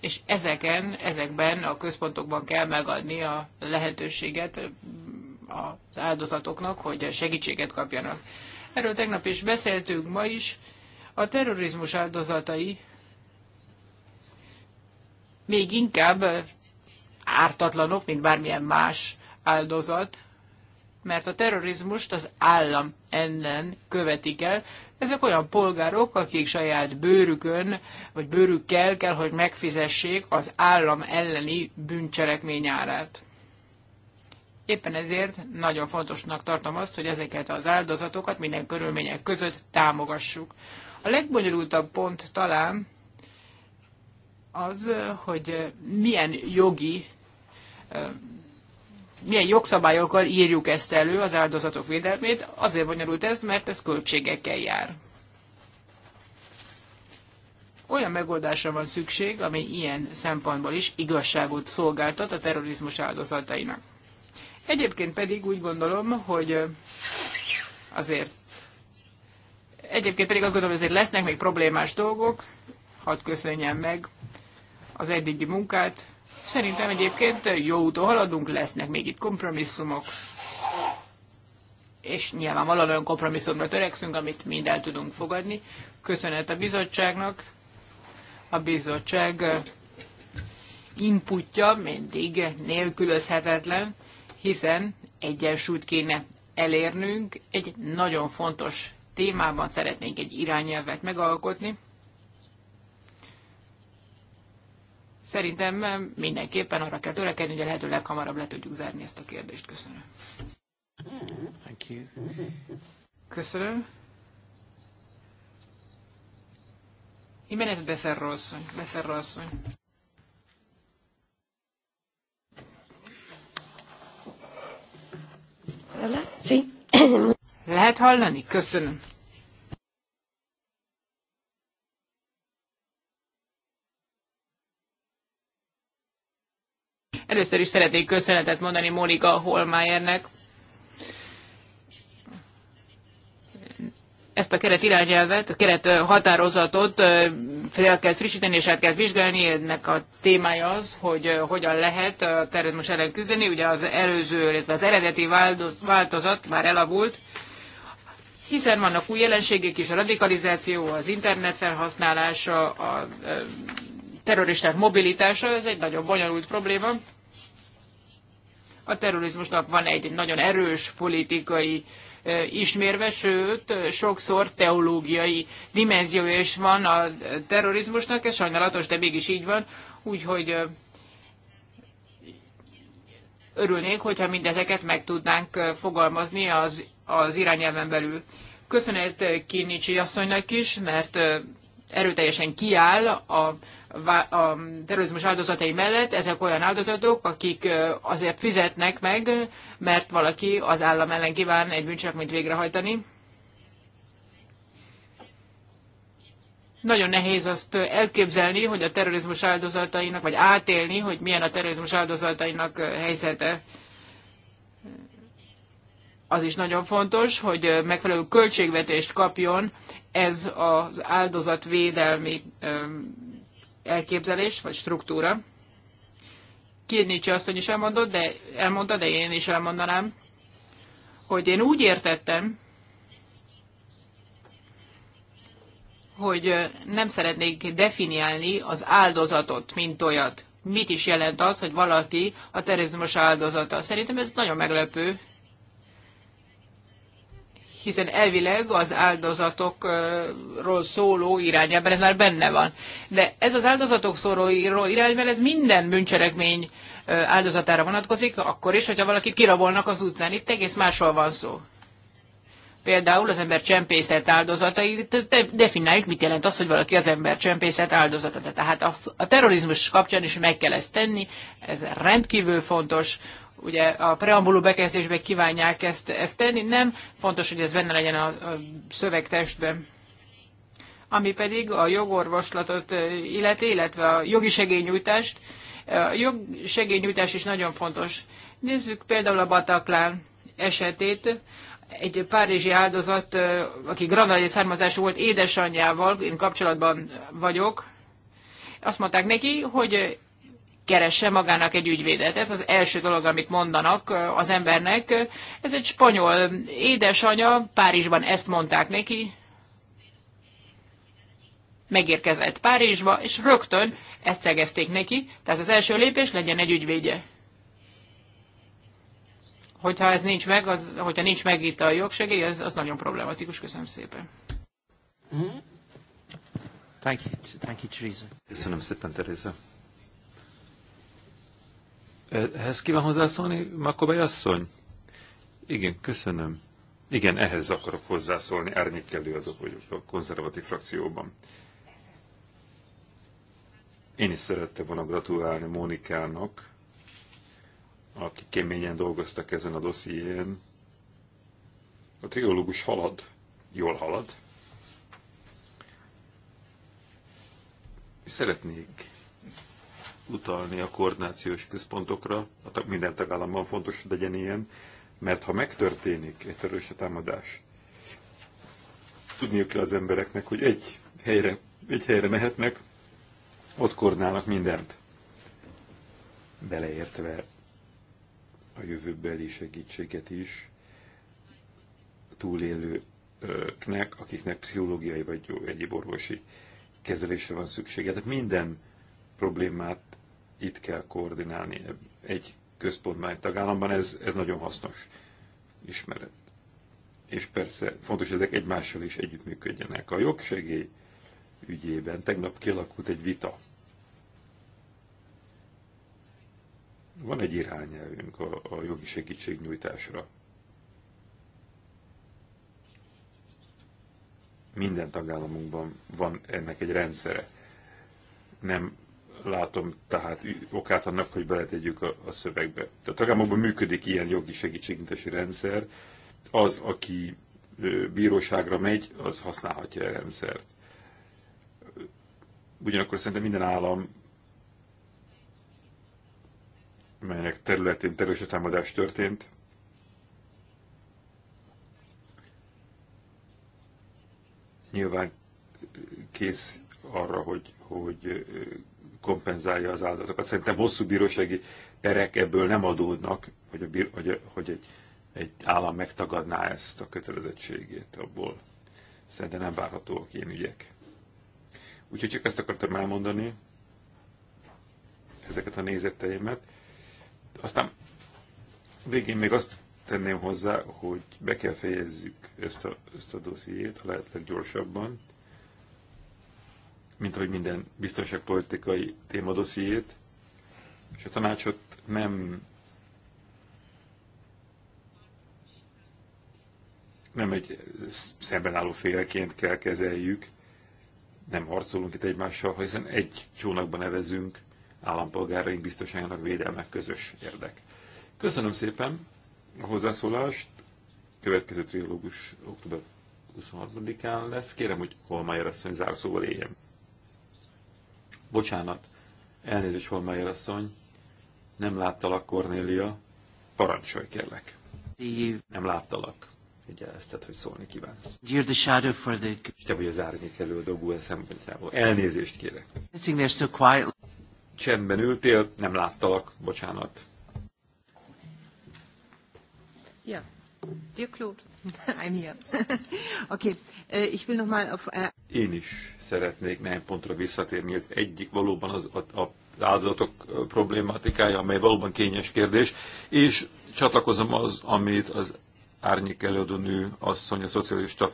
és ezeken, ezekben a központokban kell megadni a lehetőséget az áldozatoknak, hogy segítséget kapjanak. Erről tegnap is beszéltünk, ma is. A terrorizmus áldozatai még inkább ártatlanok, mint bármilyen más áldozat, mert a terrorizmust az állam ellen követik el. Ezek olyan polgárok, akik saját bőrükön, vagy bőrükkel kell, hogy megfizessék az állam elleni bűncselekmény árát. Éppen ezért nagyon fontosnak tartom azt, hogy ezeket az áldozatokat minden körülmények között támogassuk. A legbonyolultabb pont talán az, hogy milyen jogi, milyen jogszabályokkal írjuk ezt elő az áldozatok védelmét. Azért bonyolult ez, mert ez költségekkel jár. Olyan megoldásra van szükség, ami ilyen szempontból is igazságot szolgáltat a terrorizmus áldozatainak. Egyébként pedig úgy gondolom, hogy azért egyébként pedig azt gondolom, hogy azért lesznek még problémás dolgok, hadd köszönjem meg az eddigi munkát. Szerintem egyébként jó úton haladunk, lesznek még itt kompromisszumok, és nyilván valamilyen kompromisszumra törekszünk, amit mind el tudunk fogadni. Köszönet a bizottságnak. A bizottság inputja mindig nélkülözhetetlen, hiszen egyensúlyt kéne elérnünk. Egy nagyon fontos témában szeretnénk egy irányelvet megalkotni. Szerintem eh, mindenképpen arra kell törekedni, hogy a lehető leghamarabb le tudjuk zárni ezt a kérdést. Köszönöm. Thank you. Köszönöm. Jiménez Becerro asszony. Becerro asszony. Lehet hallani? Köszönöm. Először is szeretnék köszönetet mondani Monika Holmájernek. Ezt a keret irányelvet, a keret határozatot fel kell frissíteni és át kell vizsgálni. Ennek a témája az, hogy hogyan lehet a terrorizmus ellen küzdeni. Ugye az előző, illetve az eredeti változat már elavult, hiszen vannak új jelenségek is, a radikalizáció, az internet felhasználása, a terroristák mobilitása, ez egy nagyon bonyolult probléma. A terrorizmusnak van egy nagyon erős politikai e, ismérve, sőt, sokszor teológiai dimenziója is van a terrorizmusnak, ez sajnálatos, de mégis így van, úgyhogy e, örülnék, hogyha mindezeket meg tudnánk e, fogalmazni az, az irányelven belül. Köszönet Kinnicsi asszonynak is, mert erőteljesen kiáll a a terrorizmus áldozatai mellett ezek olyan áldozatok, akik azért fizetnek meg, mert valaki az állam ellen kíván egy bűncselekményt végrehajtani. Nagyon nehéz azt elképzelni, hogy a terrorizmus áldozatainak, vagy átélni, hogy milyen a terrorizmus áldozatainak helyzete az is nagyon fontos, hogy megfelelő költségvetést kapjon ez az áldozatvédelmi elképzelés, vagy struktúra. Kirnicsi asszony is elmondott, de elmondta, de én is elmondanám, hogy én úgy értettem, hogy nem szeretnék definiálni az áldozatot, mint olyat. Mit is jelent az, hogy valaki a terrorizmus áldozata? Szerintem ez nagyon meglepő, hiszen elvileg az áldozatokról szóló irányában ez már benne van. De ez az áldozatok szóló irányban, ez minden bűncselekmény áldozatára vonatkozik, akkor is, hogyha valakit kirabolnak az utcán. Itt egész másról van szó. Például az ember csempészet áldozatai, definiáljuk, mit jelent az, hogy valaki az ember csempészet áldozata. Tehát a, a terrorizmus kapcsán is meg kell ezt tenni, ez rendkívül fontos, ugye a preambuló bekezdésbe kívánják ezt, ezt tenni, nem fontos, hogy ez benne legyen a, a szövegtestben. Ami pedig a jogorvoslatot illeti, illetve a jogi segélynyújtást. A segélynyújtás is nagyon fontos. Nézzük például a Bataklán esetét. Egy párizsi áldozat, aki granadai származású volt, édesanyjával, én kapcsolatban vagyok, azt mondták neki, hogy keresse magának egy ügyvédet. Ez az első dolog, amit mondanak az embernek. Ez egy spanyol édesanyja, Párizsban ezt mondták neki. Megérkezett Párizsba, és rögtön egyszegezték neki. Tehát az első lépés legyen egy ügyvédje. Hogyha ez nincs meg, az, hogyha nincs meg itt a jogsegély, az, az nagyon problematikus. Köszönöm szépen. Hmm? Thank you, thank you, Teresa. Köszönöm szépen, Teresa. Ehhez kíván hozzászólni, Makobely asszony? Igen, köszönöm. Igen, ehhez akarok hozzászólni, árnyékkel előadó vagyok a konzervatív frakcióban. Én is szerettem volna gratulálni Mónikának, aki keményen dolgoztak ezen a dosszién. A triológus halad, jól halad. Szeretnék utalni a koordinációs központokra, minden tagállamban fontos, hogy legyen ilyen, mert ha megtörténik egy terrorista támadás, tudniuk kell az embereknek, hogy egy helyre, egy helyre mehetnek, ott koordinálnak mindent. Beleértve a jövőbeli segítséget is túlélőknek, akiknek pszichológiai vagy egyéb orvosi kezelésre van szüksége. Tehát minden problémát itt kell koordinálni egy központban, tagállamban, ez, ez nagyon hasznos ismeret. És persze fontos, hogy ezek egymással is együttműködjenek. A jogsegély ügyében tegnap kialakult egy vita. Van egy irányelvünk a, a jogi segítségnyújtásra. Minden tagállamunkban van ennek egy rendszere. Nem látom tehát okát annak, hogy beletegyük a, a szövegbe. Tehát tagállamokban működik ilyen jogi segítségnyújtási rendszer, az, aki bíróságra megy, az használhatja a rendszert. Ugyanakkor szerintem minden állam, melynek területén terrorista támadás történt, nyilván kész arra, hogy, hogy kompenzálja az áldozatokat. Szerintem hosszú bírósági perek ebből nem adódnak, hogy, a bíró, hogy, a, hogy egy, egy állam megtagadná ezt a kötelezettségét abból. Szerintem nem várhatóak ilyen ügyek. Úgyhogy csak ezt akartam elmondani, ezeket a nézeteimet. Aztán végén még azt tenném hozzá, hogy be kell fejezzük ezt a, ezt a dossziét, ha lehet leggyorsabban mint ahogy minden biztonságpolitikai témadossziét, és a tanácsot nem nem egy szembenálló félként kell kezeljük, nem harcolunk itt egymással, hiszen egy csónakban nevezünk állampolgáraink biztonságának védelmek közös érdek. Köszönöm szépen a hozzászólást. Következő trilógus október 23-án lesz. Kérem, hogy Holmájer asszony zárszóval éljen. Bocsánat, elnézést Holmeyer asszony, nem láttalak, Kornélia, parancsolj kérlek. Nem láttalak. Figyelezted, hogy szólni kívánsz. You're the shadow for the... Te vagy az árnyék előadó a szempontjából. Elnézést kérek. Sitting there so quiet. Csendben ültél, nem láttalak, bocsánat. Yeah. You're clued. I'm here. okay. Eh, ich will noch mal auf... Eh, Én is szeretnék néhány pontra visszatérni. Ez egyik valóban az a, a áldozatok eh, problématikája, amely valóban kényes kérdés, és csatlakozom az, amit az árnyék nő asszony, a szocialista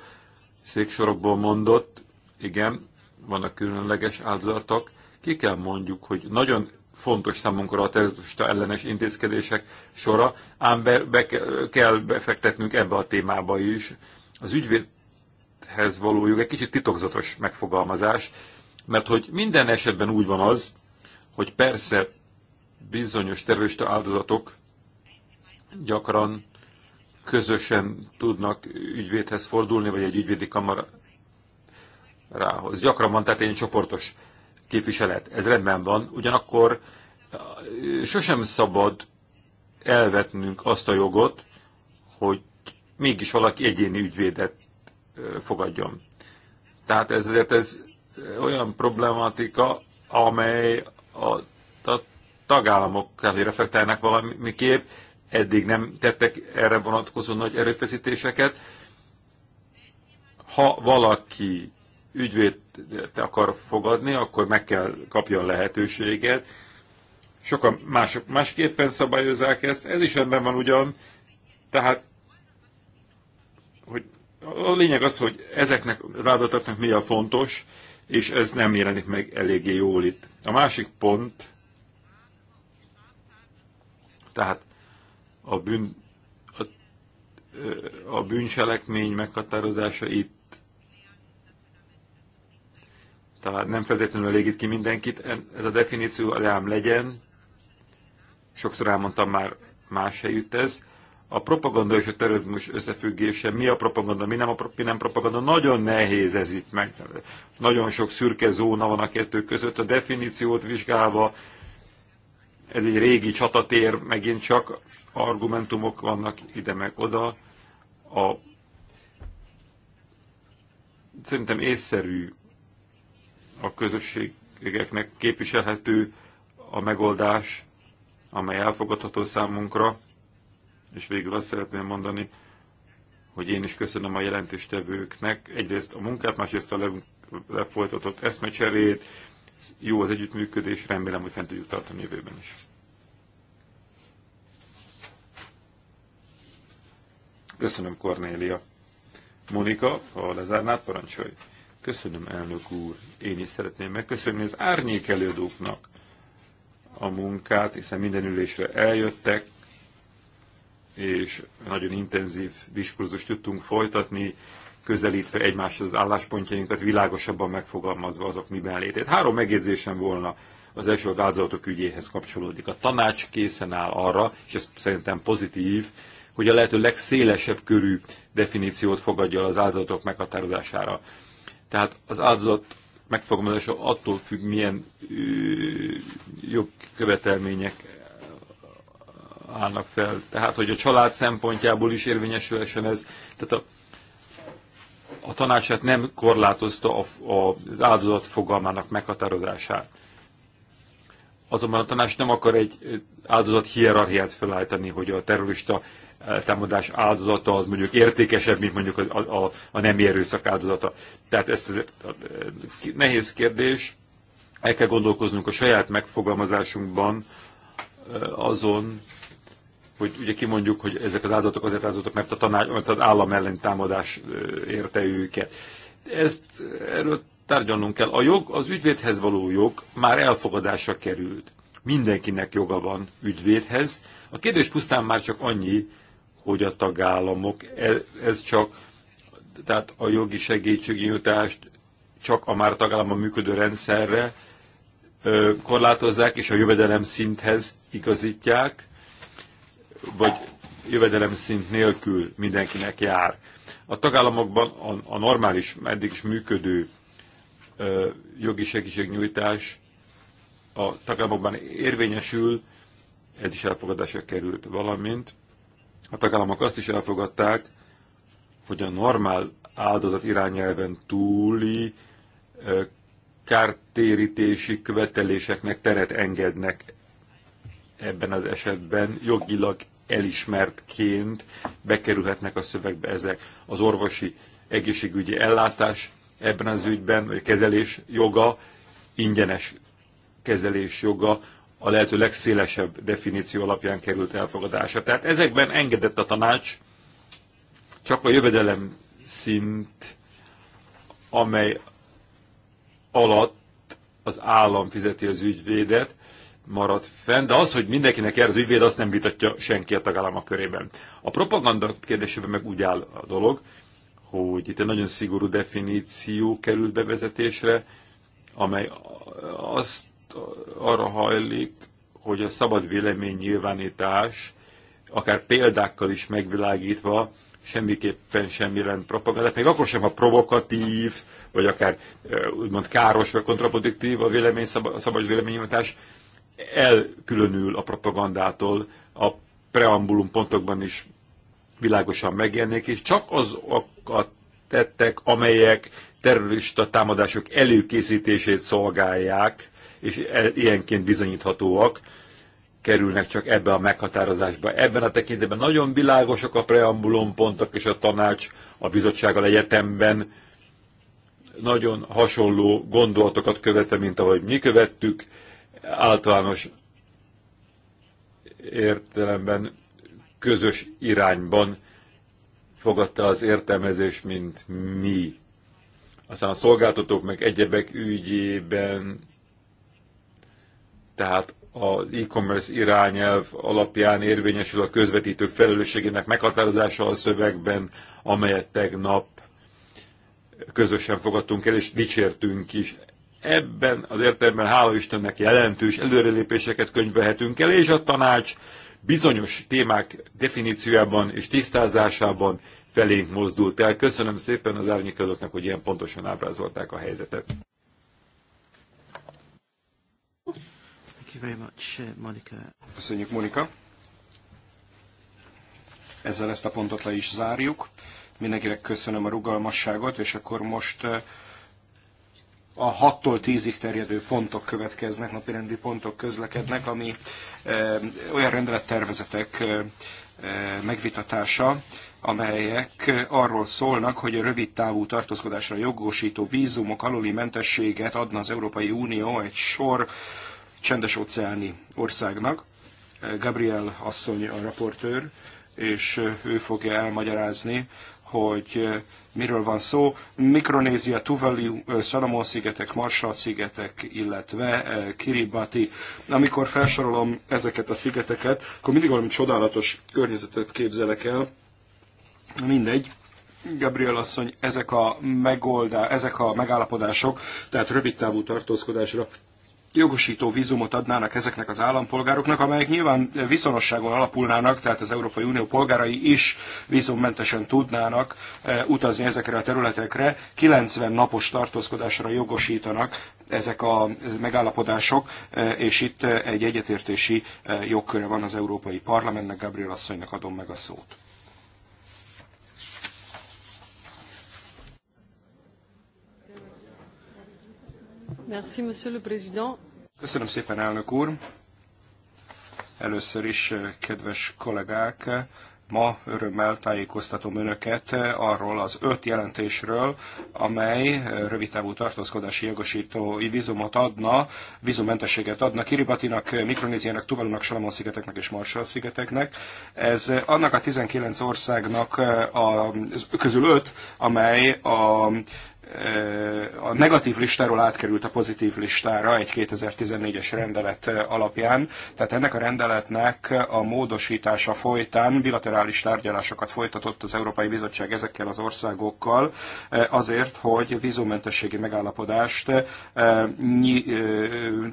széksorokból mondott, igen, vannak különleges áldozatok, ki kell mondjuk, hogy nagyon fontos számunkra a terrorista ellenes intézkedések sora, ám be, be kell befektetnünk ebbe a témába is. Az ügyvédhez való jog egy kicsit titokzatos megfogalmazás, mert hogy minden esetben úgy van az, hogy persze bizonyos terrorista áldozatok gyakran közösen tudnak ügyvédhez fordulni, vagy egy ügyvédi kamarához. Gyakran van, tehát én csoportos képviselet. Ez rendben van, ugyanakkor sosem szabad elvetnünk azt a jogot, hogy mégis valaki egyéni ügyvédet fogadjon. Tehát ez, azért ez olyan problematika, amely a, a tagállamok felé reflektálnak valamiképp, eddig nem tettek erre vonatkozó nagy erőfeszítéseket. Ha valaki ügyvédet akar fogadni, akkor meg kell kapja a lehetőséget. Sokan mások másképpen szabályozzák ezt, ez is ebben van ugyan, tehát hogy a lényeg az, hogy ezeknek az áldozatoknak mi a fontos, és ez nem jelenik meg eléggé jól itt. A másik pont, tehát a bűn a bűncselekmény meghatározása itt talán nem feltétlenül elégít ki mindenkit, ez a definíció ám legyen, sokszor elmondtam már más helyütt ez, a propaganda és a terrorizmus összefüggése, mi a propaganda, mi nem, a, mi nem propaganda, nagyon nehéz ez itt meg. Nagyon sok szürke zóna van a kettő között, a definíciót vizsgálva, ez egy régi csatatér, megint csak argumentumok vannak ide meg oda. A, szerintem észszerű a közösségeknek képviselhető a megoldás, amely elfogadható számunkra, és végül azt szeretném mondani, hogy én is köszönöm a jelentéstevőknek egyrészt a munkát, másrészt a lefolytatott eszmecserét, jó az együttműködés, remélem, hogy fent tudjuk tartani jövőben is. Köszönöm, Kornélia. Monika, ha lezárnád, parancsolj. Köszönöm, elnök úr. Én is szeretném megköszönni az árnyék előadóknak a munkát, hiszen minden ülésre eljöttek, és nagyon intenzív diskurzust tudtunk folytatni, közelítve egymáshoz az álláspontjainkat, világosabban megfogalmazva azok miben létét. Három megjegyzésem volna az első az áldozatok ügyéhez kapcsolódik. A tanács készen áll arra, és ez szerintem pozitív, hogy a lehető legszélesebb körű definíciót fogadja az áldozatok meghatározására. Tehát az áldozat megfogalmazása attól függ, milyen jogkövetelmények állnak fel. Tehát, hogy a család szempontjából is érvényesülhessen ez. Tehát a, a tanácsát nem korlátozta a, a, az áldozat fogalmának meghatározását. Azonban a tanács nem akar egy áldozat hierarchiát felállítani, hogy a terrorista támadás áldozata az mondjuk értékesebb, mint mondjuk a, a, a nem erőszak áldozata. Tehát ez e, nehéz kérdés, el kell gondolkoznunk a saját megfogalmazásunkban e, azon, hogy ugye kimondjuk, hogy ezek az áldozatok azért áldozatok, mert, a tanács, mert az állam ellen támadás e, érte őket. Ezt erről tárgyalnunk kell. A jog, az ügyvédhez való jog már elfogadásra került. Mindenkinek joga van ügyvédhez. A kérdés pusztán már csak annyi, hogy a tagállamok, ez, ez csak, tehát a jogi segítségnyújtást csak a már tagállamban működő rendszerre ö, korlátozzák, és a jövedelem szinthez igazítják, vagy jövedelem szint nélkül mindenkinek jár. A tagállamokban a, a normális, eddig is működő ö, jogi segítségnyújtás a tagállamokban érvényesül, ez is elfogadásra került, valamint a tagállamok azt is elfogadták, hogy a normál áldozat irányelven túli kártérítési követeléseknek teret engednek ebben az esetben jogilag elismertként bekerülhetnek a szövegbe ezek az orvosi egészségügyi ellátás ebben az ügyben, vagy kezelés joga, ingyenes kezelés joga, a lehető legszélesebb definíció alapján került elfogadása. Tehát ezekben engedett a tanács, csak a jövedelem szint, amely alatt az állam fizeti az ügyvédet, marad fenn, de az, hogy mindenkinek jár az ügyvéd, azt nem vitatja senki a tagállamok körében. A propaganda kérdésében meg úgy áll a dolog, hogy itt egy nagyon szigorú definíció került bevezetésre, amely azt arra hajlik, hogy a szabad vélemény nyilvánítás, akár példákkal is megvilágítva, semmiképpen sem jelent propagandát, még akkor sem, ha provokatív, vagy akár úgymond káros, vagy kontraproduktív a, vélemény, a szabad véleménynyilvánítás, elkülönül a propagandától, a preambulum pontokban is világosan megjelenik, és csak a tettek, amelyek terrorista támadások előkészítését szolgálják, és e, ilyenként bizonyíthatóak, kerülnek csak ebbe a meghatározásba. Ebben a tekintetben nagyon világosak a preambulum pontok és a tanács a bizottsággal egyetemben nagyon hasonló gondolatokat követve, mint ahogy mi követtük, általános értelemben közös irányban fogadta az értelmezés, mint mi. Aztán a szolgáltatók meg egyebek ügyében tehát az e-commerce irányelv alapján érvényesül a közvetítők felelősségének meghatározása a szövegben, amelyet tegnap közösen fogadtunk el, és dicsértünk is. Ebben az értelemben hála Istennek jelentős előrelépéseket könyvehetünk el, és a tanács bizonyos témák definíciójában és tisztázásában felénk mozdult el. Köszönöm szépen az árnyékadóknak, hogy ilyen pontosan ábrázolták a helyzetet. Thank you very much, uh, Monica. Köszönjük, Monika. Ezzel ezt a pontot le is zárjuk. Mindenkinek köszönöm a rugalmasságot, és akkor most uh, a 6-tól 10-ig terjedő pontok következnek, napirendi pontok közlekednek, ami uh, olyan rendelettervezetek megvitatása, amelyek arról szólnak, hogy a rövid távú tartózkodásra jogosító vízumok aluli mentességet adna az Európai Unió egy sor csendes-óceáni országnak. Gabriel asszony a raportőr, és ő fogja elmagyarázni, hogy miről van szó. Mikronézia, Tuvalu, Salomon-szigetek, Marshall-szigetek, illetve eh, Kiribati. Amikor felsorolom ezeket a szigeteket, akkor mindig valami csodálatos környezetet képzelek el. Mindegy. Gabriel asszony, ezek a megoldá, ezek a megállapodások, tehát rövidtávú tartózkodásra jogosító vízumot adnának ezeknek az állampolgároknak, amelyek nyilván viszonosságon alapulnának, tehát az Európai Unió polgárai is vízummentesen tudnának eh, utazni ezekre a területekre. 90 napos tartózkodásra jogosítanak ezek a megállapodások, eh, és itt eh, egy egyetértési jogköre van az Európai Parlamentnek. Gabriel asszonynak adom meg a szót. Köszönöm szépen, elnök úr. Először is, eh, kedves kollégák, ma örömmel tájékoztatom önöket eh, arról az öt jelentésről, amely eh, rövidtávú tartózkodási jogosítói vízumot adna, vízummentességet adna Kiribatinak, Mikronéziának, Tuvalunak, Salamon-szigeteknek és Marshall-szigeteknek. Ez annak a 19 országnak a, közül öt, amely a a negatív listáról átkerült a pozitív listára egy 2014-es rendelet alapján, tehát ennek a rendeletnek a módosítása folytán bilaterális tárgyalásokat folytatott az Európai Bizottság ezekkel az országokkal azért, hogy vízumentességi megállapodást eh, eh,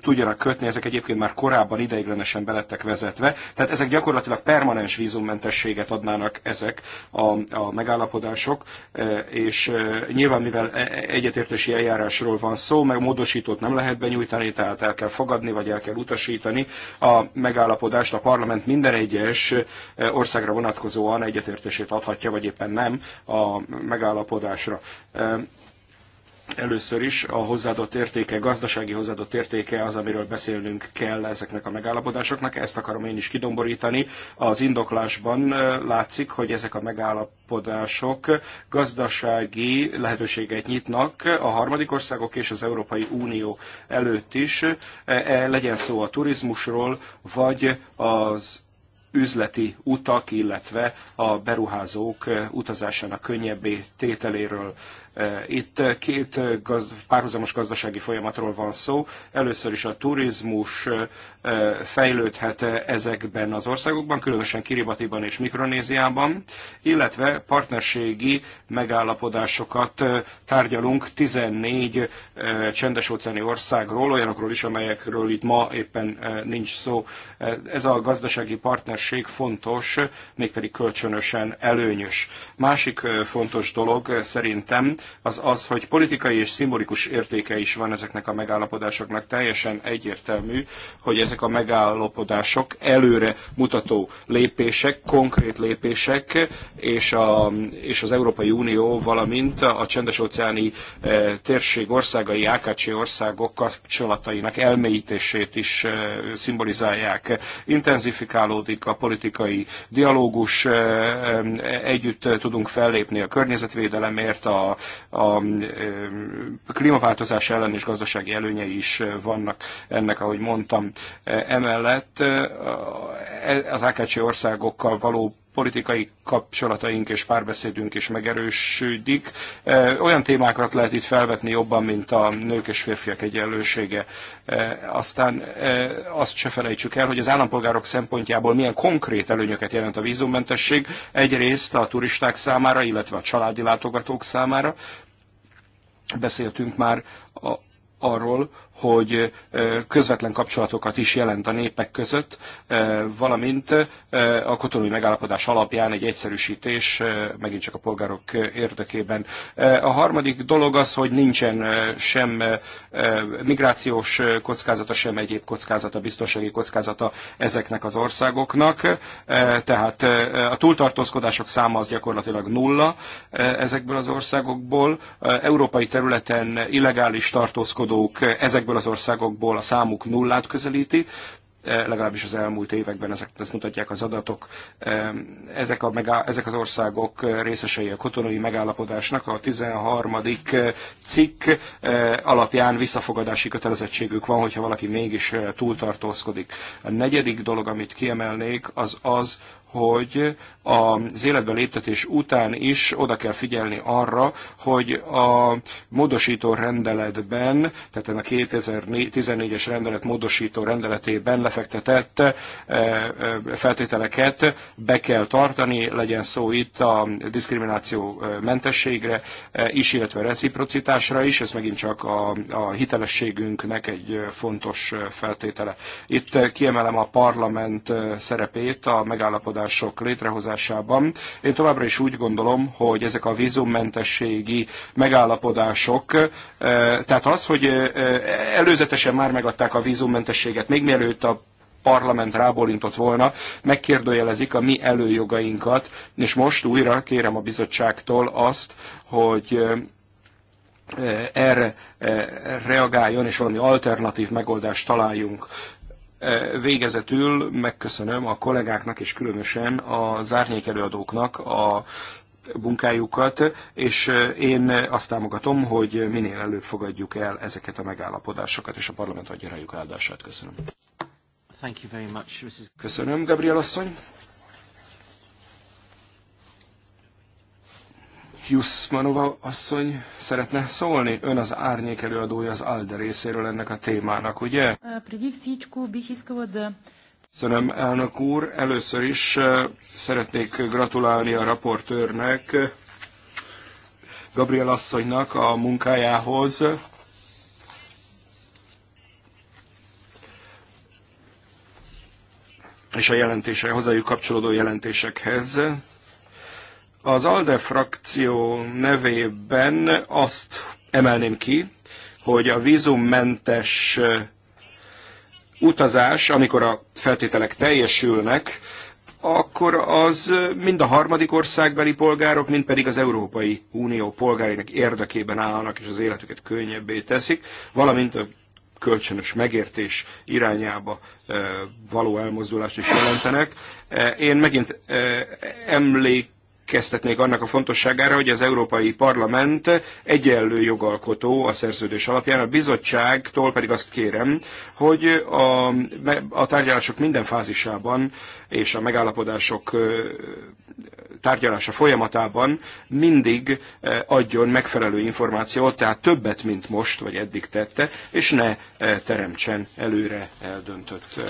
tudjanak kötni, ezek egyébként már korábban ideiglenesen belettek vezetve, tehát ezek gyakorlatilag permanens vízummentességet adnának ezek a, a megállapodások, eh, és nyilván mivel egyetértési eljárásról van szó, meg módosítót nem lehet benyújtani, tehát el kell fogadni, vagy el kell utasítani a megállapodást. A parlament minden egyes országra vonatkozóan egyetértését adhatja, vagy éppen nem a megállapodásra. Először is a hozzáadott értéke, gazdasági hozzáadott értéke az, amiről beszélnünk kell ezeknek a megállapodásoknak. Ezt akarom én is kidomborítani. Az indoklásban látszik, hogy ezek a megállapodások gazdasági lehetőséget nyitnak a harmadik országok és az Európai Unió előtt is. E, legyen szó a turizmusról, vagy az üzleti utak, illetve a beruházók utazásának könnyebbé tételéről. Eh, itt eh, két eh, gazd, párhuzamos gazdasági folyamatról van szó. Először is a turizmus fejlődhet ezekben az országokban, különösen Kiribatiban és Mikronéziában, illetve partnerségi megállapodásokat tárgyalunk 14 csendes-óceáni országról, olyanokról is, amelyekről itt ma éppen nincs szó. Ez a gazdasági partnerség fontos, mégpedig kölcsönösen előnyös. Másik fontos dolog szerintem az az, hogy politikai és szimbolikus értéke is van ezeknek a megállapodásoknak. Teljesen egyértelmű, hogy ezek ezek a megállapodások előre mutató lépések, konkrét lépések, és, a, és az Európai Unió, valamint a csendes-óceáni eh, térség országai, AKC országok kapcsolatainak elmélyítését is eh, szimbolizálják. Intenzifikálódik a politikai dialógus, eh, együtt tudunk fellépni a környezetvédelemért, a, a klímaváltozás ellen és gazdasági előnyei is vannak ennek, ahogy mondtam. Emellett e, az AKC országokkal való politikai kapcsolataink és párbeszédünk is megerősödik. Olyan témákat lehet itt felvetni jobban, mint a nők és férfiak egyenlősége. Aztán azt se felejtsük el, hogy az állampolgárok szempontjából milyen konkrét előnyöket jelent a vízummentesség. Egyrészt a turisták számára, illetve a családi látogatók számára. Beszéltünk már a arról, hogy közvetlen kapcsolatokat is jelent a népek között, valamint a kotonói megállapodás alapján egy egyszerűsítés megint csak a polgárok érdekében. A harmadik dolog az, hogy nincsen sem migrációs kockázata, sem egyéb kockázata, biztonsági kockázata ezeknek az országoknak, tehát a túltartózkodások száma az gyakorlatilag nulla ezekből az országokból. Európai területen illegális tartózkodás gazdálkodók ezekből az országokból a számuk nullát közelíti, eh, legalábbis az elmúlt években ezek, ezt mutatják az adatok. Eh, ezek, a, ezek az országok részesei a kotonai megállapodásnak a 13. Eh, cikk alapján visszafogadási kötelezettségük van, hogyha valaki mégis túltartózkodik. A negyedik dolog, amit kiemelnék, az az, hogy az életbe léptetés után is oda kell figyelni arra, hogy a módosító rendeletben, tehát a 2014-es rendelet módosító rendeletében lefektetett eh, eh, feltételeket be kell tartani, legyen szó itt a diszkrimináció eh, mentességre is, illetve reciprocitásra is, ez megint csak a, a hitelességünknek egy fontos feltétele. Itt kiemelem a parlament szerepét a megállapodás megoldások létrehozásában. Én továbbra is úgy gondolom, hogy ezek a vízummentességi megállapodások, eh, tehát az, hogy eh, előzetesen már megadták a vízummentességet, még mielőtt a parlament rábólintott volna, megkérdőjelezik a mi előjogainkat, és most újra kérem a bizottságtól azt, hogy eh, erre reagáljon, és valami alternatív megoldást találjunk. E, végezetül megköszönöm a kollégáknak és különösen az árnyék előadóknak a munkájukat, és e, én azt támogatom, hogy minél előbb fogadjuk el ezeket a megállapodásokat, és a parlament adja rájuk áldását. Köszönöm. Thank you very much, Mrs. Köszönöm, Gabriel asszony. Juszmanova asszony szeretne szólni? Ön az árnyék előadója az ALDE részéről ennek a témának, ugye? Köszönöm, elnök úr. Először is szeretnék gratulálni a raportőrnek, Gabriel asszonynak a munkájához. és a jelentése, hozzájuk kapcsolódó jelentésekhez. Az ALDE frakció nevében azt emelném ki, hogy a vízummentes utazás, amikor a feltételek teljesülnek, akkor az mind a harmadik országbeli polgárok, mind pedig az Európai Unió polgárinak érdekében állnak, és az életüket könnyebbé teszik, valamint a kölcsönös megértés irányába való elmozdulást is jelentenek. Én megint emlék emlékeztetnék annak a fontosságára, hogy az Európai Parlament egyenlő jogalkotó a szerződés alapján, a bizottságtól pedig azt kérem, hogy a, a tárgyalások minden fázisában és a megállapodások tárgyalása folyamatában mindig adjon megfelelő információt, tehát többet, mint most, vagy eddig tette, és ne teremtsen előre eldöntött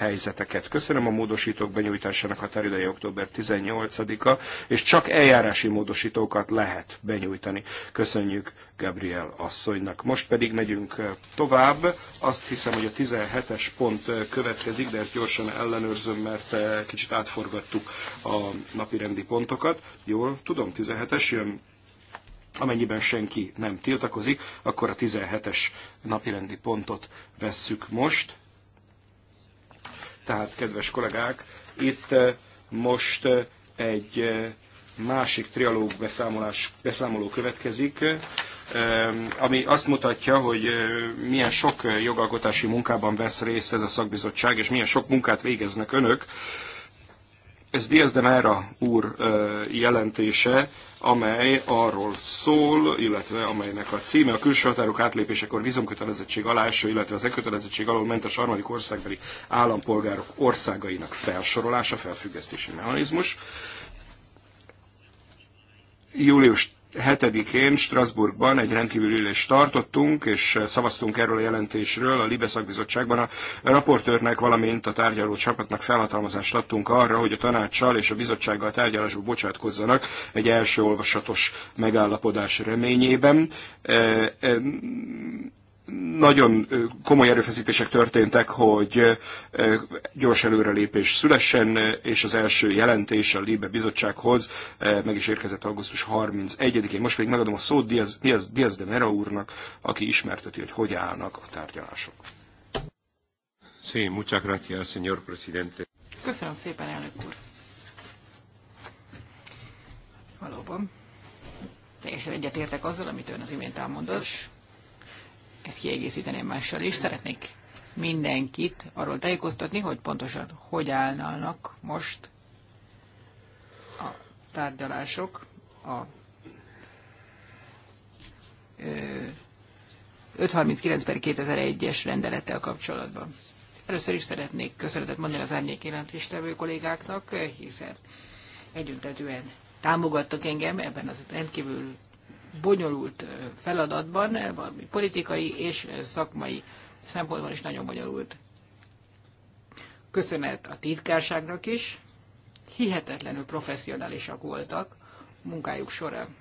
helyzeteket. Köszönöm a módosítók benyújtásának határideje október 18-a, és csak eljárási módosítókat lehet benyújtani. Köszönjük Gabriel asszonynak. Most pedig megyünk eh, tovább. Azt hiszem, hogy a 17-es pont eh, következik, de ezt gyorsan ellenőrzöm, mert eh, kicsit átforgattuk a napi rendi pontokat. Jól tudom, 17-es jön amennyiben senki nem tiltakozik, akkor a 17-es napirendi pontot vesszük most. Tehát, kedves kollégák, itt eh, most eh, egy eh, másik trialóg beszámolás, beszámoló következik, ami azt mutatja, hogy milyen sok jogalkotási munkában vesz részt ez a szakbizottság, és milyen sok munkát végeznek önök. Ez Diaz de Mera úr jelentése, amely arról szól, illetve amelynek a címe a külső határok átlépésekor vízumkötelezettség eső, illetve az ekötelezettség alól ment mentes harmadik országbeli állampolgárok országainak felsorolása, felfüggesztési mechanizmus. Július 7-én Strasbourgban egy rendkívül ülést tartottunk, és szavaztunk erről a jelentésről a Libe szakbizottságban. A raportőrnek, valamint a tárgyaló csapatnak felhatalmazást adtunk arra, hogy a tanácssal és a bizottsággal tárgyalásba bocsátkozzanak egy első olvasatos megállapodás reményében. E, e, nagyon komoly erőfeszítések történtek, hogy gyors előrelépés szülessen, és az első jelentés a Libe Bizottsághoz meg is érkezett augusztus 31-én. Most pedig megadom a szót Diaz, Diaz, Diaz de Mera úrnak, aki ismerteti, hogy hogy állnak a tárgyalások. Sí, muchas gracias, señor presidente. Köszönöm szépen, elnök úr. Valóban. Teljesen egyetértek azzal, amit ön az imént elmondott ezt kiegészíteném mással is. Szeretnék mindenkit arról tájékoztatni, hogy pontosan hogy állnának most a tárgyalások a 539 per 2001-es rendelettel kapcsolatban. Először is szeretnék köszönetet mondani az árnyék jelentéstevő kollégáknak, hiszen együttetően támogattak engem ebben az rendkívül bonyolult feladatban, valami politikai és szakmai szempontból is nagyon bonyolult. Köszönet a titkárságnak is, hihetetlenül professzionálisak voltak munkájuk során.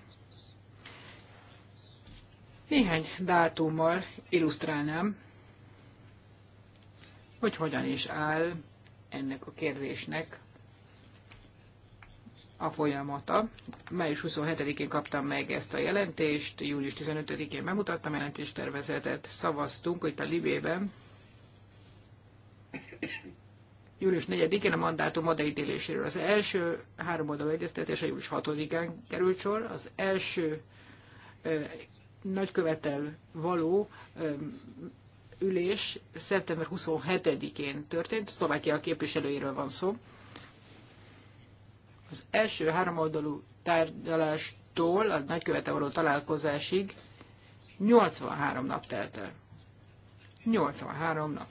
Néhány dátummal illusztrálnám, hogy hogyan is áll ennek a kérdésnek a folyamata. Május 27-én kaptam meg ezt a jelentést, július 15-én bemutattam jelentéstervezetet, szavaztunk itt a Libében. Július 4-én a mandátum odaítéléséről az első három oldalú egyeztetés a július 6-án került sor. Az első ö, nagykövetel való ö, ülés szeptember 27-én történt, Szlovákia képviselőjéről van szó. Az első háromoldalú tárgyalástól a nagykövete való találkozásig 83 nap telt el. 83 nap.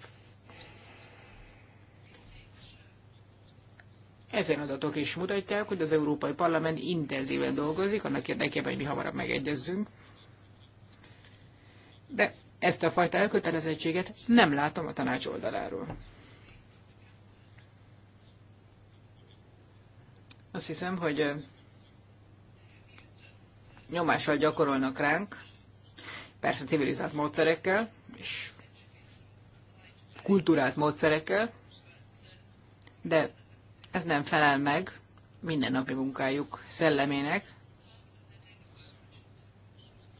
Ezen adatok is mutatják, hogy az Európai Parlament intenzíven dolgozik, annak érdekében, hogy mi hamarabb megegyezzünk. De ezt a fajta elkötelezettséget nem látom a tanács oldaláról. Azt hiszem, hogy nyomással gyakorolnak ránk, persze civilizált módszerekkel, és kultúrált módszerekkel, de ez nem felel meg mindennapi munkájuk szellemének.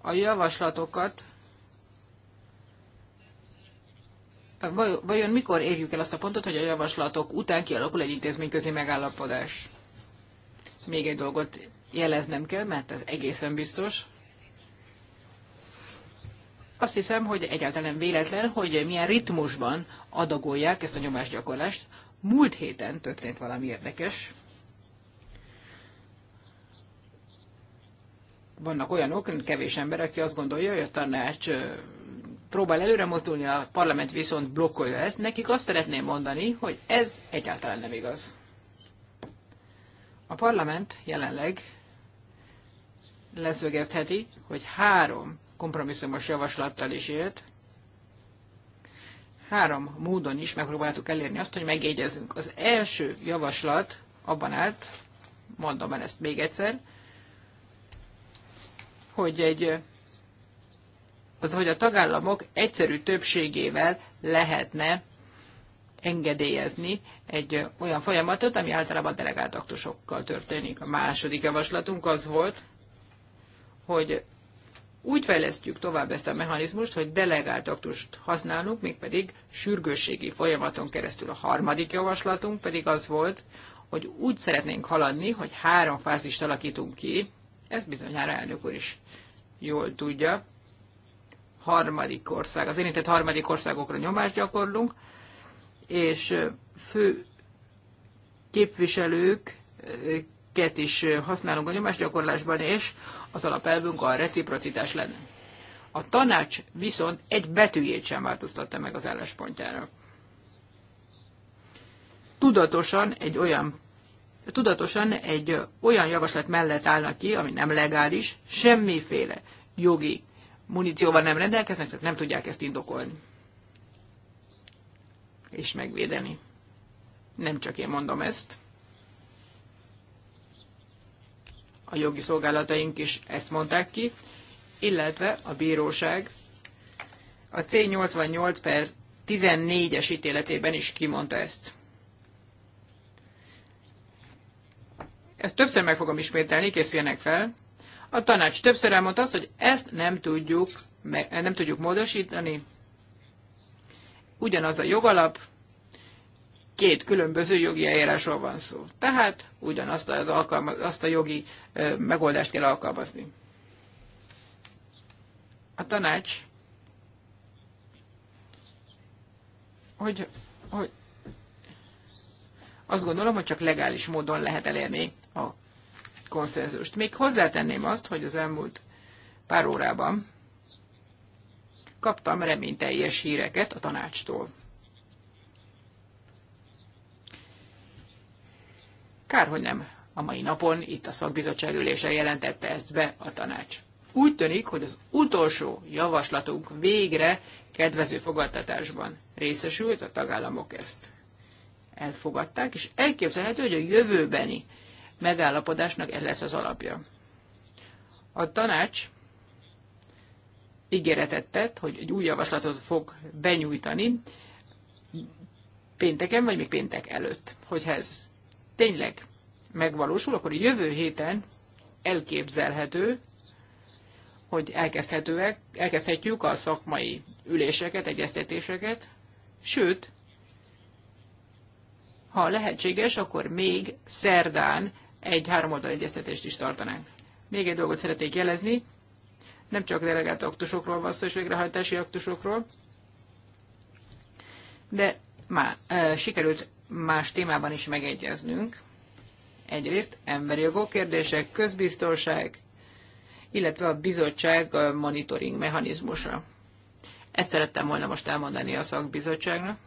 A javaslatokat vajon mikor érjük el azt a pontot, hogy a javaslatok után kialakul egy intézményközi megállapodás? Még egy dolgot jeleznem kell, mert ez egészen biztos. Azt hiszem, hogy egyáltalán véletlen, hogy milyen ritmusban adagolják ezt a nyomásgyakorlást. Múlt héten történt valami érdekes. Vannak olyanok, kevés ember, aki azt gondolja, hogy a tanács próbál előre mozdulni, a parlament viszont blokkolja ezt. Nekik azt szeretném mondani, hogy ez egyáltalán nem igaz. A parlament jelenleg leszögezheti, hogy három kompromisszumos javaslattal is jött, három módon is megpróbáltuk elérni azt, hogy megjegyezünk. Az első javaslat abban állt, mondom el ezt még egyszer, hogy egy az, hogy a tagállamok egyszerű többségével lehetne engedélyezni egy olyan folyamatot, ami általában delegált aktusokkal történik. A második javaslatunk az volt, hogy úgy fejlesztjük tovább ezt a mechanizmust, hogy delegált aktust használunk, mégpedig sürgősségi folyamaton keresztül. A harmadik javaslatunk pedig az volt, hogy úgy szeretnénk haladni, hogy három fázist alakítunk ki, ez bizonyára elnök úr is jól tudja, harmadik ország, az érintett harmadik országokra nyomást gyakorlunk, és fő képviselőket is használunk a nyomásgyakorlásban, és az alapelvünk a reciprocitás lenne. A tanács viszont egy betűjét sem változtatta meg az álláspontjára. Tudatosan egy olyan tudatosan egy olyan javaslat mellett állnak ki, ami nem legális, semmiféle jogi munícióval nem rendelkeznek, tehát nem tudják ezt indokolni és megvédeni. Nem csak én mondom ezt. A jogi szolgálataink is ezt mondták ki, illetve a bíróság a C88 per 14-es ítéletében is kimondta ezt. Ezt többször meg fogom ismételni, készüljenek fel. A tanács többször elmondta azt, hogy ezt nem tudjuk, nem tudjuk módosítani, ugyanaz a jogalap, két különböző jogi eljárásról van szó. Tehát ugyanazt az alkalmaz, azt a jogi ö, megoldást kell alkalmazni. A tanács, hogy, hogy azt gondolom, hogy csak legális módon lehet elérni a konszenzust. Még hozzátenném azt, hogy az elmúlt pár órában kaptam reményteljes híreket a tanácstól. Kár, hogy nem a mai napon itt a szakbizottság ülése jelentette ezt be a tanács. Úgy tűnik, hogy az utolsó javaslatunk végre kedvező fogadtatásban részesült, a tagállamok ezt elfogadták, és elképzelhető, hogy a jövőbeni megállapodásnak ez lesz az alapja. A tanács ígéretet tett, hogy egy új javaslatot fog benyújtani pénteken, vagy még péntek előtt. Hogyha ez tényleg megvalósul, akkor jövő héten elképzelhető, hogy elkezdhetőek, elkezdhetjük a szakmai üléseket, egyeztetéseket, sőt, ha lehetséges, akkor még szerdán egy háromoldal egyeztetést is tartanánk. Még egy dolgot szeretnék jelezni, nem csak delegált aktusokról van szó, és végrehajtási aktusokról, de már e, sikerült más témában is megegyeznünk. Egyrészt emberi jogok kérdések, közbiztonság, illetve a bizottság monitoring mechanizmusa. Ezt szerettem volna most elmondani a szakbizottságnak.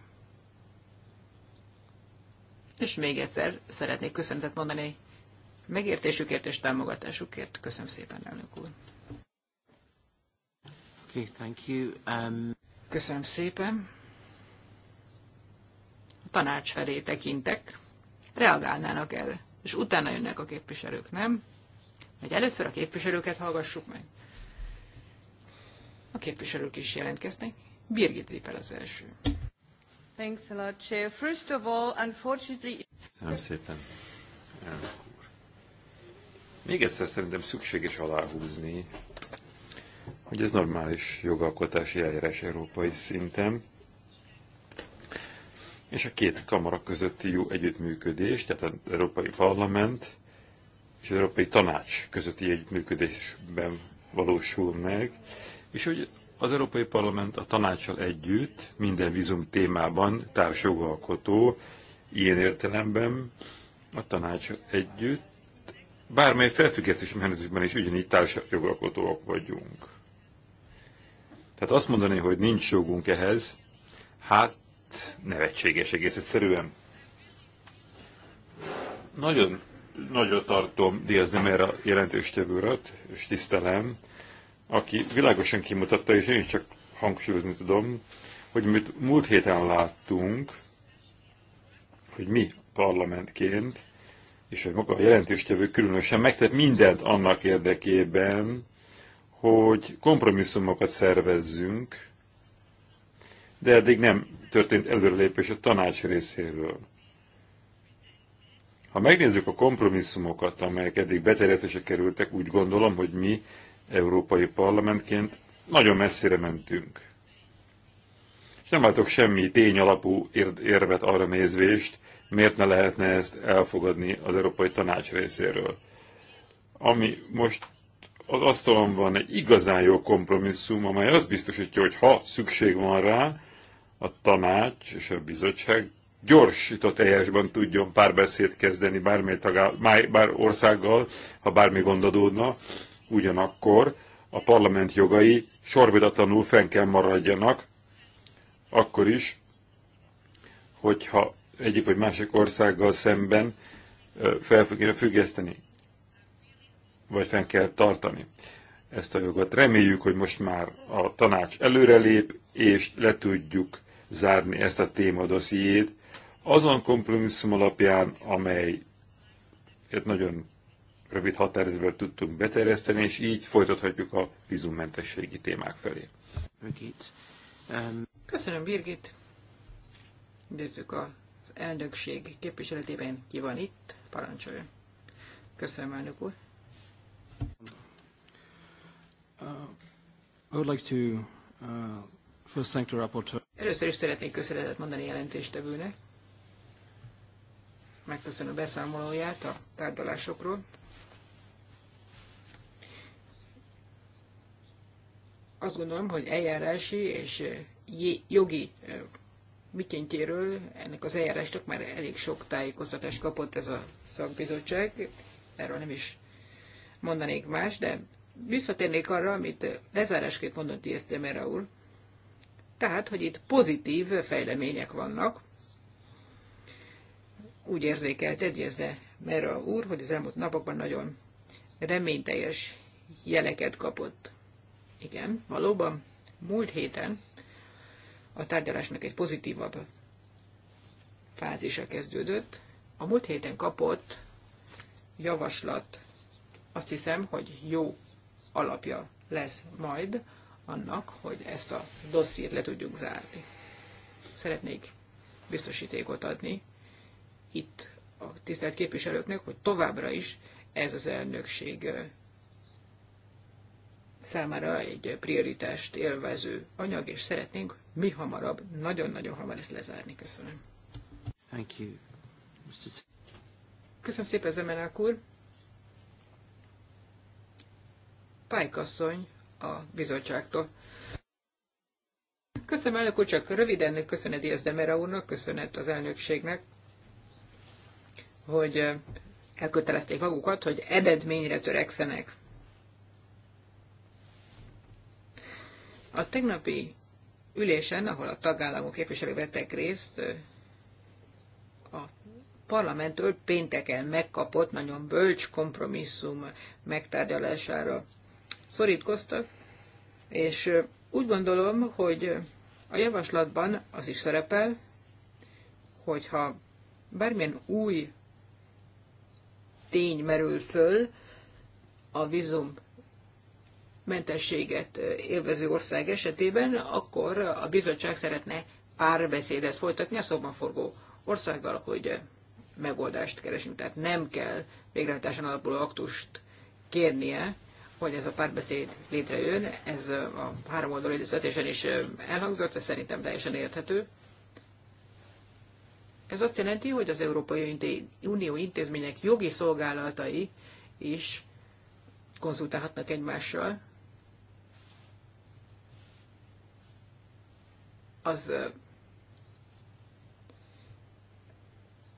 És még egyszer szeretnék köszöntet mondani megértésükért és támogatásukért. Köszönöm szépen, elnök úr! Okay, thank you. Um... Köszönöm szépen. A tanács felé tekintek. Reagálnának el, És utána jönnek a képviselők, nem? Vagy először a képviselőket hallgassuk meg. A képviselők is jelentkeznek. Birgit Zipel az első. Thanks a lot, Chair. First of all, unfortunately... Köszönöm szépen. Elnök úr. Még egyszer szerintem szükséges aláhúzni, hogy ez normális jogalkotási eljárás európai szinten, és a két kamara közötti jó együttműködés, tehát az Európai Parlament és az Európai Tanács közötti együttműködésben valósul meg, és hogy az Európai Parlament a tanácssal együtt minden vízum témában társjogalkotó, ilyen értelemben a tanács együtt, bármely felfüggesztés mechanizmusban is ugyanígy társjogalkotóak vagyunk. Tehát azt mondani, hogy nincs jogunk ehhez, hát nevetséges egész egyszerűen. Nagyon nagyra tartom Diaz erre a jelentős tevőröt, és tisztelem, aki világosan kimutatta, és én is csak hangsúlyozni tudom, hogy amit múlt héten láttunk, hogy mi parlamentként, és hogy maga a jelentéstevő különösen megtett mindent annak érdekében, hogy kompromisszumokat szervezzünk, de eddig nem történt előrelépés a tanács részéről. Ha megnézzük a kompromisszumokat, amelyek eddig beterjesztésre kerültek, úgy gondolom, hogy mi Európai Parlamentként nagyon messzire mentünk. És nem látok semmi tény alapú érvet arra nézvést, miért ne lehetne ezt elfogadni az Európai Tanács részéről. Ami most az asztalon van egy igazán jó kompromisszum, amely azt biztosítja, hogy ha szükség van rá, a tanács és a bizottság gyorsított eljárásban tudjon párbeszéd kezdeni bármely tagá, bár országgal, ha bármi gond adódna, ugyanakkor a parlament jogai sorbidatlanul fenn kell maradjanak, akkor is, hogyha egyik vagy másik országgal szemben fel fogja függeszteni vagy fenn kell tartani ezt a jogot. Reméljük, hogy most már a tanács előrelép, és le tudjuk zárni ezt a témadossziét azon kompromisszum alapján, amely egy nagyon rövid határidővel tudtunk beterjeszteni, és így folytathatjuk a vízummentességi témák felé. Um, Köszönöm, Birgit. Nézzük az elnökség képviseletében, ki van itt, parancsoljon. Köszönöm, elnök úr. Uh, I would like to uh, first thank the rapporteur. Először is szeretnék köszönetet mondani jelentéstevőnek. Megköszönöm a beszámolóját a tárgyalásokról. Azt gondolom, hogy eljárási és uh, jogi uh, mikéntjéről ennek az eljárásnak már elég sok tájékoztatást kapott ez a szakbizottság. Erről nem is mondanék más, de visszatérnék arra, amit lezárásként mondott Értemere úr, tehát, hogy itt pozitív fejlemények vannak. Úgy érzékelt Egyezde Mera úr, hogy az elmúlt napokban nagyon reményteljes jeleket kapott. Igen, valóban múlt héten a tárgyalásnak egy pozitívabb fázisa kezdődött. A múlt héten kapott javaslat azt hiszem, hogy jó alapja lesz majd annak, hogy ezt a dossziét le tudjuk zárni. Szeretnék biztosítékot adni itt a tisztelt képviselőknek, hogy továbbra is ez az elnökség számára egy prioritást élvező anyag, és szeretnénk mi hamarabb, nagyon-nagyon hamar ezt lezárni. Köszönöm. Thank you. Köszönöm szépen, Zemenák úr. pálykasszony a bizottságtól. Köszönöm, elnök úr, csak röviden köszönet Diaz Demera úrnak, köszönet az elnökségnek, hogy eh, elkötelezték magukat, hogy eredményre törekszenek. A tegnapi ülésen, ahol a tagállamok képviselők vettek részt, eh, a parlamenttől pénteken megkapott nagyon bölcs kompromisszum megtárgyalására szorítkoztak, és úgy gondolom, hogy a javaslatban az is szerepel, hogyha bármilyen új tény merül föl a vízum mentességet élvező ország esetében, akkor a bizottság szeretne párbeszédet folytatni a szóban forgó országgal, hogy megoldást keresünk. Tehát nem kell végrehajtáson alapuló aktust kérnie hogy ez a párbeszéd létrejön, ez a három oldalú időszetésen is elhangzott, ez szerintem teljesen érthető. Ez azt jelenti, hogy az Európai Unió intézmények jogi szolgálatai is konzultálhatnak egymással. Az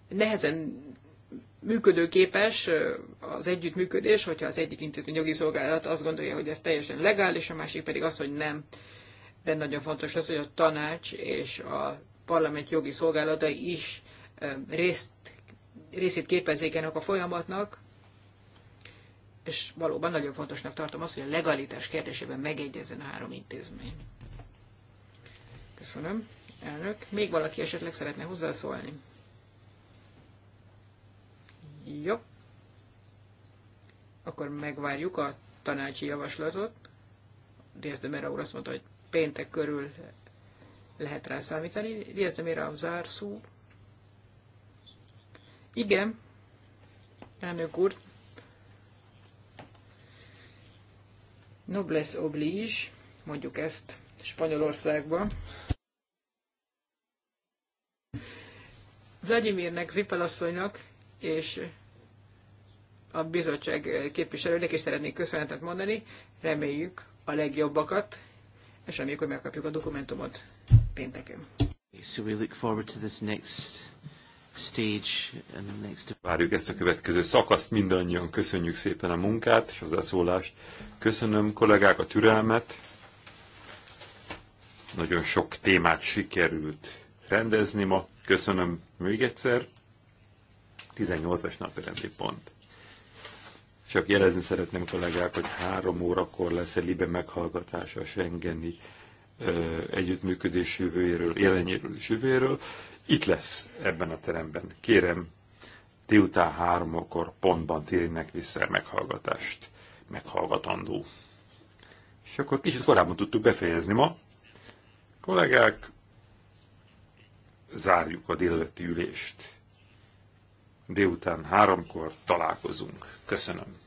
nehezen működőképes az együttműködés, hogyha az egyik intézmény jogi szolgálat azt gondolja, hogy ez teljesen legális, a másik pedig az, hogy nem. De nagyon fontos az, hogy a tanács és a parlament jogi szolgálata is részt, részét képezzék ennek a folyamatnak, és valóban nagyon fontosnak tartom azt, hogy a legalitás kérdésében megegyezzen a három intézmény. Köszönöm, elnök. Még valaki esetleg szeretne hozzászólni? Jó. Akkor megvárjuk a tanácsi javaslatot. Diaz de Mera úr azt mondta, hogy péntek körül lehet rá számítani. Diaz de Mera a zárszó. Igen, elnök úr. Noblesse oblige, mondjuk ezt Spanyolországban. Vladimirnek, Zipel asszonynak és a bizottság képviselőnek is szeretnék köszönetet mondani. Reméljük a legjobbakat, és reméljük, hogy megkapjuk a dokumentumot pénteken. So we look forward to this next stage and next... Várjuk ezt a következő szakaszt mindannyian. Köszönjük szépen a munkát és az elszólást. Köszönöm kollégák a türelmet. Nagyon sok témát sikerült rendezni ma. Köszönöm még egyszer. 18-as napirendi pont. Csak jelezni szeretném kollégák, hogy három órakor lesz egy libe meghallgatása a Schengeni ö, együttműködés jövőjéről, jelenjéről és jövőjéről. Itt lesz ebben a teremben. Kérem, délután órakor pontban térjenek vissza a meghallgatást. Meghallgatandó. És akkor kicsit korábban tudtuk befejezni ma. Kollégák, zárjuk a délelőtti ülést délután háromkor találkozunk. Köszönöm.